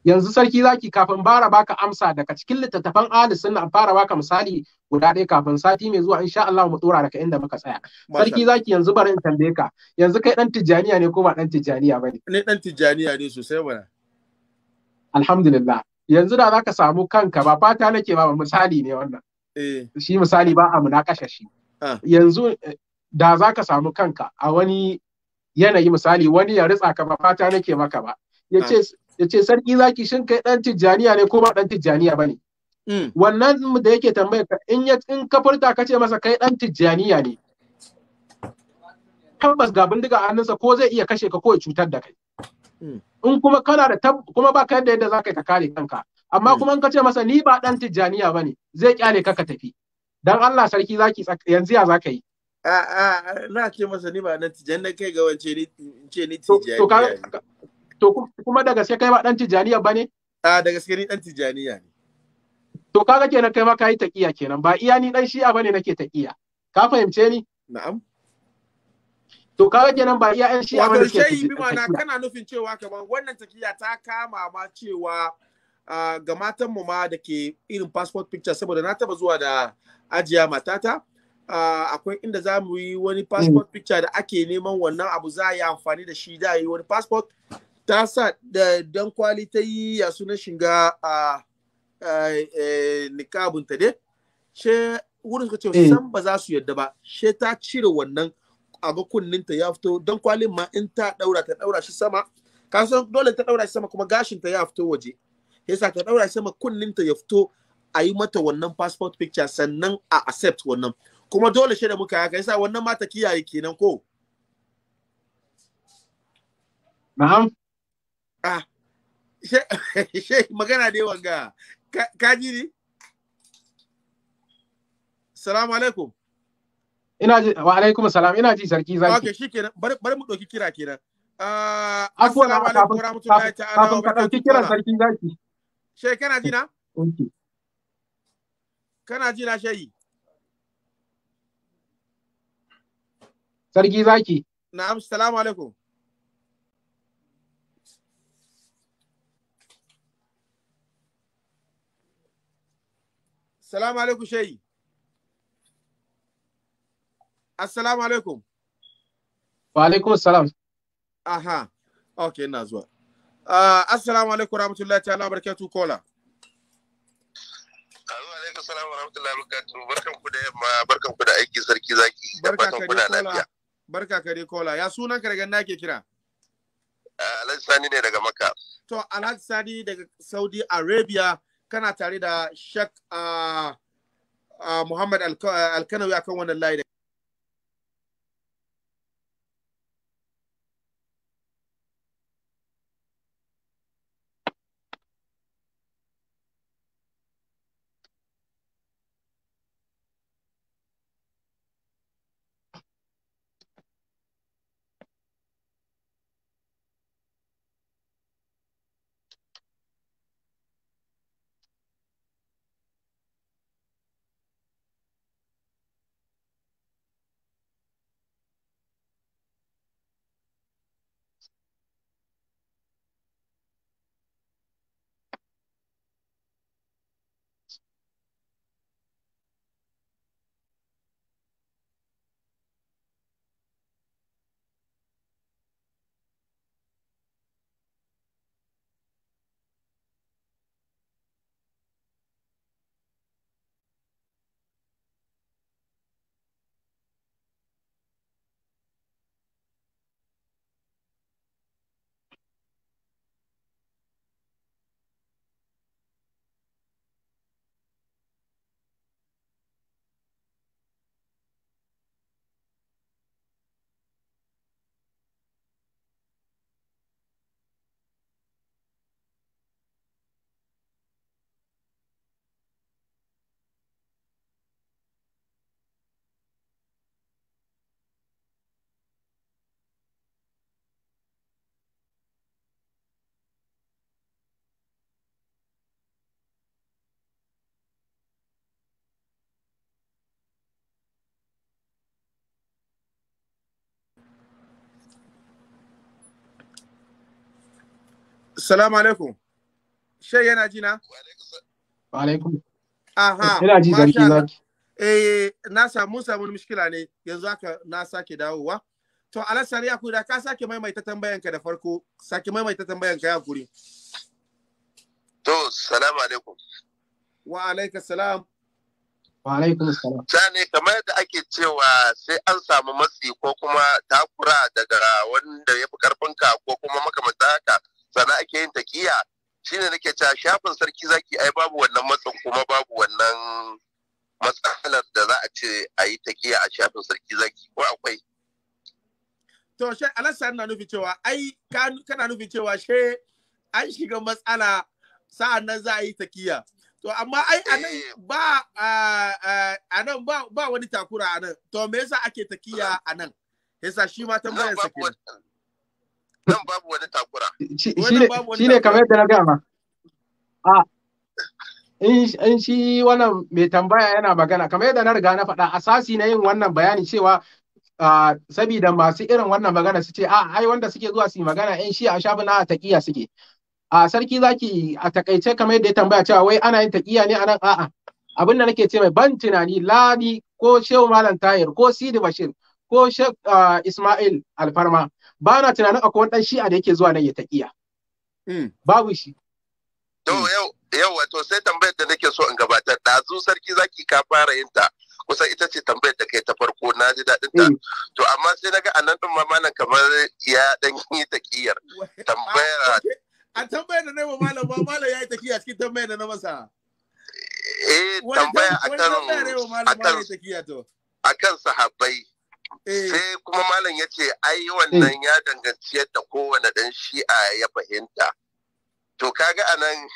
yanzu sarki zaki kafin bara baka amsa daga cikin littattafan ahli sunna fara baka misali guda ɗaya kafin sati mai zuwa insha Allah mu tsora daga inda muka tsaya sarki zaki yanzu bari in tambaye ka yanzu kai dan tijaniya ne ko ba dan tijaniya bane ne dan tijaniya ne sosai bana alhamdulillah yanzu da zaka samu kanka ba fata nake ba misali ne wannan eh shi misali ba a kashe shi ah. yanzu eh, da zaka samu kanka a wani yanayi misali wani ya ritsa ka ba fata nake maka ba yace ah. yace sarki zaki shin kai dan tijaniya ne ko ba dan tijaniya bane Mm. wannan da yake tambayar ka in ya in ka furta ka ce masa kai dan tijjaniya ne tabbas ga bindiga a hannunsa ko zai iya kashe ka ko ya cutar da kai mm. in kuma kana da kuma ba ka yadda yadda za ka kare kanka amma mm. kuma in ka ce masa ni ba dan tijjaniya bane zai kyale ka ka tafi dan Allah sarki zaki yanzu ya zaka yi a a na ce masa ni ba dan tijjaniya kai ga wance ni ce ni tijjaniya to kuma da gaske kai ba dan tijjaniya bane a da gaske ni dan tijjaniya ne to kaga kenan kai ma kayi taqiya kenan ba iya ni dan shi'a bane nake taqiya ka fahimce ni na'am to kaga kenan ba iya yan shi'a bane nake taqiya bi ma'ana kana nufin cewa kaman wannan taqiya ta kama ma cewa ga matan mu ma da ke irin passport picture saboda na taba zuwa da ajiya matata akwai inda za mu yi wani mm. passport picture da ake neman wannan abu za a yi amfani da shi da yi wani passport ta sa da dan kwali ta yi ya sunan shiga a Eh, eh, nikabunta dai she wurin suka ce eh. san ba za su yadda ba she ta cire wannan a ga kunninta ya fito don kwalin ma in ta daura ta daura shi sama ka san dole ta daura shi sama kuma gashinta ya fito waje yasa ta daura shi sama kunninta ya fito a yi mata wannan passport picture sannan a accept wannan kuma dole shi da muka haka yasa wannan mata kiyaye kenan ko na'am ah she *laughs* magana dai wanga ka ji ni salamu alaikum ina ji wa alaikum salam ina ji sarki zaki okay shikenan bari bari mu doki kira kenan uh, assalamu alaikum warahmatullahi ta'ala kafin ka dauki kira sarki zaki Shey kana ji na kana ji na shey? sarki zaki na'am assalamu alaikum Salamu alaikum shayi. Assalamu alaikum. Wa alaikum salam. Aha. Ok, ina zuwa. Uh, assalamu alaikum rahmatullahi ta'ala barakatuh kola. Assalamu warahmatullahi wabarakatuh. Barkan ku da yamma, barkan ku da aiki sarki zaki. Barka ka dai kola. Barka ka dai kola. Ya sunan ka daga nake kira? Ah, Alhaji Sani ne daga Makka. To Alhaji Sani daga Saudi Arabia kana tare da shak uh, uh, Muhammad Alkanawi akan wannan layi Salamu alaikum. Shey yana jina? Wa alaikum. Aha. Yana ji zargi zaki. Eh, na samu samun mishkila ne, yanzu haka na sake dawowa. To, alasari ya da ka sake maimaita tambayanka da farko, sake maimaita tambayanka ya kuri. To, salamu alaikum. Wa alaikum salam. Wa alaikum salam. Sani, kamar yadda ake cewa sai an samu matsi ko kuma takura daga wanda ya fi karfinka ko kuma makamanta haka. sannan ake yin taƙiya ne nake cewa shafin sarki zaki ai babu wannan matsin kuma babu wannan matsalar da za a ce a yi taƙiya a shafin sarki zaki ko akwai to shi alassa na nufi cewa ai kana nufi cewa she an shiga matsala sa'an nan za a yi taƙiya to amma ai anan eh. ba ba ba wani takura anan to me yasa ake taƙiya anan yasa shi ma tambayar sa kenan nan babu wani takura shi ne kamar yadda na gama a ah, in shi wannan mai tambaya yana magana kamar yadda na riga na faɗa asasi na yin wannan bayani cewa ah, sabida masu irin wannan magana su ce a ah, ai wanda suke zuwa su yi magana in shi a shafi na taƙiya suke a sarki zaki a taƙaice kamar yadda ya tambaya cewa wai ana yin taƙiya ne a nan a'a abin da nake ce mai ban tunani ladi ko shehu malam tahir ko sidi bashir ko Ismail Alfarma ba na tunanin akwai wani ɗan shi'a da yake zuwa nan ya taƙiya. Hmm. Babu shi. To hmm. yau yau wato sai tambayar da nake so in gabatar ɗazu sarki zaki ka fara yin ta kusan ita ce tambayar da kai ta farko na ji daɗin ta hmm. to amma sai naga a nan ɗin Mamana kamar ya ɗan yi taƙiyar tambayar a tambayar da na yi malam ba malam ya yi taƙiya cikin tambayar da na masa eh tambaya akan akan akan sahabbai Eh. sai kuma malam ya ce ai eh. wannan ya danganci yadda kowane ɗan shi'a ya fahimta to kaga a nan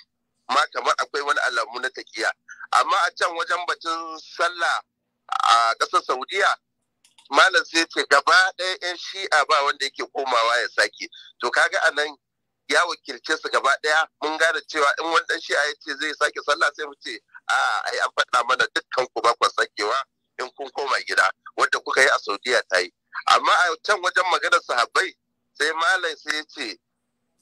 ma kamar akwai wani alamu na takiya amma a can wajen batun sallah a ƙasar saudiya malam sai ce gaba ɗaya 'yan shi'a ba wanda yake komawa ya sake to kaga a nan ya wakilce su gaba ɗaya mun gane cewa in wani ɗan shi'a ya ce zai sake sallah sai mu ce a ai an faɗa mana dukkan ku ba sakewa in kun koma gida wadda kuka yi a saudiya ta yi amma a can wajen maganar sahabbai sai malai sai ya ce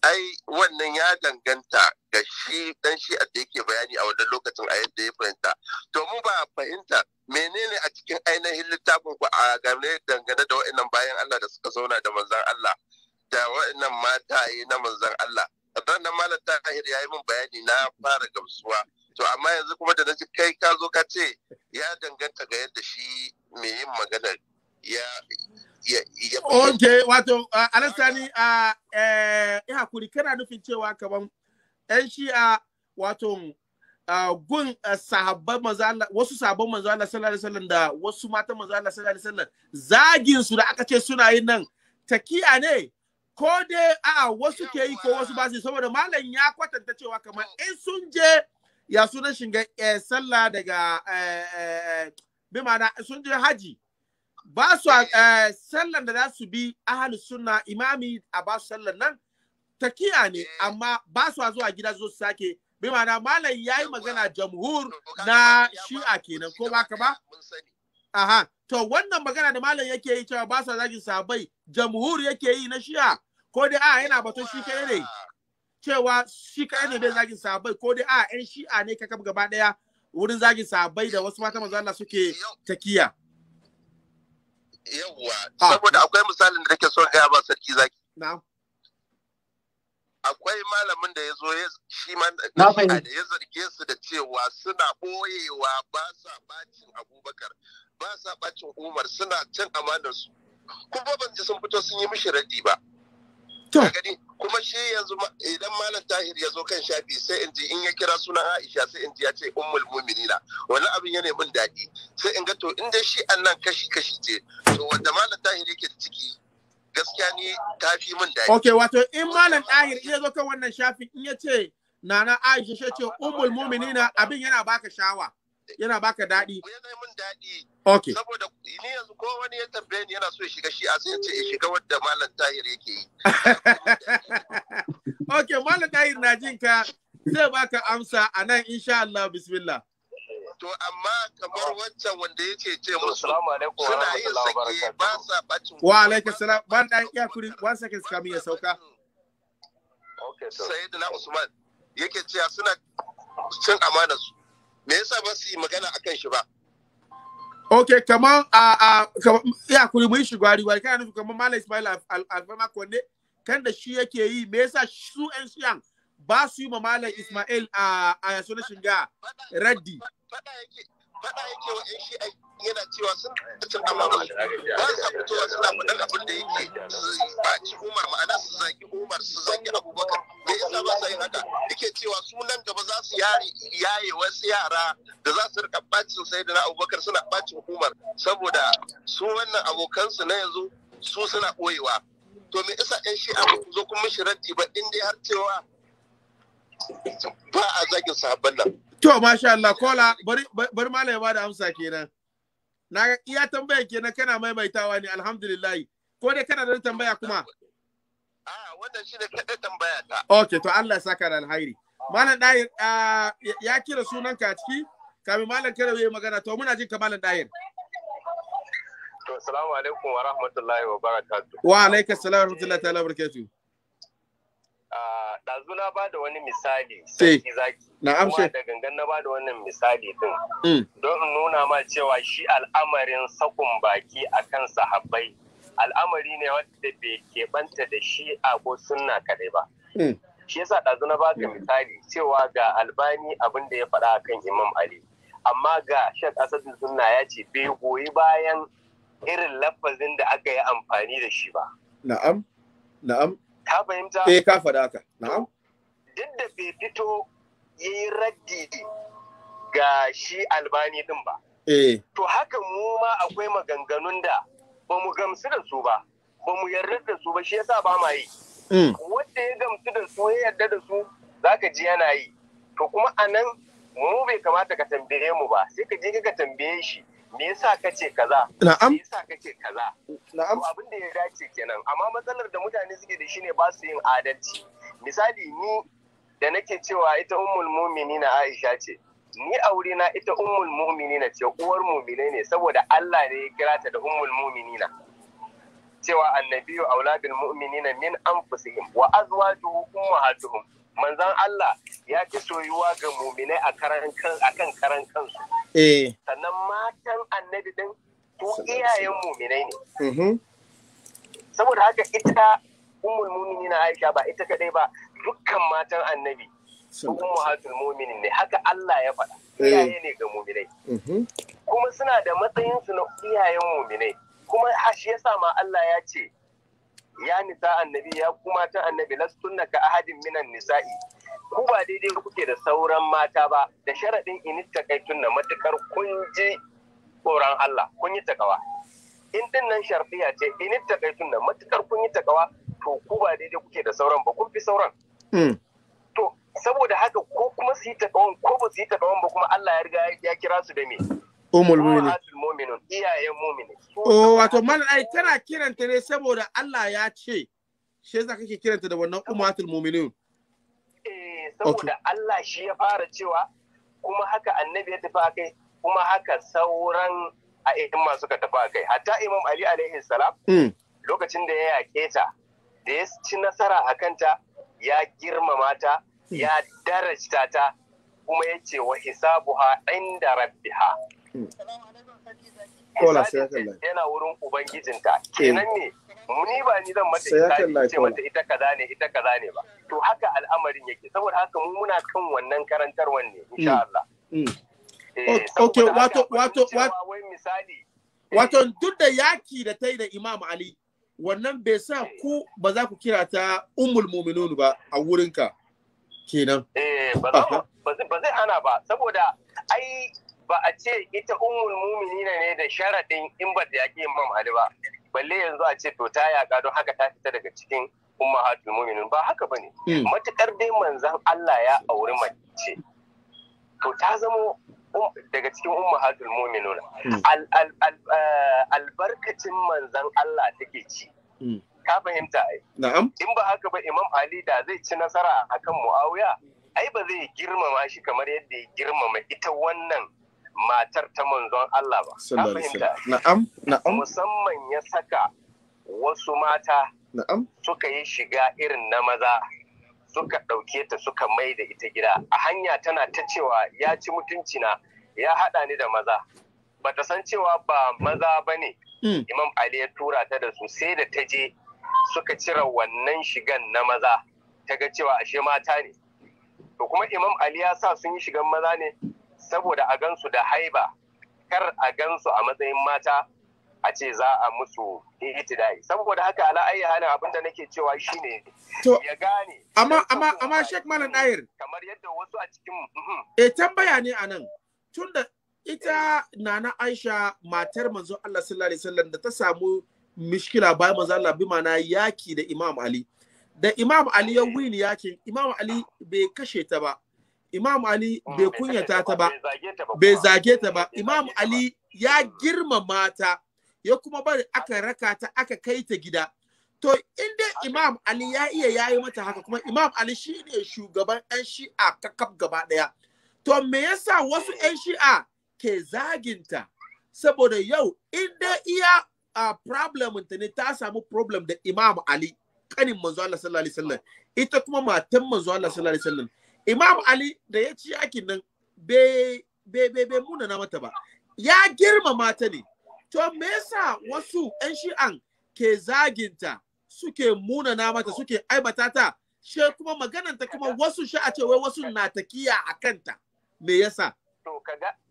ai wannan ya danganta ga shi dan shi da yake bayani a wannan lokacin a yadda ya fahimta to mu ba fahimta menene a cikin ainihin littafin ku a game dangane da wa'annan bayan Allah da suka zauna da manzon Allah da wa'annan mata yi na manzon Allah sannan malam tahir ya yi min bayani na fara gamsuwa to amma yanzu kuma da naji kai ka zo ka ce ya danganta ga yadda shi mai yin magana ya ya ya... ok wato alasani a eh hakuri kana nufin cewa kaman shi a wato gun sahabban manzala wasu sahabban manzo Allah sallallahu alaihi wasallam da wasu matan manzo Allah sallallahu alaihi wasallam zagin su da aka ce suna yin nan takiya ne ko dai a wasu ke yi ko wasu ba su saboda malam ya kwatanta cewa kamar in sun je ya sunan shinga eh, sallah daga eh, eh, bi ma'ana sun je haji ba su sallan da za su bi ahalus sunna imami a ba su sallan nan takiya ne amma ba su zuwa gida zo su sake bi ma'ana malam yayi magana jamhur na shi'a kenan ko ba ka ba aha to wannan magana da malam yake yi cewa ba su zagin sabai jamhur yake yi na shi'a ko dai a yana batun shi kai ne cewa shi kai ne bai ah. zagin sabai ko dai a ƴan shi'a ne kakab gaba daya wurin zagin sabai da wasu mata manzo Allah suke takiya yawwa ah. saboda akwai misalin da nake son gaya ba sarki zaki na'am akwai malamin da ya zo shi ma da ya zarge su da cewa suna boyewa ba sa bacin abubakar ba sa bacin umar suna cin amanarsu kuma ban ji sun fito sun yi mishi radi ba kuma shi yanzu idan malam tahir ya zo kan shafi sai in ji in ya kira sunan aisha sai in ji ya ce ummul muminina wani abin ya min daɗi sai in ga to in dai shi annan kashi kashi ce to wanda malam tahir yake ciki gaskiya ne ta fi min daɗi okay wato in malam tahir ya zo kan wannan shafi in ya ce nana aisha ce ummul muminina abin yana baka shawa yana baka daɗi. Yana min daɗi. Okay. Saboda ni yanzu ko wani ya tambaye ni yana so ya shiga shi a sai ce ya shiga wadda Malam Tahir yake yi. *laughs* okay, Malam Tahir na jin ka zai baka amsa a nan insha Allah bismillah. To amma kamar wancan wanda ya ce ce musu suna yin sake ba sa bacin. Wa alaikum salam ban dan iya kuri one second kamin ya sauka. sir. Sayyidina Usman yake cewa suna cin amanar su. me yasa ba su yi magana akan shi ba ok kaman a a ya kuri mun shi gwari wai kana nufi kaman Malam Ismail Alfama Konde kan da shi yake yi me yasa su yan shiyan ba su yi ma Malam Ismail a a yaso na shinga raddi faɗa yake wa yan shi'ai yana cewa sun cin amana ba sa fitowa suna faɗan abin da yake baci umar ma'ana su zaki umar su zaki abubakar me yasa ba sa yin haka yake cewa su nan gaba za su yare yaye wasu yara da za su rika bacin sai da abubakar suna bacin umar saboda su wannan abokansu na yanzu su suna ɓoyewa to me isa yan shi'a ba ku zo kun mishi ba in dai har cewa ba a zagin sahabban nan To, masha Allah, kola, bari malam ba da amsa kenan. Na iya tambaya kenan kana maimaitawa ne, alhamdulillah. Ko dai kana da tambaya kuma? Ah, wannan shi da kaɗai tambaya ta. Ok, to Allah saka da alhairi. Malam Dahir, ya kira sunanka a ciki? Kamin Malam Karawe ya magana, to muna jin ka Malam Dahir. To, salamu alaikum wa rahmatullahi wa barakatuh. Wa alaikum salam wa rahmatullahi wa barakatuh. ɗazu na ba da wani misali sai zaki na shi da gangan na ba da wannan misali din mm. don in nuna ma cewa shi al'amarin sakun baki akan sahabbai al'amari ne wanda bai keɓanta da shi a ko sunna kadai ba mm. shi yasa ɗazu na da mm. misali cewa ga albani abin da ya faɗa akan imam ali amma ga shek asadin sunna ya ce bai goyi bayan irin lafazin da aka yi amfani da shi ba na'am na'am Ka fahimta? Eh ka faɗa haka. Na'am. Duk da bai fito yayi raddi ga shi albani din ba. Eh. To haka mu ma akwai maganganun da ba mu gamsu da su ba, ba mu yarda da su ba shi yasa ba ma yi. Mm. Wanda ya gamsu da su ya yarda da su za ka ji yana yi. To kuma a nan mu bai kamata ka tambaye mu ba sai ka je ka tambaye shi. me yasa ka kaza na'am me yasa ka ce kaza na'am abin da ya dace kenan amma matsalar da mutane suke da shi ne ba su yin adalci misali ni da nake cewa ita ummul mu'minina Aisha ce ni wuri na ita ummul mu'minina ce uwar mu'mine ne saboda Allah ne ya kira ta da ummul mu'minina cewa annabiyu auladul mu'minina min anfusihim wa azwajuhu ummahatuhum manzan Allah ya fi soyuwa ga muminai a kan karan kansu. Eh. Sannan matan annabi din su iyayen muminai ne. Mm-hmm. Saboda haka ita umul mumini na Aisha ba ita kadai ba dukkan matan annabi. Ummu hatul muminin ne haka Allah ya faɗa. Eh. Iyaye ne ga muminai. Mm-hmm. Kuma suna da matsayinsu na iyayen muminai. Kuma shi sa ma Allah ya ce ya nisa annabi ya kuma ta annabi lastunna ka ahadin minan nisa'i ku ba daidai kuke da sauran mata ba da sharadin inista kai tunna matukar kun ji tsoron Allah kun yi takawa in din nan sharfiya ce inista kai tunna matukar kun yi takawa to ku ba daidai kuke da sauran ba kun fi sauran hmm. to saboda haka ko kuma su yi takawan ko ba su yi takawan ba kuma Allah ya riga ya kira su da me umul mu'minin iyayen mu'mini oh wato malam ai tana kiranta ne saboda Allah ya ce shi yasa kake kiranta da wannan umatul mumini eh saboda Allah shi ya fara cewa kuma haka annabi ya tafi akai kuma haka sauran a ma suka tafi akai hatta imam ali alaihi salam hmm. lokacin da ya yake ta da ya ci nasara a kanta ya girmama ta hmm. ya darajta ta kuma ya ce wa hisabuha inda rabbiha kola sai ya kalla yana wurin ubangijinta eh. kenan ne ni ba ni zan mata ita ce mata ita kaza ne ita kaza ne ba to haka al'amarin yake saboda haka mu muna kan wannan karantar wanne insha hmm. Allah hmm. Eh, okay wato wato eh. wato duk da yaki da ta yi da Imam Ali wannan bai sa ku ba za ku kira ta ummul mu'minun ba a wurinka kenan eh ba zai hana ba saboda ai ba a ce ita ummul muminina ne da sharaɗin in ba ta yaƙi imam ali ba balle yanzu a ce to ta yaƙa don haka ta fita daga cikin ummahatul muminin ba haka bane hmm. matukar dai manzan Allah ya auri mace to ta zama um, daga cikin umma ummahatul na. Hmm. Eh, albarkacin manzan Allah take ci hmm. ka fahimta ai in ba haka ba imam ali da zai ci nasara akan muawiya ai ba zai girmama shi kamar yadda ya girmama ita wannan matar ta manzon Allah ba. Na'am, na'am. Musamman ya saka wasu mata suka yi shiga irin na maza suka ɗauke ta suka mai da ita gida a hanya tana ta cewa ya ci mutunci na ya haɗa ni da maza bata san cewa ba maza ba ne hmm. imam ali ya tura ta da su sai da ta je suka cire wannan shigan na maza ta ga cewa ashe mata ne to kuma imam ali ya sa sun yi shigan maza ne saboda a gansu da haiba kar a gansu a matsayin mata a ce za a musu itidai saboda haka ala ayi halin abin da nake cewa shine ya gane amma amma amma Sheikh Malam Dair kamar yadda wasu a cikin mm-hmm. eh tambaya ne anan tunda ita nana Aisha matar manzo Allah sallallahu alaihi wasallam da ta samu mishkila bai manzo Allah bi mana yaki da Imam Ali da Imam Ali ya eh. win yakin Imam Ali bai kashe ta ba Imam Ali mm. bai kunyata ta ba, bai zage ta ba, Imam Ali ya girmama ta, ya kuma bari aka raka ta aka kai ta gida. To, inda Imam Ali ya iya yayi mata haka kuma Imam Ali shi ne shugaban 'yan shi'a kakaf gaba ɗaya. To, me yasa wasu 'yan eh. shi'a ke zaginta? Saboda yau, inda iya a problem ta ne ta samu problem da Imam Ali, kanin manzo Allah sallallahu alaihi wasallam, ita kuma matan manzo Allah sallallahu alaihi wasallam. Imam Ali da ya ci yakin nan bai muna na mata ba. Ya girmama ta ne. To me yasa wasu 'yan shi'an ke zaginta suke muna na mata suke aibata ta she kuma magananta kuma wasu shi a ce wai wasu na takiya a kanta. Me yasa? to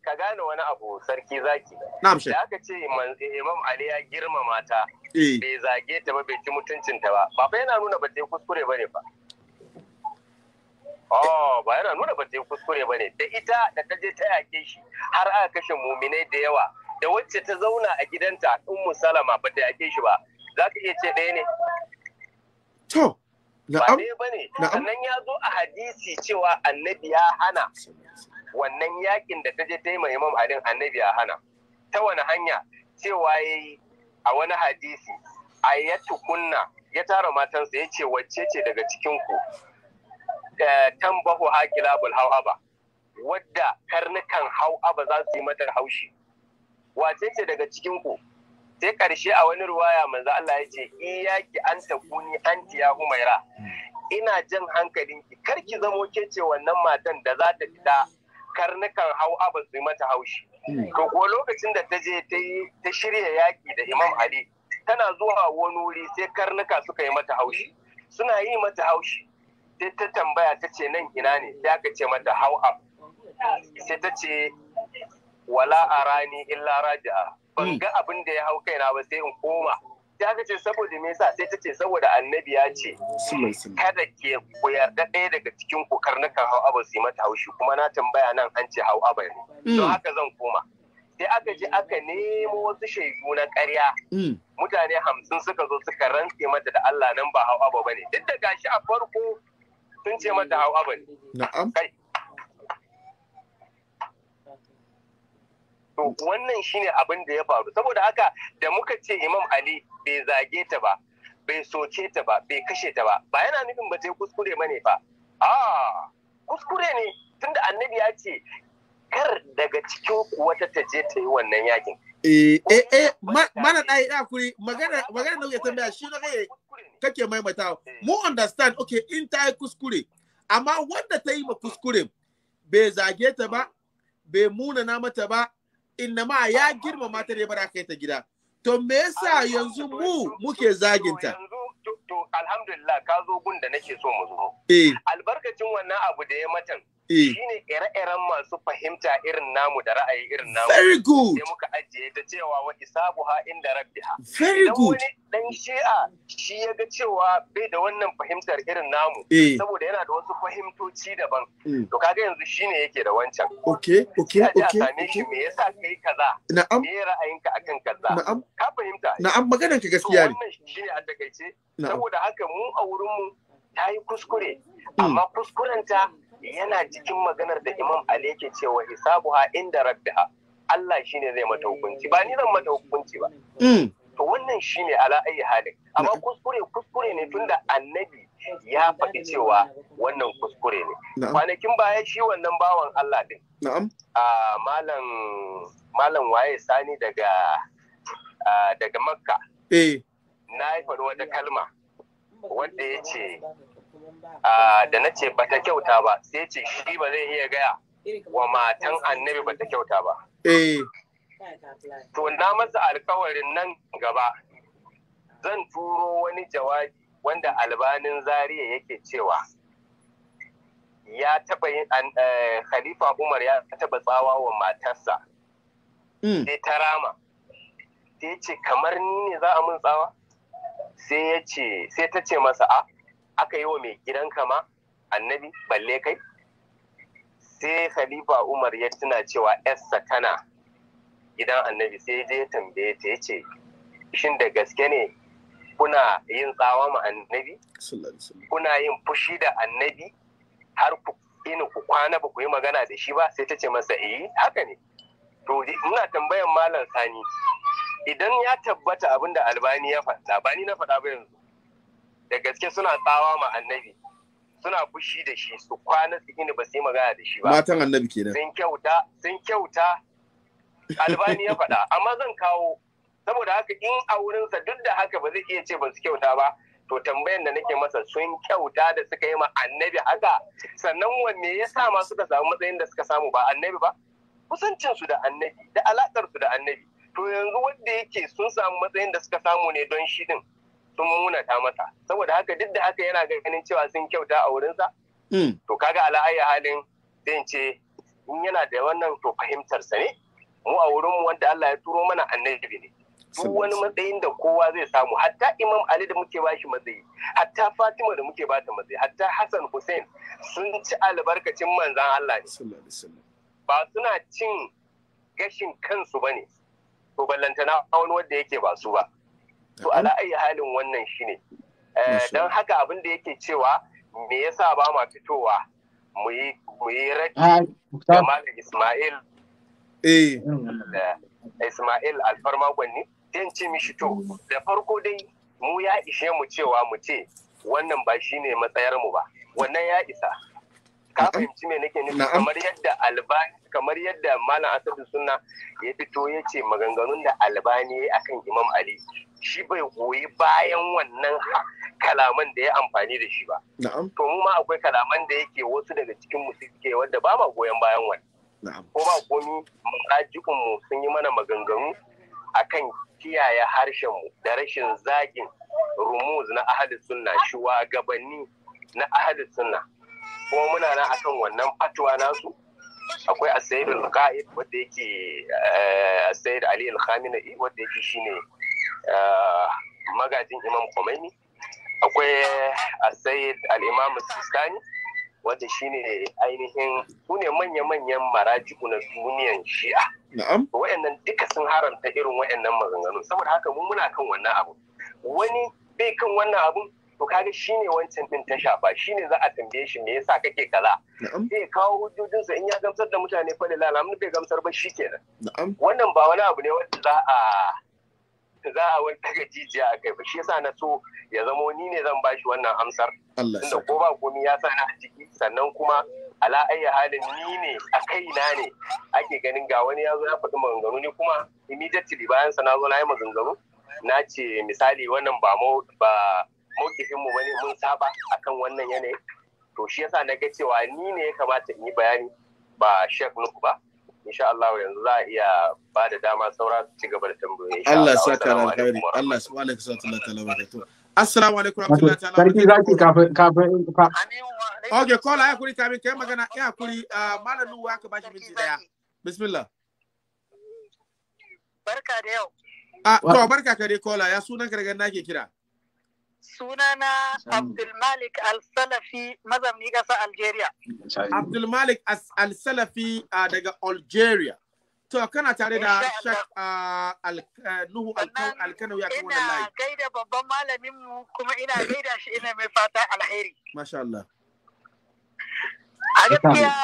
ka gane wani abu sarki zaki da aka ce eh, imam ali ya girmama ta eh. bai zage ta ba bai ci mutuncinta ba ba yana nuna ba kuskure ba ne Oh, ba yana nuna ba ta yi kuskure ba ne. Da ita da ta je ta yake shi har aka kashe muminai da yawa. Da wacce ta zauna a gidanta in musalama ba ta yake shi ba. Za ka iya ce ɗaya ne. To, Ba ne ba ne. Sannan ya zo a hadisi cewa annabi ya hana. Wannan yakin da ta je ta yi mai Imam annabi ya hana. Ta wani hanya cewa ya yi a wani hadisi a ya tukunna ya tara matansa ya ce wacce ce daga cikinku tambahu hakilabul hau'aba wadda karnukan hau'aba za su yi mata haushi wace ce daga cikin ku sai karshe a wani ruwaya manzo Allah ya ce iyaki an takuni anti ya humaira ina jan hankalinki kar ki zamo ke ce wannan matan da za ta fita karnukan hau'aba su yi mata haushi ko ko lokacin da ta je ta shirya yaki da Imam Ali tana zuwa wani wuri sai karnuka suka yi mata haushi suna yi mata haushi sai ta tambaya ta ce nan ina ne sai aka ce mata how up sai ta ce wala a rani illa raja'a ban hmm. ga abin da ya hau kaina ba sai in koma sai aka ce saboda me yasa sai ta ce saboda annabi ya ce kada ke ku yarda ɗaya daga cikin ku karnukan hau aba su yi mata haushi kuma na tambaya nan an ce hau aba ne hmm. don haka zan koma sai aka je aka nemo wasu shaidu na karya. Hmm. mutane hamsin suka zo suka rantse mata da Allah nan ba hau aba ne. duk da gashi a farko sun ce mata hau abu ne. Na'am. To wannan shi ne abin da ya faru saboda haka da muka ce Imam Ali bai zage ta ba bai soke ta ba bai kashe ta ba ba yana nufin ba ta yi kuskure ba ne fa. Ah kuskure ne tunda annabi ya ce kar daga cikin wata ta je ta yi wannan yakin eh eh eh mana dai da kuri magana magana nauke tambaya shi da kai kake eh. mu understand okay in ta yi kuskure amma wanda ta yi ma kuskure bai zage ta ba bai munana mata ba inna ma ya girmama ta ne bara kai ta gida to me yasa yanzu mu muke zaginta to alhamdulillah ka zo gun da nake so mu zo eh. albarkacin wannan abu da ya matan Eh. shine ire-iren masu fahimta irin namu da ra'ayi irin namu very good sai muka ajiye ta cewa wa ha inda rabbiha very good wani dan shi'a shi ya ga cewa bai da wannan fahimtar irin namu eh. saboda yana da wasu fahimtoci daban hmm. to kaga yanzu shine yake da wancan okay okay okay same shi me yasa kai kaza na'am me ra'ayinka akan kaza na'am ka fahimta na'am maganar ka gaskiya ne wannan shine a takaice saboda haka mu a wurin mu ta yi kuskure hmm. amma kuskurenta yana cikin maganar da imam ali yake cewa hisabuha inda rabbiha Allah shine zai mata hukunci ba ni zan mata hukunci ba hmm. to wannan shine ala ayi halin amma kuskure kuskure ne tunda annabi ya faɗi cewa wannan kuskure ne kwanakin baya shi wannan bawan Allah din malam malam waye sani daga daga makka eh. na yi wata kalma wanda ya ce da na ce bata kyauta ba sai ce shi ba zai iya gaya wa matan annabi bata kyauta ba eh. to na masa alkawarin nan gaba zan turo wani jawabi wanda albanin zariya yake cewa ya taɓa yin eh, khalifa umar ya taɓa tsawa wa matarsa hmm. sai ta rama sai ce kamar ni ne za a mun tsawa sai ta ce masa a ah, aka yi wa mai gidanka ma annabi balle kai sai khalifa umar ya tuna cewa yarsa tana gidan annabi sai je tambaye ta ya ce shin da gaske ne kuna yin tsawa ma annabi kuna yin fushi da annabi har ku ina ku kwana ba ku yi magana da shi ba sai ta ce masa eh haka ne to ina tambayan malam sani idan ya tabbata abinda albani ya faɗa ba ni na faɗa ba yanzu da gaske suna tsawa ma annabi suna fushi da shi su kwana su gini ba su yi magana da shi ba matan annabi kenan sun kyauta sun kyauta albani ya faɗa amma zan kawo saboda haka in a wurinsa duk da haka ba zai iya ce ba su kyauta ba to tambayan da nake masa sun kyauta da suka yi ma annabi haka sannan wanne ya sa ma suka samu matsayin da suka samu ba annabi ba kusancinsu da annabi da alaƙarsu da annabi to yanzu wanda yake sun samu matsayin da suka samu ne don shi din sun munata masa saboda haka duk da haka yana ganin cewa sun kyauta a wurinsa hmm. to kaga ala'ayya halin zai ce in yana da wannan to fahimtarsa ne mu a wurinmu wanda Allah ya turo mana annabi ne duk wani matsayin da kowa zai samu hatta imam ali da muke bashi matsayi hatta fatima da muke bata matsayi hatta hassan hussein sun ci albarkacin manzan allah ne ba suna cin gashin kansu ba ne to ballantana wani wanda yake ba su ba to ala ayi halin wannan shine eh, don haka abin da yake cewa me yasa ba ma fitowa mu yi ah, Ismail eh. Ismail alfarma gwanni zan ce mishi to da farko dai mu ya ishe mu cewa mu ce wannan ba shine matsayar mu ba wannan ya isa ka fahimci me nake nufi kamar yadda albani kamar yadda malam asadu sunna ya fito ya ce maganganun da albani akan imam ali shi bai goyi bayan wannan kalaman da ya amfani da shi ba. To mu ma akwai kalaman da yake wasu daga cikin mu suke wanda ba ma goyon bayan wani. Ko ba komi murajikun mu sun yi mana maganganu akan kiyaye harshen mu da rashin zagin rumuz na ahli sunna shugabanni na ahli sunna. Kuma muna nan akan wannan fatuwa nasu akwai asayidul al-qa'id wanda yake eh, asayid ali al-khamina wanda yake shine Ah, magajin imam Khomeini akwai a ah, al-imam sistani wanda shine ainihin su manya-manyan maraji'u na duniyan shi'a wa'annan duka sun haramta irin wa'annan maganganu saboda haka mun muna kan wannan abu wani bai kan wannan abu to kaga shine wancan din ta shafa shine za a tambaye shi me yasa kake kaza bai kawo hujjojinsa in ya gamsar da mutane fa lillahi alhamdu bai gamsar ba shikenan wannan ba wani abu ne wanda za a da za a wani daga jijiya a kai ba shi yasa na so ya zamo ni ne zan bashi wannan amsar Inda ko ba komi ya sa na ciki sannan kuma ala ayya halin ni ne a kaina ne ake ganin ga wani ya zo ya faɗi maganganu ne kuma immediately bayan sa na zo na yi maganganu na ce misali wannan ba ba mawkifin mu bane mun saba akan wannan yanayi to shi yasa na ga cewa ni ne ya kamata in yi bayani ba shek nuku ba insha Allah yanzu za a iya ba da dama saura su ci gaba da tambayoyi Allah saka alkhairi Allah subhanahu wa ta'ala barakatuh assalamu alaikum rahmatullahi ta'ala sarki zaki kafin kafin okay kola ya kuri kafin kai magana ya kuri uh, malam nuwa aka bashi minti daya bismillah barka da yau ah to barka kare kola ya sunan gargan nake kira sunana Abdulmalik Al-Salafi mazamni ƙasar Algeria. Abdulmalik Al-Salafi uh, daga Algeria. To kana tare da Shak uh, uh, Nuhu alkanu ya kan wannan layi. Ina gaida babban malamin mu kuma ina gaida shi ina mai fata alheri. Masha Allah. A gaskiya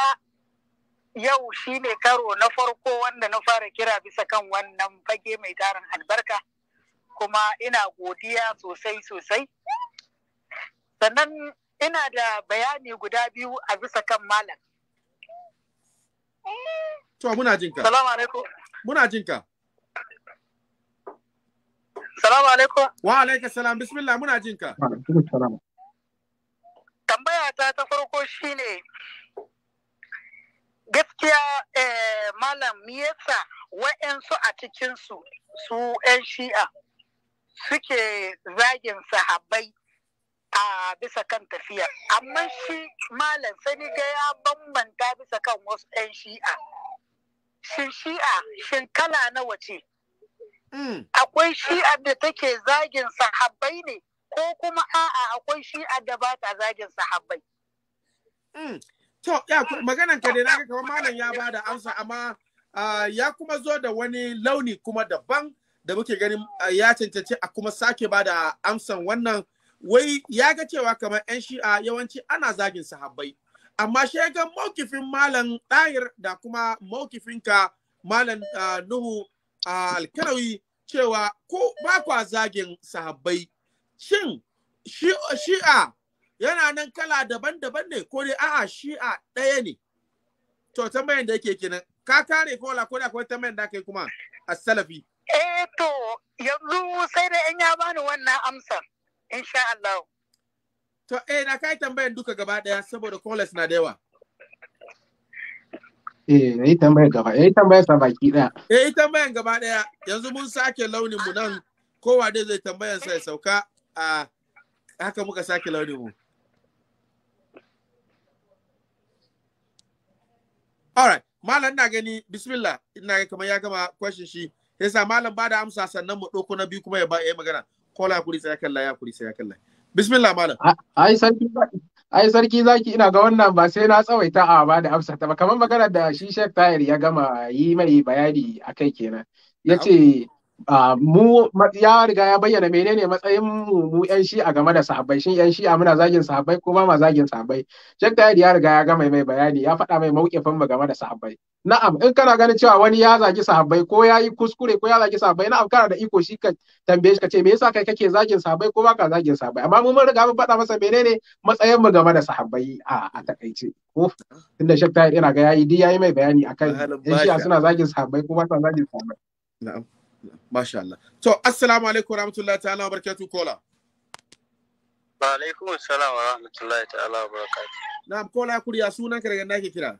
yau ne karo na farko wanda na fara kira bisa kan wannan fage mai tarin albarka. kuma ina godiya sosai sosai sannan ina da bayani guda biyu a bisa kan malam to muna jinka salamu alaikum muna jinka salamu alaikum wa alaika salam bismillah muna jinka tambaya ta ta farko shine gaskiya eh, malam yasa wa'yansu a cikinsu su 'yan shi'a suke zagin sahabbai a bisa kan tafiya amma shi malam sani ga ya bambanta bisa kan wasu 'yan shi'a shin shi'a shin kala nawa ce hmm. akwai shi'a da take zagin sahabbai ne ko kuma a'a akwai shi'a da ba ta zagin sahabbai hmm. to ya maganan ka da naga kamar malam ya bada amsa amma ah, ya kuma zo da wani launi kuma daban da muke ganin ya cancanci a kuma sake ba da amsan wannan wai ya ga cewa kamar 'yan shi'a yawanci ana zagin sahabbai amma shi ga maukifin malam dayar, da kuma maukifinka malam nuhu alkarawi cewa ko ba kwa zagin sahabbai shin shi'a yana nan kala daban-daban ne ko dai a'a shi'a ɗaya ne to tambayan da yake kenan ka kare ko la ko da kuma tambayan da kai kuma a salafi eh to yanzu sai da in ya bani wannan amsar insha Allah to eh na kai tambayar duka gaba daya saboda callers na da yawa Eh, yi tambayar gaba, yi eh, tambayar sa baki ɗaya. Eh, yi tambayar gaba ɗaya, yanzu mun sake launin mu nan kowa dai zai tambayar sa ya sauka a haka muka sake launin mu. right, malam na gani, bismillah, ina ga kamar ya gama question shi. yasa malam ba da amsa sannan mu ɗauko na biyu kuma ya ba ya magana kola kuri sai kalla ya kuri sai kalla bismillah malam ai sarki ai sarki zaki ina ga wannan ba sai na tsawaita a ba da amsa ta ba kamar magana da shi Sheikh tayar ya gama yi mai bayani akai kenan yace mu ya riga ya bayyana menene matsayin mu mu yan a game da sahabbai shin yan a muna zagin sahabbai ko ba ma zagin sahabbai Sheikh Tahir ya riga ya gama mai bayani ya faɗa mai mauƙifin mu game da sahabbai na'am in kana ganin cewa wani ya zagi sahabbai ko ya yi kuskure ko ya zagi sahabbai na'am kana da iko shi ka tambaye shi ka ce me yasa kai kake zagin sahabbai ko baka zagin sahabbai amma mu mun riga mun faɗa masa menene matsayin mu game da sahabbai a a takaice ko tunda Sheikh Tahir ina ga yayi duk yayi mai bayani akan yan shi suna zagin sahabbai ko ba sa zagin sahabbai na'am Masha Allah. To, assalamu alaikum rahmatullahi ta'ala wa barakatuh kola. Wa alaikum salam wa rahmatullahi ta'ala wa barakatuh. Na'am kola kuriya sunan ka daga nake kira.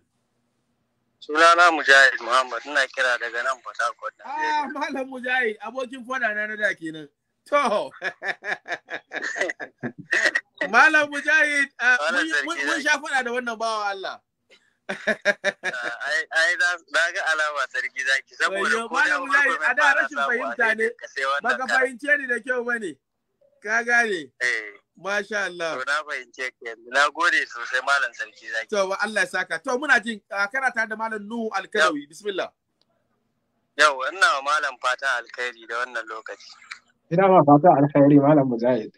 Sunana Mujahid Muhammad ina kira daga nan Port Harcourt. Ah, Malam Mujahid abokin fada na na da kenan. To. *laughs* Malam Mujahid ah, mun sha fada da wannan bawa Allah. ai na ga alama sarki zaki saboda ko da wani kuma a da rashin fahimta ne baka fahimce ni da kyau bane ka gane eh. Masha Allah. To na fahimce ke na gode sosai malam sarki zaki. To ba Allah ya saka. To muna jin kana tare da malam Nuhu Alkarawi bismillah. Yau ina wa malam fata alkhairi da wannan lokaci. Ina ma fata alkhairi malam Mujahid.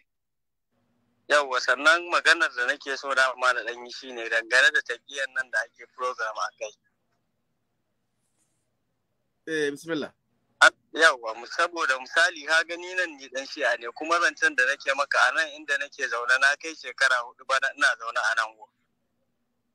yawwa sannan maganar da nake so da amma da ɗanyi shi ne dangane da tafiyan nan da ake program a kai. Eh, bismillah. Ah, yawwa, saboda misali ha gani nan ni dan shi'a ne kuma zancen da nake maka a nan inda nake zaune na kai shekara hudu ba ina zaune a nan go.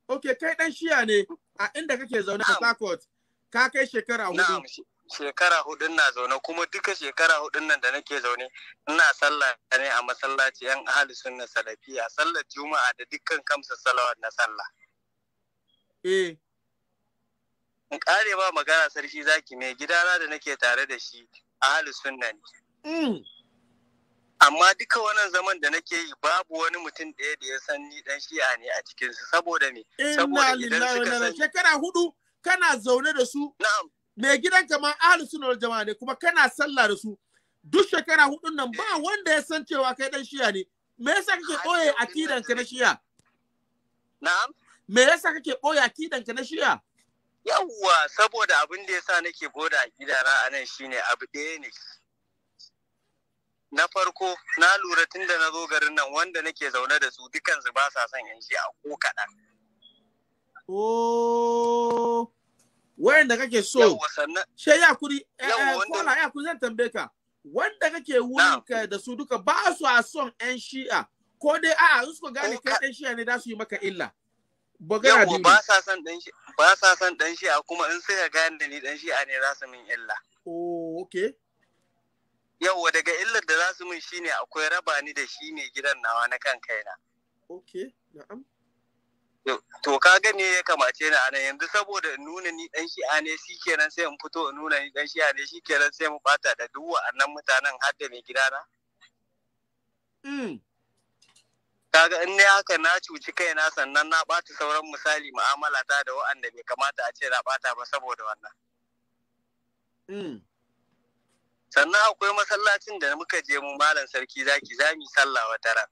Ok, kai dan shiya ne a inda kake zaune a Sakot, ka kai shekara hudu. shekara hudun na zaune kuma duka shekara hudun nan da nake zaune ina sallah ne a masallaci yan ahli sunna salafiya sallar juma'a da dukkan kamsa salawat na sallah eh in kare ba magana sarki zaki mai gidana da nake tare da shi ahli sunna ne mm. amma duka wannan zaman da nake yi babu wani mutum ɗaya da ya san ni dan shi'a ne a cikinsu saboda me saboda idan suka san shekara hudu kana zaune da su na'am mai gidanka ma ahli sunan jama'a ne kuma kana sallah da su duk shekara hudun nan ba wanda ya san cewa kai dan shiya ne me yasa kake boye akidan ka na shiya na'am me yasa kake boye akidan ka na shiya yawwa saboda abin da yasa nake boda akidana a nan shine abu ɗaya ne na farko na lura tun da na zo garin nan wanda nake zaune da su dukansu ba sa son yan shiya ko kaɗan. Oh. wayanda kake so she ya kuri eh, eh, kola ya kuri zan tambaye ka wanda kake wurin da su duka ba su a son yan shi'a ko dai a a suka gane kai dan shi'a ne da su yi maka illa bagana da ba sa san dan shi ba sa son dan shi'a kuma in sai ka gane da ni dan shi'a ne za su min illa oh okay yawa daga illar da za su min shine akwai raba ni da shi ne gidan nawa na kan kaina okay na'am to ka gani ya kamace ni anan yanzu saboda in nuna ni dan shi'a ne shi kenan sai in fito in nuna ni dan shi'a ne shi kenan sai mu bata da duk wa'annan mutanen har da mai gidana mm. kaga in ne haka na cuci kaina sannan na bata sauran misali mu'amala ta da wa'anda bai kamata a ce na bata ba saboda wannan mm. sannan akwai masallacin da muka je mu malam sarki zaki za sallah wata ran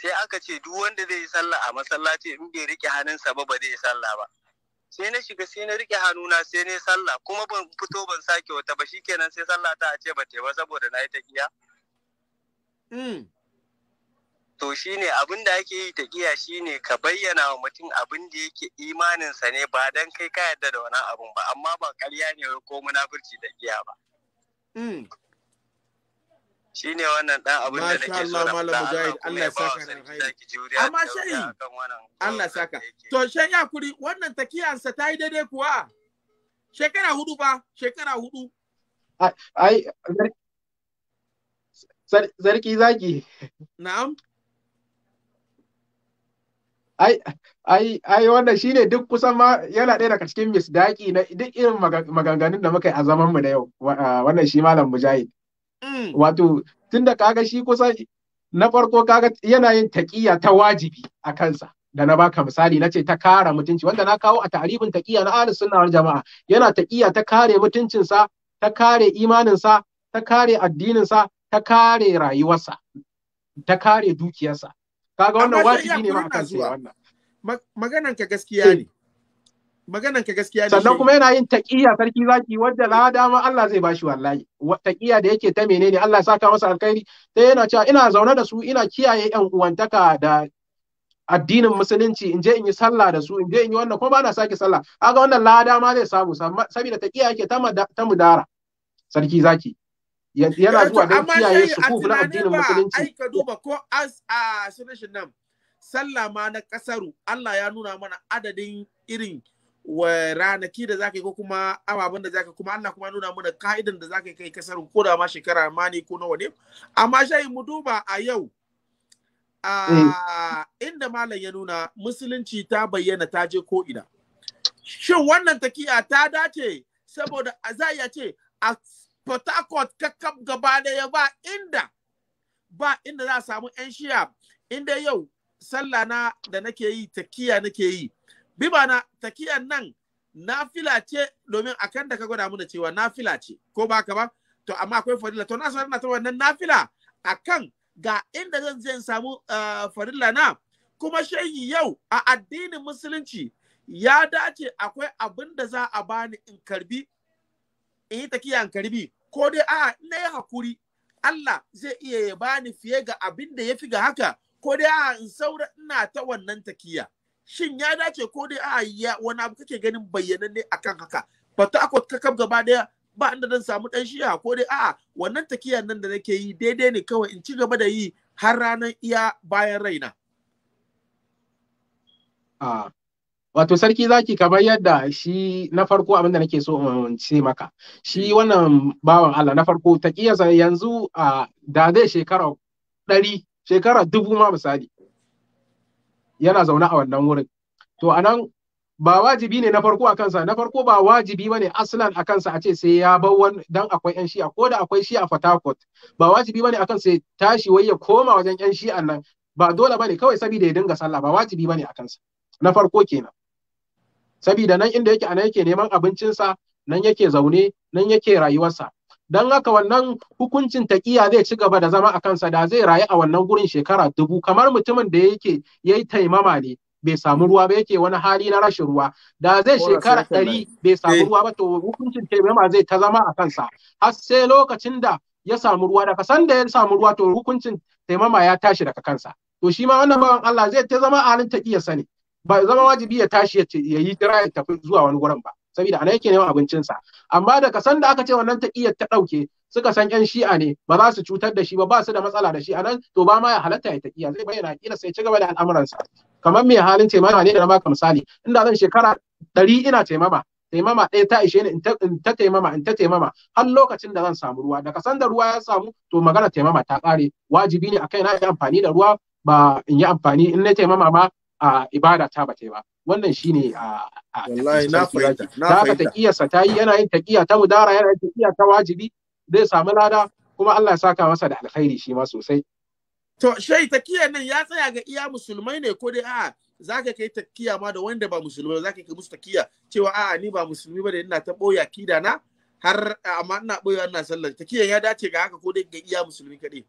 sai aka ce duk wanda zai yi sallah a masallaci in bai rike hannunsa ba ba zai yi sallah ba sai na shiga sai na rike hannuna sai na yi sallah kuma ban fito ban sake wata ba shikenan sai sallah ta a ce ba ba saboda na yi ta taqiya hmm. to shine abin da ake yi ta shi shine ka bayyana wa mutum abin da yake imaninsa ne ba dan kai ka yarda da wani abun ba amma ba karya ne ko munafurci kiya ba hmm. Shi ne wannan dan abin da nake so na malam mujahid Allah ya saka da alkhairi amma shehi Allah saka to shehi yakuri wannan takiyansa ta yi daidai kuwa shekara hudu ba shekara hudu ai zarki zaki na'am ai ai ai wannan shine duk kusan ma yana ɗaya daga cikin misdaki na duk irin maganganun da muka yi a zaman mu da yau wannan shi malam mujahid Mm. Wato, tun da kaga shi kusa na farko kaga yana yin taƙiyya ta wajibi a kansa. Da na baka misali na ce ta kara mutunci wanda na kawo a tarihin taƙiyya na ahlus sunna wal jama'a yana taƙiyya ta kare mutuncinsa ta kare imaninsa ta kare addininsa ta kare rayuwarsa ta kare dukiyarsa kaga wannan wajibi ne ma akan sai wannan maganan ka gaskiya ne maganan ka gaskiya sannan kuma yana yin taqiya sarki zaki wadda la dama Allah zai bashi wallahi taqiya da yake ta menene Allah saka masa alkhairi ta yana cewa ina zaune da su ina kiyaye yan uwantaka da addinin musulunci in je in yi sallah da su in je in yi wannan kuma ba na sake sallah kaga wannan lada ma zai samu saboda taqiya yake ta mudara sarki zaki yana zuwa don kiyaye su ku na addinin musulunci ai ka duba ko as a sunan nan sallah ma na kasaru Allah ya nuna mana adadin irin wa ranaki da zaka yi ko kuma ababen da zaka kuma Allah kuma nuna mana ka'idan da zaka kai kasarin ko da ma shekara ma ne ko nawa ne amma sai mu duba a yau a mm. inda malam ya nuna musulunci ta bayyana ta je ko ina shin wannan takiya ta dace saboda a za ya ce a Port Harcourt kakkab gaba ya ba inda ba inda za a samu 'yan shiya inda yau sallah na da nake yi takiya nake yi bi na takiyan nan nafila ce domin akan da ka gwada mu da cewa nafila ce ko ba ka ba to amma akwai fadila to na san na ta wannan nafila akan ga inda zan zai samu eh, fadila na kuma shehi yau a addinin musulunci ya dace akwai abin da za a bani in karbi in yi takiya karbi ko dai a na yi hakuri Allah zai iya ya bani fiye ga abin da ya ga haka ko dai a in saura ina ta wannan takiya shin ya dace ko dai a ya wani abu kake ganin bayyananne akan haka fata akwai kakab gaba daya ba inda zan samu dan shiya ko dai a'a wannan takiyar nan da nake yi daidai ne kawai in ci gaba da yi har ranar iya bayan raina a wato sarki zaki kamar yadda shi na farko abin da nake so in ce maka shi hmm. wannan bawan Allah na farko takiyarsa yanzu a da zai shekara ɗari shekara dubu ma misali yana zaune a wannan wurin to anan ba wajibi ne na farko a kansa na farko ba wajibi ba ne aslan a kansa a ce sai ya bar wani dan akwai yan shi'a ko da akwai shi'a fatakot ba wajibi bane kansa sai tashi wai ya koma wajen yan shi'an nan ba dole ba ne kawai sabida ya dinga sallah ba wajibi ba ne a kansa na farko kenan sabida nan inda yake a nan yake neman abincinsa nan yake zaune nan yake rayuwarsa don haka wannan hukuncin taƙiya zai ci gaba da zama a kansa da zai rayu a wannan gurin shekara dubu kamar mutumin da yake ya yi taimama ne bai samu ruwa ba yake wani hali na rashin ruwa da zai shekara ɗari bai samu eh. ruwa ba to hukuncin taimama zai ta zama a kansa har sai lokacin da ya samu ruwa daga san da ya samu ruwa to hukuncin taimama ya tashi daga kansa to shi ma wannan bawan Allah zai ta zama a halin taƙiyarsa ne ba zama wajibi ya tashi ya yi jira ya tafi zuwa wani gurin ba Sabida ana yake neman abincinsa amma ka san da aka ce wannan ta taqiyyar ta ɗauke suka san yan shi'a ne ba za su cutar da shi ba ba su da matsala da shi anan to ba ma ya halatta ya taqiya zai bayyana kila sai ci gaba da al'amuransa kamar mai halin taimama ne da na misali inda zan shekara ɗari ina taimama taimama ɗaya ta ishe ni in ta taimama in ta taimama har lokacin da zan samu ruwa ka san da ruwa ya samu to magana taimama ta ƙare wajibi ne akai na yi amfani da ruwa ba in yi amfani in na taimama ma a ibada ta ba ta ba wannan shine a wallahi na fahimta na fahimta ta ta yi yana yin taqiya ta mudara yana yin taqiya ta wajibi zai samu lada kuma Allah ya saka masa da alkhairi shi ma sosai to shai taqiya nan ya tsaya ga iya musulmai ne ko dai a'a zaka kai taƙiya ma da wanda ba musulmai zaka kai musu taƙiya. cewa a'a ni ba musulmi ba da ina ta boya kida na har amma ina boya ina sallar taqiya ya dace ga haka ko dai ga iya musulmi kaɗai.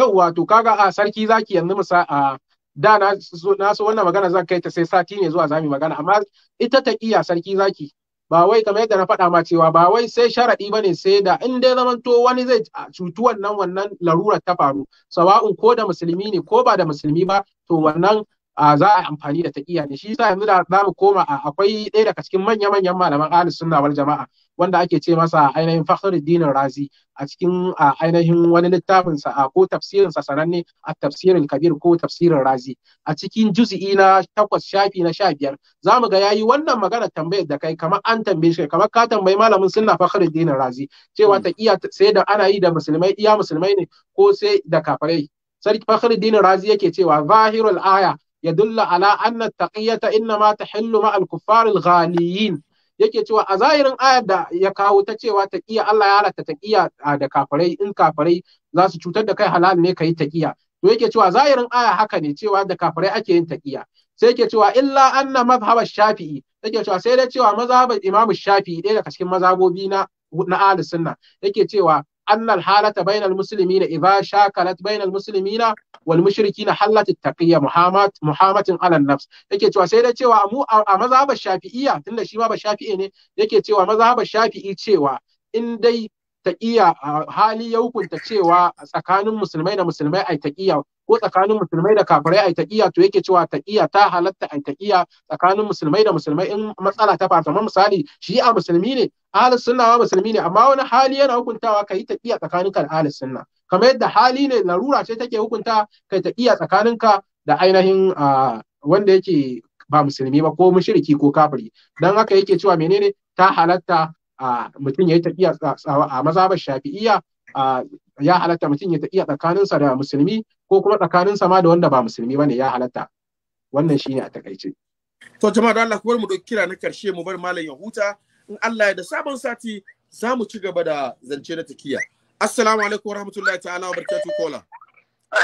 yau wato kaga a sarki zaki yanzu musa a da na so na so wannan magana zan kai ta sai sati ne zuwa zamu magana amma ita ta kiya sarki zaki ba wai kamar yadda na faɗa ma cewa ba wai sai sharaɗi bane sai da in dai zamanto wani zai cutu wannan wannan larurar ta faru sawa'un ko da musulmi ne ko ba da musulmi ba to wannan a za a yi amfani da taqiya ne shi yasa yanzu da za mu koma akwai ɗaya daga cikin manya manyan malaman ahlus sunna wal jama'a wanda ake ce masa ainihin Fakhruddin Razi a cikin ainihin wani littafin sa ko tafsirin sa sananne a tafsirin Kabir ko tafsirin Razi a cikin juz'i na takwas shafi na sha biyar za mu ga yayi wannan magana tambayar da kai kamar an tambaye shi kamar ka tambayi malamin sunna Fakhruddin Razi cewa hmm. taqiya sai da ana yi da musulmai iya musulmai ne ko sai da kafirai sarki Fakhruddin Razi yake cewa zahirul aya يدل على أن التقية إنما تحل مع الكفار الغاليين yake cewa a zahirin ayar da ya kawo ta cewa taqiya Allah ya halatta taqiya da kafirai in kafirai za su cutar da kai halal ne ka kai taqiya to yake cewa zahirin aya haka ne cewa da kafirai ake yin taqiya sai yake cewa illa anna mazhabar shafi'i yake cewa sai dai cewa mazhabar imam shafi'i ɗaya daga cikin mazhabobi na na ahli sunna yake cewa annal halata bainal muslimina idza shakalat bainal muslimina wal mushrikina halat taqiyya muhammat muhammatin ala nafs yake cewa sai dai cewa mu a mazhabar shafi'iyya tunda shi ba shafi'i ne yake cewa shafi'i cewa in dai taƙiya hali ya hukunta cewa tsakanin musulmai da musulmai a taƙiya ko tsakanin musulmai da kafirai a taƙiya to yake cewa taƙiya ta halatta a taƙiya tsakanin musulmai da musulmai in matsala ta faru kamar misali shi a musulmi ne ahli sunna wa musulmi ne amma wani hali yana hukuntawa ka yi taƙiya tsakaninka da ahli sunna kamar yadda hali ne larura ce take hukunta kai taƙiya ka da ainihin wanda yake ba musulmi ba ko mushriki ko kafiri dan haka yake cewa menene ta halatta mutum ya yi tafiya a mazhabar shafi'iyya ya halatta mutum ya tafiya tsakaninsa da musulmi ko kuma tsakaninsa ma da wanda ba musulmi bane ya halatta wannan shine a takaice to jama'a da Allah kuma bar mu dauki kira na karshe mu bar malam ya huta in Allah ya da sabon sati za mu ci gaba da zance na takiya assalamu alaikum wa rahmatullahi ta'ala wa barakatuh kola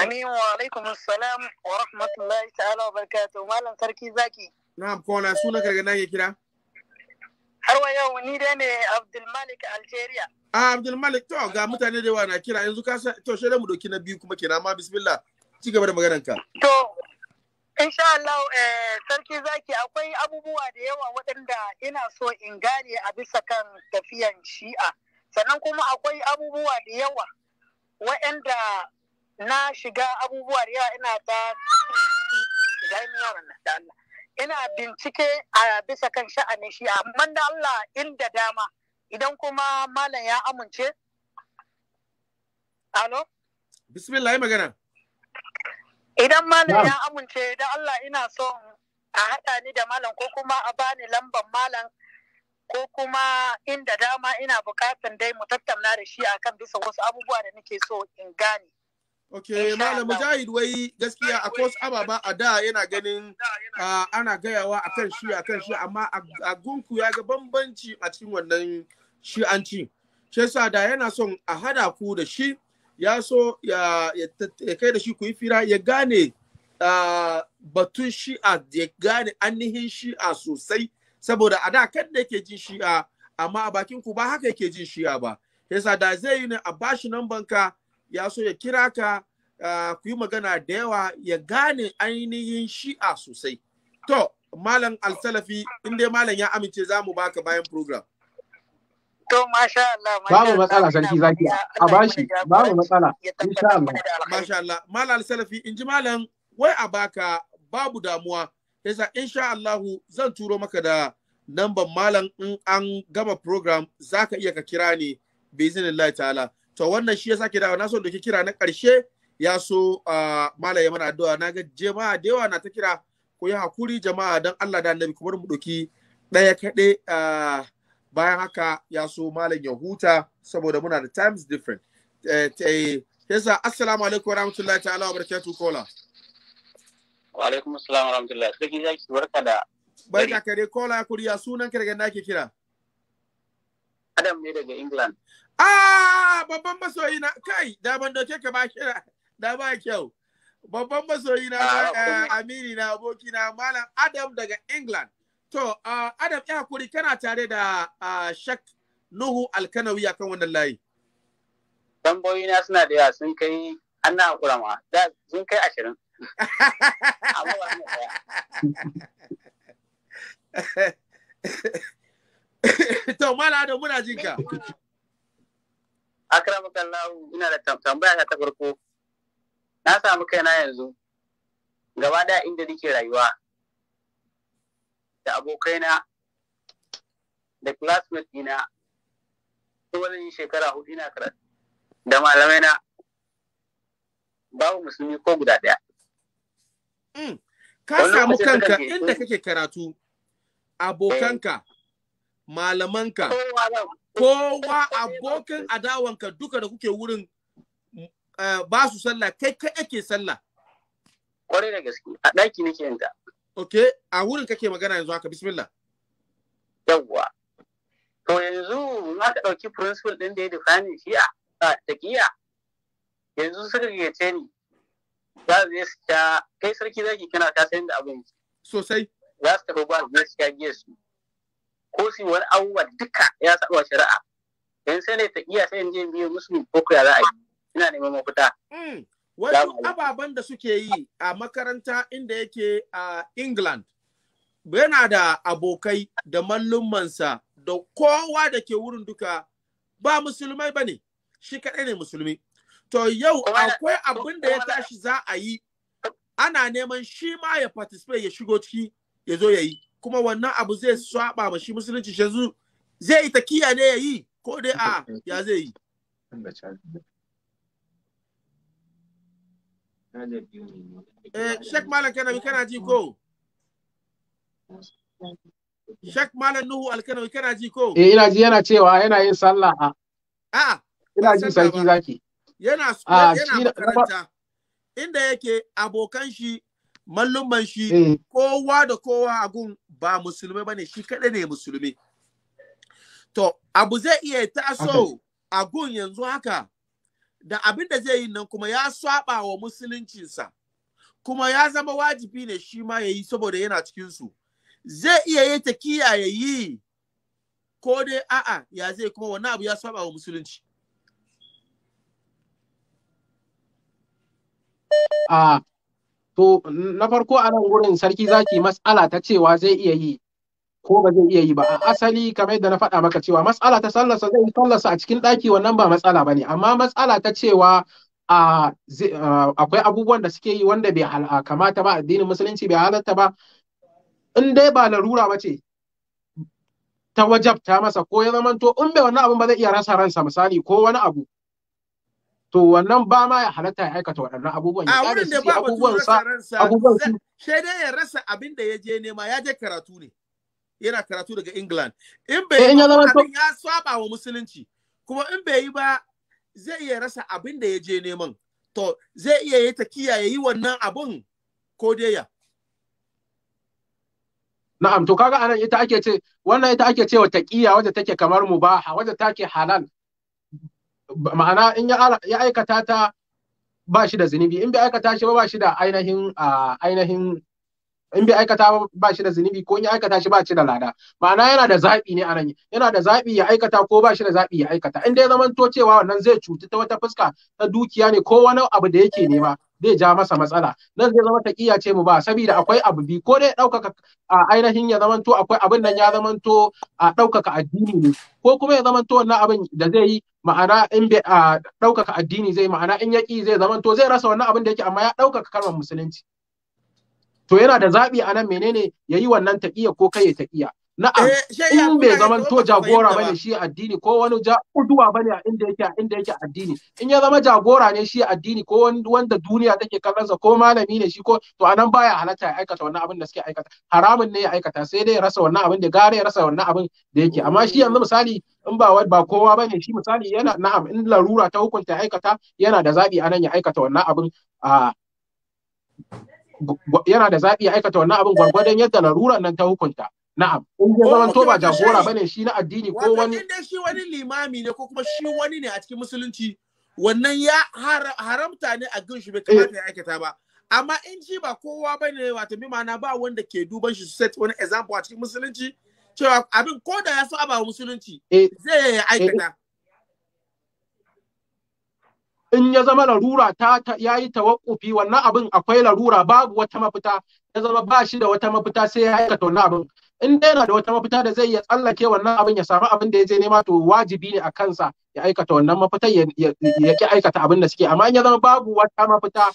amin wa alaikum assalam wa rahmatullahi ta'ala wa barakatuh malam sarki zaki na'am kola sunan gargana ya kira Har wa yau ni dai ne Abdulmalik Algeria. A ah, Abdulmalik to ga mutane da yawa na kira yanzu ka to shi mu doki na biyu kuma kira ma bismillah ci gaba da maganar ka. To insha Allah eh, sarki zaki akwai abubuwa da yawa waɗanda ina so in gane a bisa kan tafiyan shi'a. Sannan kuma akwai abubuwa da yawa waɗanda na shiga abubuwa da yawa ina ta zai yaran da Allah. ina bincike a bisa kan sha'anin shi amma da Allah inda dama idan kuma malam ya amince alo bismillah yi magana idan malam ya amince da Allah ina so a haɗa ni da malam ko kuma a bani lambar malam ko kuma inda dama ina bukatan dai mu tattauna da shi akan bisa wasu abubuwa da nake so in gane Ok, Malam Mujahid wai gaskiya a kos ababa a da yana ganin ana gayawa a kan shi a kan shi amma a gunku ya ga bambanci a cikin wannan shi shi'anci. Shi yasa da yana son a hada ku da shi ya so ya kai da shi ku yi fira ya gane batun shi'a ya gane ainihin shi'a sosai saboda a da kan da yake jin shi'a amma a bakin ku ba haka yake jin shi'a ba. Yasa da zai yi ne a bashi nan banka ya so ya kira ka ku yi magana da yawa ya gane ainihin shi'a sosai to malam al-salafi inda malam ya amince za mu baka bayan program to masha Allah babu matsala sarki zaki a bashi babu matsala insha Allah masha Allah malam al-salafi in ji malam wai a baka babu damuwa yasa insha Allah zan turo maka da namban malam in an gama program za ka iya ka kira ni bi izinillahi ta'ala to wannan shi ya sake dawa na son doki kira na ƙarshe ya so mala ya mana addu'a na ga jama'a da yawa na ta kira ku yi hakuri jama'a don Allah da annabi kuma mu doki ɗaya kaɗe bayan haka ya so malam ya huta saboda muna da times different eh, eh, yasa assalamu alaikum warahmatullahi ta'ala wa barakatuh kola wa alaikum assalam warahmatullahi sarki zaki barka da barka kare kola kuriya sunan ka daga ke kira adam ne daga england Ah, babban masoyi na kai, da ban doke ka ba kira, da ba kyau. Babban masoyi na ah, eh, amini na aboki na Malam Adam daga England. To, ah, Adam ya hakuri kana tare da ah, Shak Nuhu Alkanawi akan wannan layi. Tamboyi na suna da yawa sun kai an na hakura ma, da sun kai ashirin. *laughs* to, Malam Adam muna jinka. akramaka Allah ina da tambaya ta farko na samu kaina yanzu gaba da inda nake rayuwa da abokaina da classmate dina tsawon wani shekara hudu ina karatu da malamai na babu musulmi ko guda daya mm. ka samu kanka inda kake karatu abokanka malamanka eh, kowa abokin adawanka duka da kuke wurin eh, ba su sallah kai kai ake sallah kwarai da gaske a ɗaki nake yanda Ok, okay a wurin kake magana yanzu haka bismillah yawwa to yanzu na ka ɗauki principal ɗin da ya define shi a taƙiya yanzu suka gayyace ni za su je su ta kai sarki zaki kana ka san da abin sosai za su tafi ba su je su ta su ko su wani abubuwa duka ya saba shari'a in sai ne ta iya sai in je biyo musu ko kuya za a yi ina neman mafita hmm. wasu ababen da suke yi a makaranta inda yake a England yana da abokai da mallumansa da kowa da ke wurin duka ba musulmai ba ne shi kaɗai ne musulmi to yau akwai abin da ya tashi za a yi ana neman shi ma ya participate ya shigo ciki ya zo ya yi kuma wannan abu zai swaba ma shi musulunci yanzu zai yi takiya ne ya yi ko dai a ya zai yi Eh, Sheikh Malam Kanawi kana ji ko? Sheikh Malam Nuhu Alkanawi kana ji ko? Eh, ina ji yana cewa yana yin sallah a. A. Ina ji sarki zaki. Yana ah, yana makaranta. Inda yake abokan shi mallumman shi eh. kowa da kowa a gun ba musulmi bane shi kaɗai ne musulmi to abu zai iya taso a gun yanzu haka da abin da zai yi nan kuma ya saba wa musuluncinsa kuma ya zama wajibi ne shi ma ya yi saboda yana cikinsu zai iya yi ta kiyaye yi ko dai a'a ya zai kuma wani abu ya saba wa musulunci a ah, To na farko a nan wurin sarki zaki matsala ta cewa zai iya yi ko ba zai iya yi ba a asali kamar yadda na faɗa maka cewa matsala ta sallarsa zai yi sallarsa a cikin ɗaki wannan ba matsala bane amma matsala ta cewa akwai abubuwan da suke yi wanda bai kamata ba addinin musulunci bai halatta ba in dai ba larura ba ce ta wajabta masa ko ya zamanto in bai wannan abin ba zai iya rasa ransa misali ko wani abu to wannan ba ma ya halatta ya aikata waɗannan abubuwan ya kare shi abubuwan sa abubuwan su sai dai ya rasa abin da ya je nema ya je karatu ne yana karatu daga England in bai eh, yi ba ya saba wa musulunci kuma in bai yi ba zai iya rasa abin da ya je neman to zai iya yi ta kiyaye yi wannan abun ko dai ya Na'am to kaga anan ita ake ce wannan ita ake cewa taqiya wadda take kamar mubaha wadda take halal ma'ana in ya aikata ta ba shi da zunubi in bai aikata shi ba ba shi da ainihin ainihin in bai aikata ba shi da zunubi ko in ya aikata shi ba shi da lada ma'ana yana da zaɓi ne a nan yana da zaɓi ya aikata ko ba shi da zaɓi ya aikata in dai zamanto cewa wannan zai cutu ta wata fuska ta dukiya ne ko wani abu da yake nema zai ja masa matsala nan zai zama taƙiya ce mu ba saboda akwai abu bi ko dai ɗaukaka a ainihin ya zamanto akwai abin nan ya zamanto a ɗaukaka addini ne ko kuma ya zamanto wannan abin da zai yi ma'ana in bai a ɗaukaka addini zai ma'ana in yaƙi zai zamanto zai rasa wannan abin da yake amma ya ɗaukaka kalmar musulunci to yana da zaɓi a nan menene ya yi wannan taƙiya ko kai ya taƙiya Na'am, eh, in bai zaman to jagora bane shi addini ko wani ja kuduwa bane a inda yake inda yake addini. In ya zama jagora ne shi addini ko wanda duniya take kallonsa ko malami ne shi ko to anan baya halatta ya aikata wannan abin da suke aikata. Haramun ne ya aikata sai dai ya rasa wannan abin da gare ya rasa wannan abin da yake. Amma shi yanzu misali in ba ba kowa bane shi misali yana na'am in larura ta hukunta ya aikata yana da zabi anan ya aikata wannan abin a yana da zaɓi ya aikata wannan abin gwargwadon yadda laruran nan ta hukunta Na'am, in ya zama to ba jagora bane shi na addini ko wani Wanda shi wani limami ne ko kuma shi wani ne a cikin musulunci wannan ya haramta ne a gun shi bai kamata ya eh. aikata ba. Amma in ji ba kowa bane wato bi ma'ana ba wanda ke duban shi set wani example a cikin musulunci cewa abin ko da ya so wa musulunci eh. zai ya aikata. in ya zama larura ta, ta ya yi tawakufi, wannan abin akwai larura babu wata mafita ya zama ba shi da wata mafita sai ya aikata wannan abin in dai yana da wata mafita da zai ya tsallake wannan abin ya samu abin da ya je nema to wajibi ne a kansa ya aikata wannan mafitar ya ki aikata abin da suke amma in ya zama babu wata mafita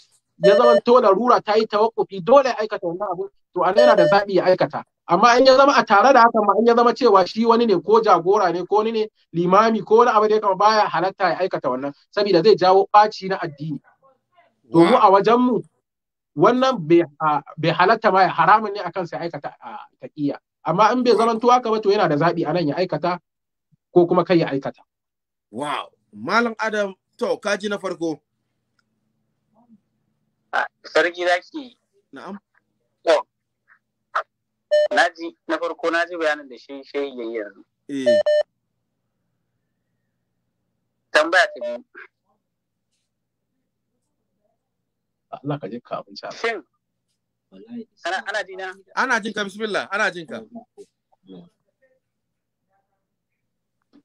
ya zama to larura ta yi tawakkufi dole ya aikata wannan abin to an yana da zaɓi ya aikata amma in ya zama a tare da haka ma in ya zama cewa shi wani ne ko jagora ne ko wani ne limami ko wani abu da ya kama baya halatta ya aikata wannan saboda zai jawo ɓaci na addini domin a wajen wannan bai halatta ma ya haramun ne a kansa ya aikata a taƙiyya amma in bai zaman tuwa ba to yana da zaɓi a nan ya aikata ko kuma kai ya aikata. Wow, Malam Adam, to kaji na farko. Ah, sarki zaki. Na'am. To, naji na farko naji bayanin da shi shi yayi yanzu. Eh. Tambaya ta biyu. Allah ka je ka abinci. Shin Ana jinka bismillah, ana jinka.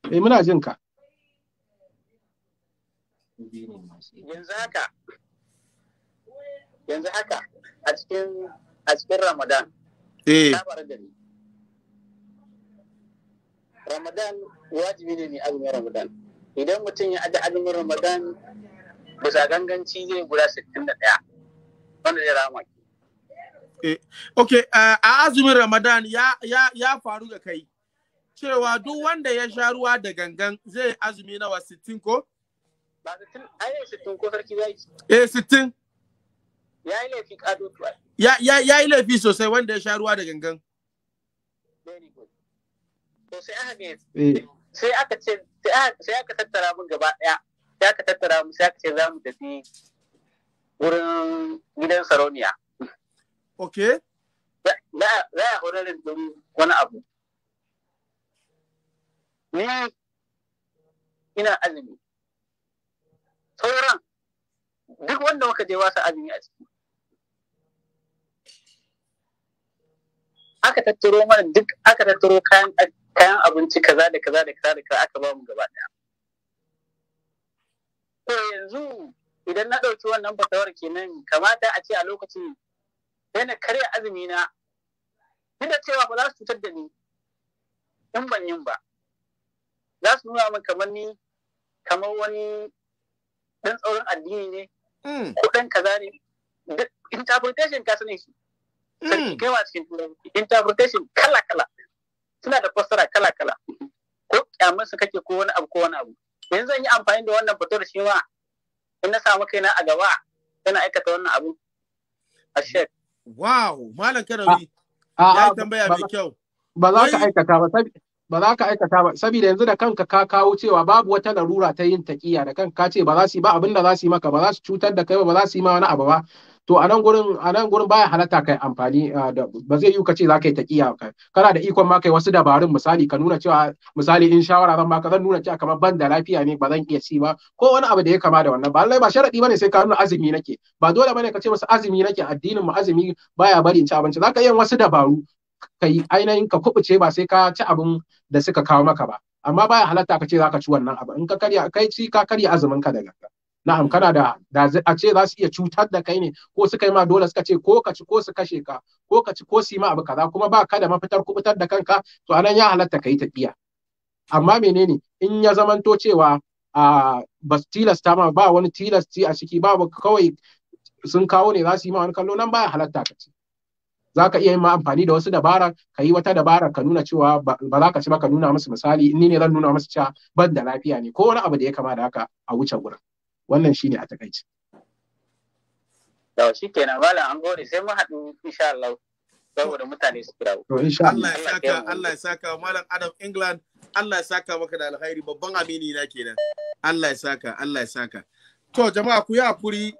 Eh, yanzu haka. Ramadan. Eh. Ramadan wajibi ne ne azumin Ramadan. Idan mutum ya aji azumin Ramadan bisa ganganci zai guda 61 wanda zai rama Eh, ok eh, a azumin ramadan ya faru ga kai cewa duk wanda ya sha ruwa da gangan zai azumi nawa sittin ko? ba sittin ayyar sittin ko sarki zai eh sittin ya yi laifi sosai wanda ya sha ruwa da gangan eh. sai aka ce sai aka tattara mun gaba daya sai aka tattara mu sai aka ce za mu tafi wurin gidan sarauniya ok za a horarin ɗin wani abu ni ina azumi sauran duk wanda muka je wasa azumi a ciki aka tattaro mana duk aka tattaro kayan kayan abinci kaza da kaza da kaza da kaza aka ba mu gaba daya to yanzu idan na ɗauki wannan fatawar kenan kamata a ce a lokacin sai na karya azumi na duk da cewa ba za su cutar da ni in ban yin ba za su nuna min kamar ni kamar wani dan tsaurin addini ne mm. ko dan kaza ne interpretation ka sani shi sarki mm. kai ma cikin turanci interpretation kala kala suna da fassara kala kala ko kyamar su kake ko wani abu ko wani abu yanzu zan yi amfani da wannan fitar shi ma in na samu kaina a gaba yana aikata wannan abu a shek wow malam karawi ah, ah, ya yi ah, tambaya mai kyau ba za ka aikata ba ba za ka aikata ba saboda yanzu da kanka ka kawo cewa babu wata larura ta yin taƙiya da kanka ka ce ba za su yi ba abin da za su yi maka ba za su cutar da kai ba ba za su yi ma wani abu ba to a nan gurin a nan gurin baya halatta kai amfani ah, da ba zai yi kace ce ka yi taqiya kana da ikon ma kai wasu dabarun misali ka nuna cewa misali in shawara zan baka zan nuna cewa kamar ban da lafiya ne ba zan iya ci ba ko wani abu da ya kama da wannan ba lallai ba sharadi bane sai ka nuna azumi nake ba dole bane ka ce musu azumi nake addinin mu azumi baya bari in ci abinci zaka yi wasu dabaru kai ainihin ka kubuce ba sai ka ci abin da suka kawo maka ba amma baya halatta ka ce zaka ci wannan abu in ka karya kai ci ka karya azumin ka da gangan na'am kana da da a ce za su iya cutar da kai ne ko suka yi ma dole suka ce ko ka ci ko su kashe ka ko ka ci ko su yi ma abu kaza kuma ba ka da mafitar kubutar da kanka to anan ya halatta ka yi tafiya amma menene in ya zamanto cewa a ba su tilasta ma ba wani tilasti a ciki ba kawai sun kawo ne za su yi ma wani kallo nan ba halatta ka ci za ka iya yin ma amfani da wasu dabara ka yi wata dabara ka nuna cewa ba za ka ci ba ka nuna musu misali in ni ne zan nuna musu cewa ban da lafiya ne ko wani abu da ya kama da haka a wuce gurin wannan shine a takaice to kenan malam an gode sai mu haɗu insha Allah saboda mutane su kirawo to insha Allah ya saka Allah ya saka malam Adam England Allah ya saka maka da alkhairi babban amini na kenan Allah ya saka Allah ya saka to jama'a ku yi hakuri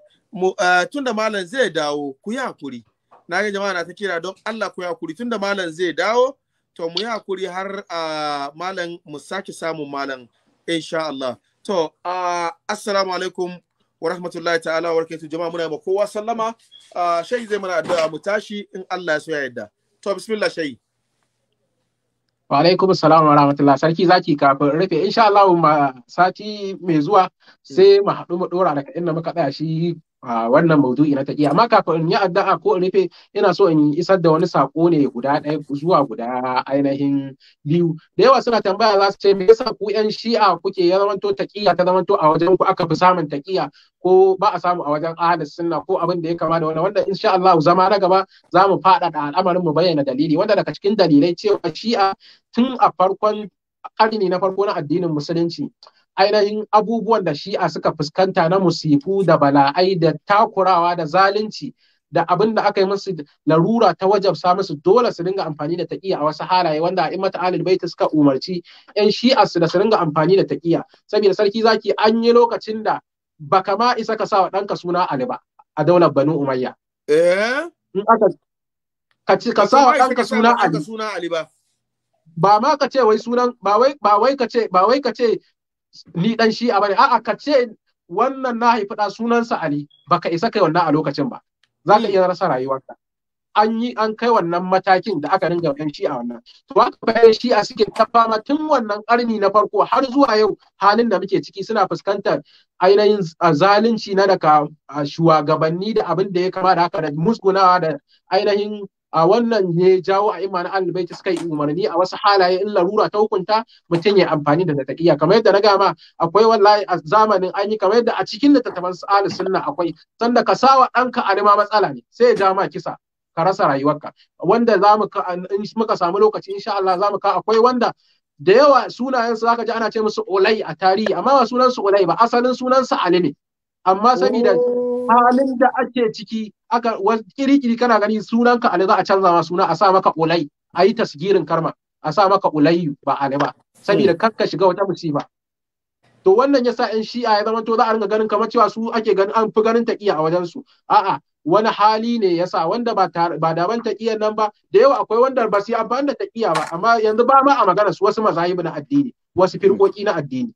eh, tunda malam zai dawo ku yi hakuri na ga jama'a na ta kira don Allah ku yi hakuri tunda malam zai dawo to mu yi hakuri har eh, malam mu sake samun malam insha Allah To, uh, assalamu alaikum wa rahmatullahi ta'ala wa barakatuh jama'a muna ma kowa sallama uh, shayi zai mana addu'a mu tashi in Allah ya so ya yadda To bismillah shayi. Wa alaikum salam wa rahmatullah sarki zaki kafin rufe insha Allah ma sati mai zuwa hmm. sai mu haɗu mu dora daga inda muka tsaya shi a wannan maudu'i na taƙiya amma kafin in yi addu'a ko in rufe ina so in isar da wani sako ne guda ɗaya zuwa guda ainihin biyu da yawa suna tambaya za su ce me yasa ku yan shi'a kuke ya zamanto taƙiya ta zamanto a wajen ku aka fi samun taƙiya ko ba a samu a wajen ahli sunna ko abin da ya kama da wannan wanda insha Allah zama na gaba za mu faɗaɗa al'amarin mu bayyana dalili wanda daga cikin dalilai cewa shi'a tun a farkon ƙarni na farko na addinin musulunci ainihin abubuwan da shi'a suka fuskanta na musifu da bala'ai da takurawa da zalunci da abin da aka yi musu larura ta sa musu dole su dinga amfani da taqiya a wasu halaye wanda a imata alil bait suka umarci yan shi'a su da su dinga amfani da taqiya saboda sarki zaki an yi lokacin da baka ma isa ka sawa ɗanka suna Ali ba a daular Banu Umayya eh in aka ka ci ka sawa ɗanka suna Ali ba ba ma ka ce wai sunan ba wai ba wai ka ce ba wai ka ce ni dan shi a bane a'a ka ce wannan na haifi da sunansa Ali baka isa kai wannan a lokacin ba za ka iya rasa rayuwarka an yi an kai wannan matakin da aka ringa dan shi a wannan to haka shi a suke ta tun wannan karni na farko har zuwa yau halin da muke ciki suna fuskantar ainihin zalunci na daga shugabanni da abin da ya kama da haka da musgunawa da ainihin a wannan ne jawo a imanin albaiti suka yi umarni a wasu halaye in larura ta hukunta mutum ya amfani da taqiya kamar yadda na gama akwai wallahi a zamanin an yi kamar yadda a cikin littattafan ahlus sunna akwai sanda ka sawa ɗanka a arima matsala ne sai ya ja ma kisa ka rasa rayuwarka wanda za mu muka samu lokaci insha Allah za mu ka akwai wanda da yawa sunayensu ka ji ana ce musu ulai a tarihi amma ba sunan su ulai ba asalin sunan ali ne amma saboda oh. halin da ake ciki aka kiri-kiri kana gani sunanka ali za a canza ma suna a sa maka ulai a yi tasgirin karma a sa maka ulayyu ba ali ba saboda hmm. kar ka shiga wata musiba to wannan yasa yan shi'a ya zama to za a ringa ganin kamar cewa su ake ganin an fi ganin taqiya a wajen su a'a wani hali ne yasa wanda ba ba daban taqiyan nan ba da yawa akwai wanda ba su yi amfani da taqiya ba amma yanzu ba ma a magana su wasu mazahibi na addini wasu firkoki na addini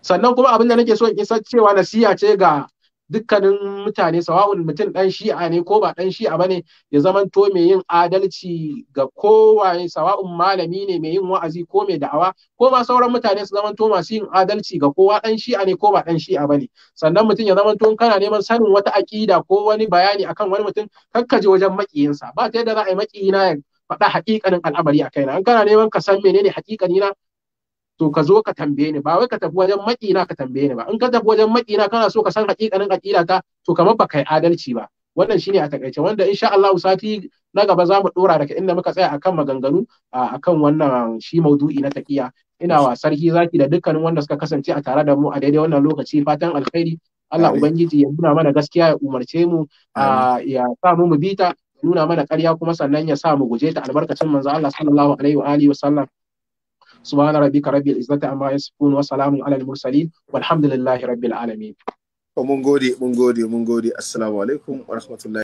sannan kuma abin da nake so in isa cewa nasiha ce ga dukkanin mutane sawa'un mutum ɗan shi'a ne ko ba ɗan shi'a bane ya zamanto mai yin adalci ga kowaye sawa'un malami ne mai yin wa'azi ko mai da'awa ko ma sauran mutane su zamanto masu yin adalci ga kowa ɗan shi'a ne ko ba ɗan shi'a bane sannan mutum ya zamanto in kana neman sanin wata aƙida ko wani bayani akan wani mutum je wajen maƙiyinsa ba ta yadda za a yi maƙiyina ya faɗa haƙiƙanin al'amari a kaina an kana neman ka san menene haƙiƙanina to ka zo ka tambaye ni ba wai ka tafi wajen maƙina ka tambaye ni ba in ka tafi wajen maƙina kana so ka san haƙiƙanin aƙida ta to kamar ba yi adalci ba wannan shine a takaice wanda insha Allah sati na gaba za mu dora daga inda muka tsaya akan maganganu akan wannan shi maudu'i na taqiya ina wa sarki zaki da dukkanin wanda suka kasance a tare da mu a daidai wannan lokaci fatan alkhairi Allah ubangiji ya nuna mana gaskiya ya umarce mu ya sa mu mu bita nuna mana ƙarya kuma sannan ya sa mu guje ta albarkacin manzo Allah sallallahu alaihi wa alihi wa subhana rabbika rabbil izzati amma yasifun wa salamun alal mursalin walhamdulillahi rabbil alamin oh, mun gode mun gode mun gode assalamu alaikum wa rahmatullahi